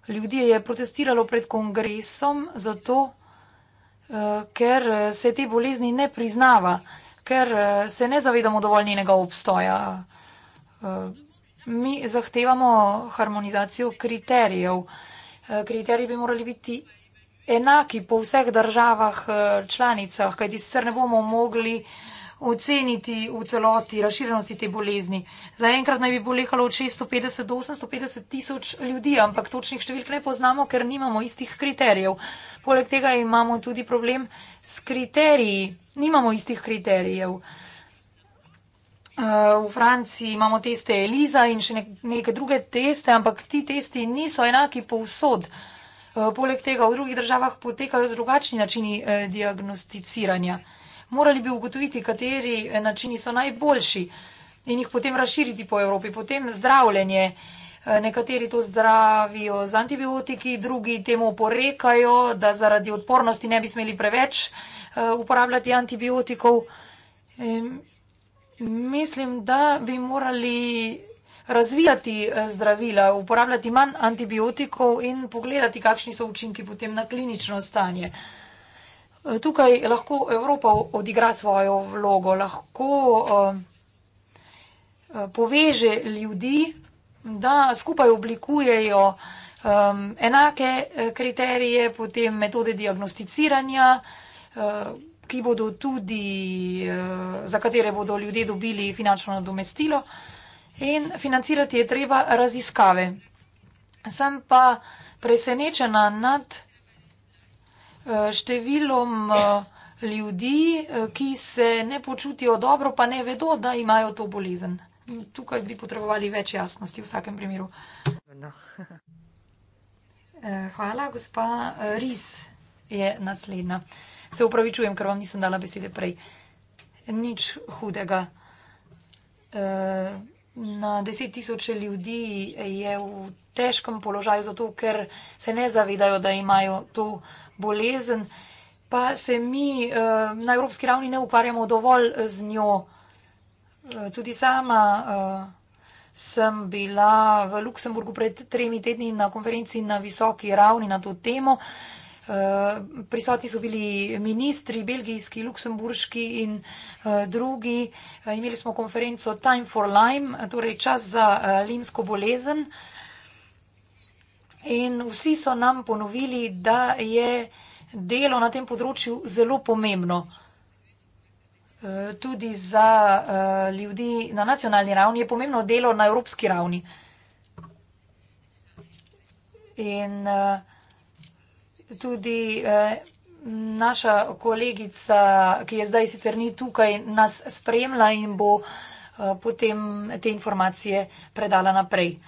ljudi je protestiralo pred kongresom zato, uh, ker se te bolezni ne priznava, ker uh, se ne zavedamo dovolj njenega obstoja. Uh, Mi zahtevamo harmonizacijo kriterijev. Eh, kriteriji bi morali biti enaki po vseh državah eh, članicah, kajti sicer ne bomo mogli oceniti v celoti razširjenosti te bolezni. Zaenkrat naj bi bolehalo od 650 do 850 tisoč ljudi, ampak točnih številk ne poznamo, ker nimamo istih kriterijev. Poleg tega imamo tudi problem s kriteriji. Nimamo istih kriterijev. Eh, v Franciji imamo teste Eliza in še neke druge teste, ampak ti testi niso enaki povsod. Eh, poleg tega v drugih državah potekajo drugačni načini eh, diagnosticiranja. Morali bi ugotoviti, kateri načini so najboljši in jih potem razširiti po Evropi. Potem zdravljenje. Nekateri to zdravijo z antibiotiki, drugi temu porekajo, da zaradi odpornosti ne bi smeli preveč uporabljati antibiotikov. Mislim, da bi morali razvijati eh, zdravila, uporabljati manj antibiotikov in pogledati, kakšni so učinki potem na klinično stanje. Eh, tukaj lahko Evropa odigra svojo vlogo, lahko eh, poveže ljudi, da skupaj oblikujejo ehm, enake kriterije, potem metode diagnosticiranja, ki bodo tudi, eh, za katere bodo ljudje dobili finančno nadomestilo in financirati je treba raziskave. Sem pa presenečena nad eh, številom eh, ljudi, ki se ne počutijo dobro, pa ne vedo, da imajo to bolezen. Tukaj bi potrebovali več jasnosti v vsakem primeru. No. Hvala, gospa Riz je naslednja. Se upravičujem, ker vam nisem dala besede prej. Nič hudega. Eh, na deset tisoče ljudi je v težkem položaju zato, ker se ne zavedajo, da imajo to bolezen, pa se mi eh, na evropski ravni ne ukvarjamo dovolj eh, z njo. Tudi sama sem bila v Luksemburgu pred tremi tedni na konferenci na visoki ravni na to temo. Eh, prisotni so bili ministri, belgijski, luksemburški in eh, drugi. Eh, imeli smo konferenco Time for Lyme, torej čas za limsko bolezen. In vsi so nam ponovili, da je delo na tem področju zelo pomembno. Tudi za ljudi na nacionalni ravni je pomembno delo na evropski ravni. In uh, tudi eh, naša kolegica, ki je zdaj sicer ni tukaj, nas spremlja in bo eh, potem te informacije predala naprej.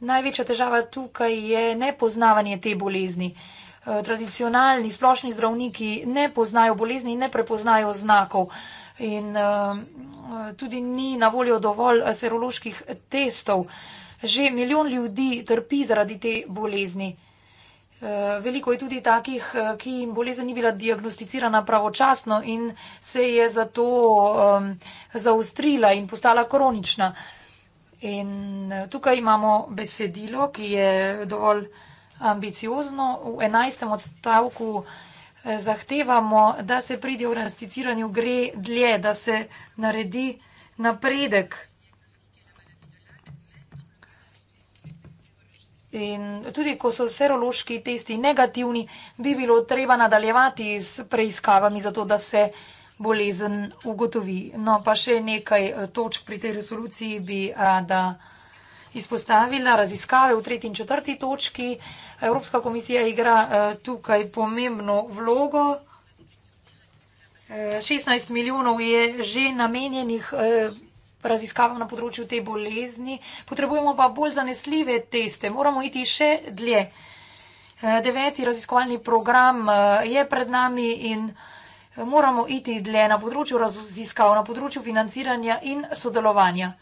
Največja težava tukaj je nepoznavanje te bolezni. Eh, tradicionalni splošni zdravniki ne poznajo bolezni in ne prepoznajo znakov. In tudi ni na voljo dovolj seroloških testov. Že milijon ljudi trpi zaradi te bolezni. Eh, veliko je tudi takih, eh, ki jim bolezen ni bila diagnosticirana pravočasno in se je zato um, zaustrila in postala kronična. In eh, tukaj imamo besedilo, ki je dovolj ambiciozno. V enajstem odstavku zahtevamo, da se pri diagnosticiranju gre dlje, da se naredi napredek. In tudi, ko so serološki testi negativni, bi bilo treba nadaljevati s preiskavami, zato da se bolezen ugotovi. No, pa še nekaj eh, točk pri tej resoluciji bi rada izpostavila. Raziskave v tretji in četrti točki. Evropska komisija igra eh, tukaj pomembno vlogo. 16 eh, milijonov je že namenjenih raziskavam na področju te bolezni, potrebujemo pa bolj zanesljive teste, moramo iti še dlje. Eh, deveti raziskovalni program eh, je pred nami in eh, moramo iti dlje na področju raziskav, na področju financiranja in sodelovanja.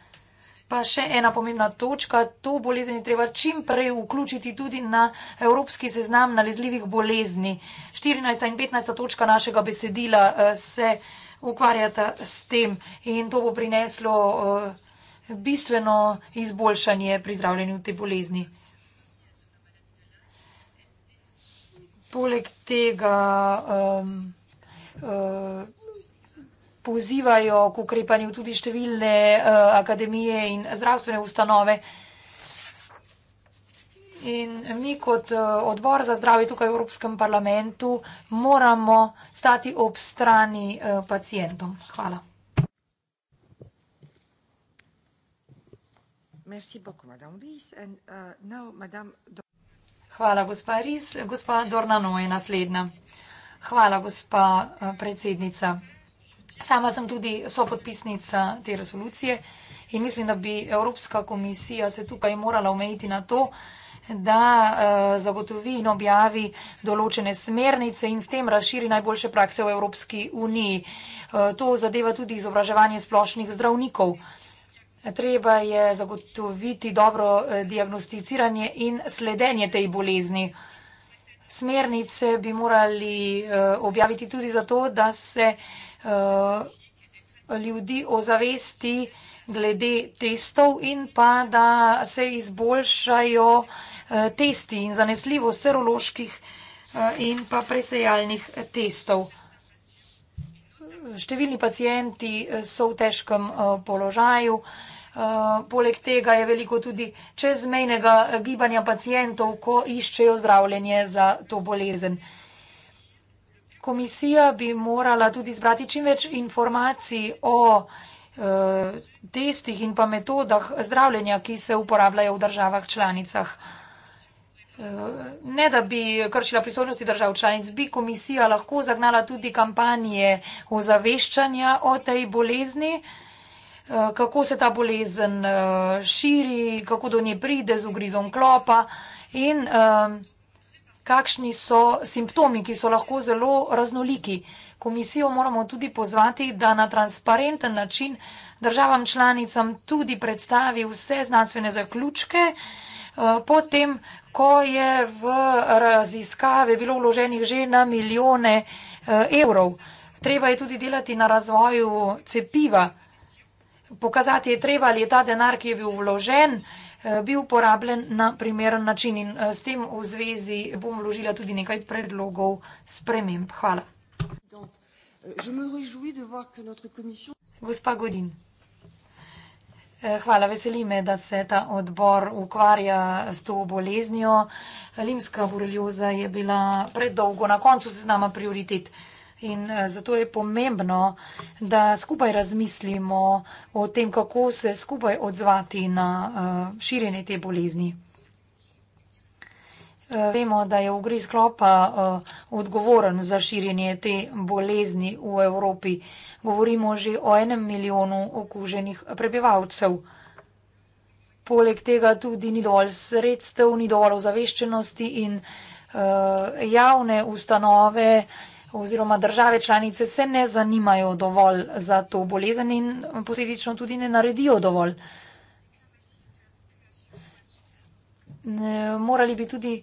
Pa še ena pomembna točka, to bolezen je treba čim prej vključiti tudi na evropski seznam nalezljivih bolezni. 14. in 15. točka našega besedila se ukvarjata s tem in to bo prineslo eh, bistveno izboljšanje pri zdravljenju te bolezni. Poleg tega um, uh, pozivajo k ukrepanju tudi številne uh, akademije in zdravstvene ustanove, uh, In mi kot eh, odbor za zdravje tukaj v Evropskem parlamentu moramo stati ob strani eh, pacijentom. Hvala. Uh, Hvala, gospa Riz. Gospa Dornano je naslednja. Hvala, gospa eh, predsednica. Sama sem tudi sopodpisnica te resolucije in mislim, da bi Evropska komisija se tukaj morala omejiti na to, da bi se tukaj morala omejiti na to, da eh, zagotovi in objavi določene smernice in s tem razširi najboljše prakse v Evropski uniji. Eh, to zadeva tudi izobraževanje splošnih zdravnikov. Treba je zagotoviti dobro eh, diagnosticiranje in sledenje tej bolezni. Smernice bi morali objaviti tudi zato, da se ljudi ozavesti glede testov in pa da se izboljšajo vsega, Eh, testi in zanesljivo seroloških eh, in pa presejalnih eh, testov. Številni pacijenti so v težkem položaju. Poleg tega je veliko tudi čezmejnega gibanja pacijentov, ko iščejo zdravljenje za to bolezen. Komisija bi morala tudi zbrati čim več informacij o testih in pa metodah zdravljenja, ki se uporabljajo v državah članicah. Eh, ne, da bi kršila prisotnosti držav članic, bi komisija lahko zagnala tudi kampanje ozaveščanja o tej bolezni, eh, kako se ta bolezen eh, širi, kako do nje pride z ugrizom klopa in ehm, kakšni so simptomi, ki so lahko zelo raznoliki. Komisijo moramo tudi pozvati, da na transparenten način državam članicam tudi predstavi vse znanstvene zaključke, potem ko je v raziskave bilo vloženih že na milijone eh, evrov. Treba je tudi delati na razvoju cepiva. Pokazati je treba, ali je ta denar, ki je bil vložen, eh, bil uporabljen na primeren način in eh, s tem v zvezi bom vložila tudi nekaj predlogov sprememb. Hvala. Euh, Gospa Godin. Eh, hvala, veseli me, da se ta odbor ukvarja s to boleznjo. Limska borelioza je bila predolgo na koncu seznama prioritet in eh, zato je pomembno, da skupaj razmislimo o tem, kako se skupaj odzvati na eh, širjenje te bolezni. Vemo, da je ugriz klopa eh, odgovoren za širjenje te bolezni v Evropi. Govorimo že o enem milijonu okuženih prebivalcev. Poleg tega tudi ni dovolj sredstev, ni dovolj ozaveščenosti in eh, javne ustanove oziroma države članice se ne zanimajo dovolj za to bolezen in posledično tudi ne naredijo dovolj. morali bi tudi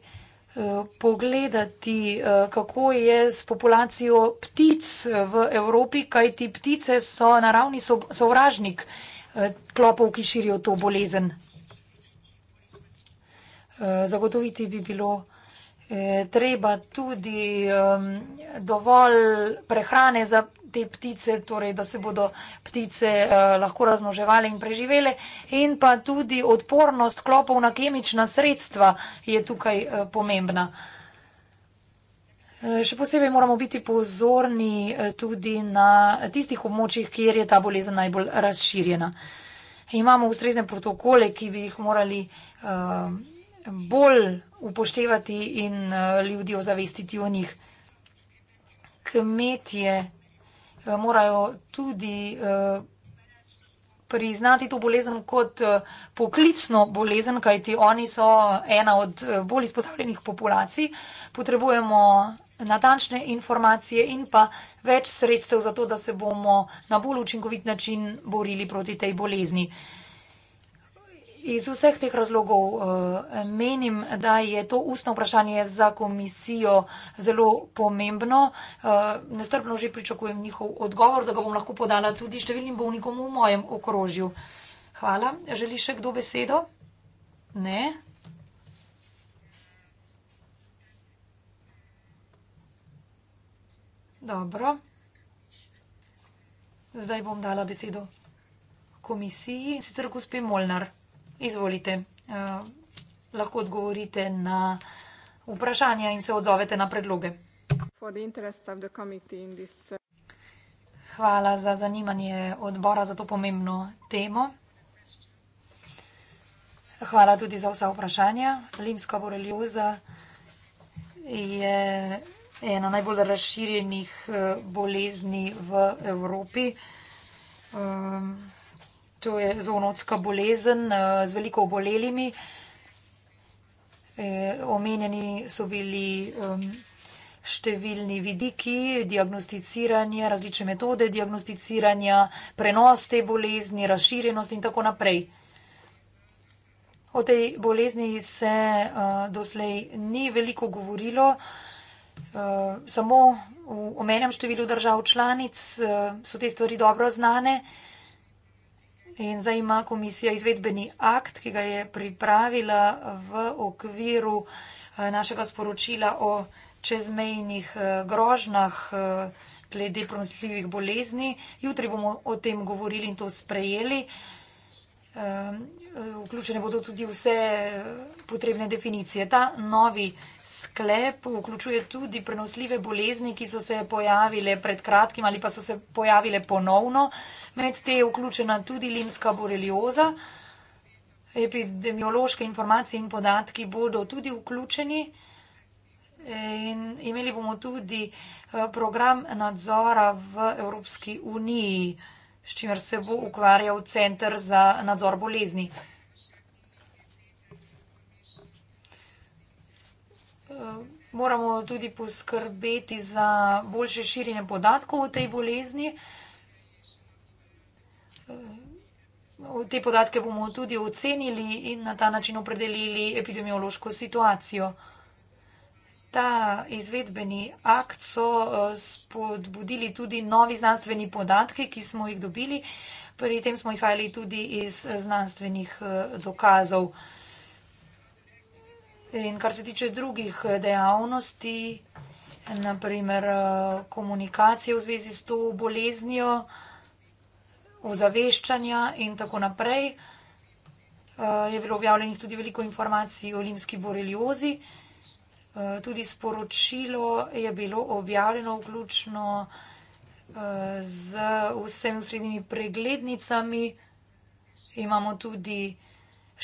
eh, pogledati, eh, kako je s populacijo ptic eh, v Evropi, kaj ti ptice so naravni sovražnik klopov, ki širijo to bolezen. Zagotoviti bi bilo treba tudi ehm, dovolj prehrane za te ptice, torej da se bodo ptice uh, lahko razmoževale in preživele, in pa tudi odpornost klopov na kemična sredstva je tukaj uh, pomembna. Eh, še posebej moramo biti pozorni tudi na tistih območjih, kjer je ta bolezen najbolj razširjena. Imamo ustrezne protokole, ki bi jih morali uh, bolj upoštevati in uh, ljudi ozavestiti o njih. Kmetje Eh, morajo tudi eh, priznati to bolezen kot eh, poklicno bolezen, kajti oni so ena od bolj izpostavljenih populacij. Potrebujemo natančne informacije in pa več sredstev za to, da se bomo na bolj učinkovit način borili proti tej bolezni. Iz vseh teh razlogov eh, menim, da je to ustno vprašanje za komisijo zelo pomembno. Eh, nestrpno že pričakujem njihov odgovor, da ga bom lahko podala tudi številnim bolnikom v mojem okrožju. Hvala. Želi še kdo besedo? Ne. Dobro. Zdaj bom dala besedo komisiji, sicer gospe Molnar. Izvolite. Uh, lahko odgovorite na vprašanja in se odzovete na predloge. In this... Uh, Hvala za zanimanje odbora za to pomembno temo. Hvala tudi za vsa vprašanja. Limska borelioza je ena najbolj razširjenih eh, bolezni v Evropi. Um, to je zoonotska bolezen eh, z veliko obolelimi. Eh, omenjeni so bili številni vidiki, diagnosticiranje, različne metode diagnosticiranja, prenos te bolezni, razširjenost in tako naprej. O tej bolezni se eh, doslej ni veliko govorilo, samo v omenjem številu držav članic so te stvari dobro znane. In zdaj ima komisija izvedbeni akt, ki ga je pripravila v okviru eh, našega sporočila o čezmejnih eh, grožnjah eh, glede pronosljivih bolezni. Jutri bomo o tem govorili in to sprejeli. Ehm, vključene bodo tudi vse eh, potrebne definicije. Ta novi sklep vključuje tudi prenosljive bolezni, ki so se pojavile pred kratkim ali pa so se pojavile ponovno. Med te je vključena tudi limska borelioza. Epidemiološke informacije in podatki bodo tudi vključeni. In imeli bomo tudi eh, program nadzora v Evropski uniji s čimer se bo ukvarjal Center za nadzor bolezni. Eh, moramo tudi poskrbeti za boljše širjenje podatkov o tej bolezni. Eh, te podatke bomo tudi ocenili in na ta način opredelili epidemiološko situacijo ta izvedbeni akt so eh, spodbudili tudi novi znanstveni podatki, ki smo jih dobili. Pri tem smo izhajali tudi iz eh, znanstvenih eh, dokazov. In kar se tiče drugih dejavnosti, naprimer komunikacije v zvezi s to boleznjo, ozaveščanja in tako naprej, je bilo objavljenih tudi veliko informacij o limski boreliozi, ki je bilo objavljenih. Eh, tudi sporočilo je bilo objavljeno vključno eh, z vsemi srednjimi preglednicami. Imamo tudi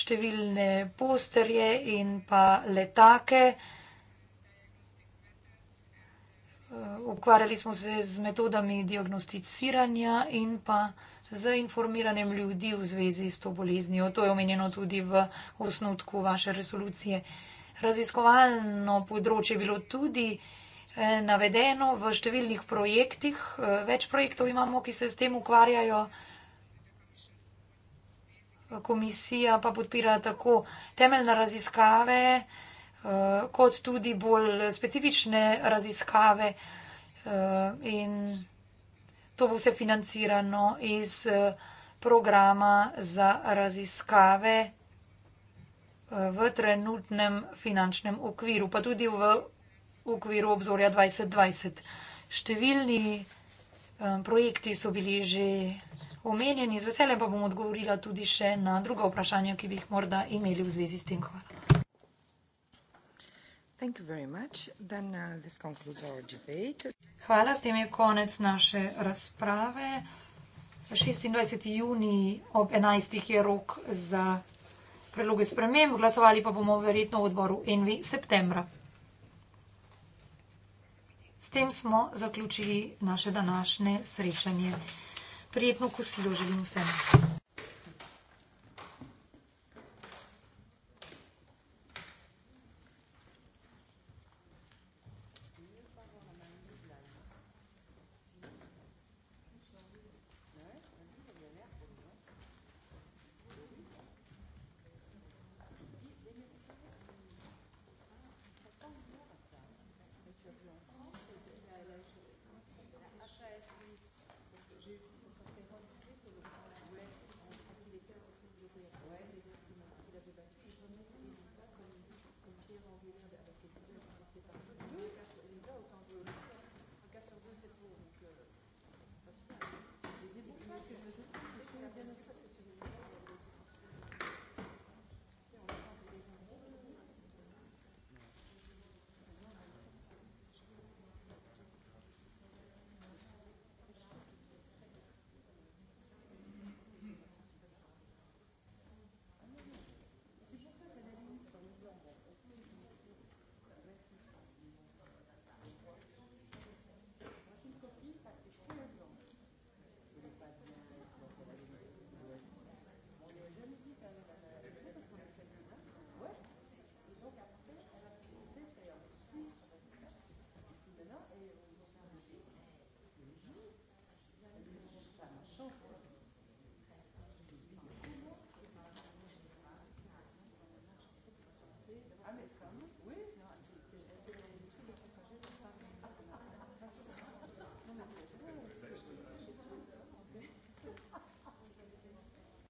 številne posterje in pa letake. Eh, ukvarjali smo se z metodami diagnosticiranja in pa z informiranjem ljudi v zvezi s to boleznijo. To je omenjeno tudi v osnutku vaše resolucije raziskovalno področje bilo tudi eh, navedeno v številnih projektih. Eh, več projektov imamo, ki se s tem ukvarjajo. Komisija pa podpira tako temeljne raziskave, eh, kot tudi bolj specifične raziskave in to bo vse financirano iz programa za raziskave v trenutnem finančnem okviru, pa tudi v okviru obzorja 2020. Številni eh, projekti so bili že omenjeni, z veseljem pa bom odgovorila tudi še na druga vprašanja, ki bi jih morda imeli v zvezi s tem. Hvala. Uh, Hvala, s tem je konec naše razprave. 26. juni ob 11. je rok za predloge sprememb, glasovali pa bomo verjetno v odboru NV septembra. S tem smo zaključili naše današnje srečanje. Prijetno kosilo želim vsem.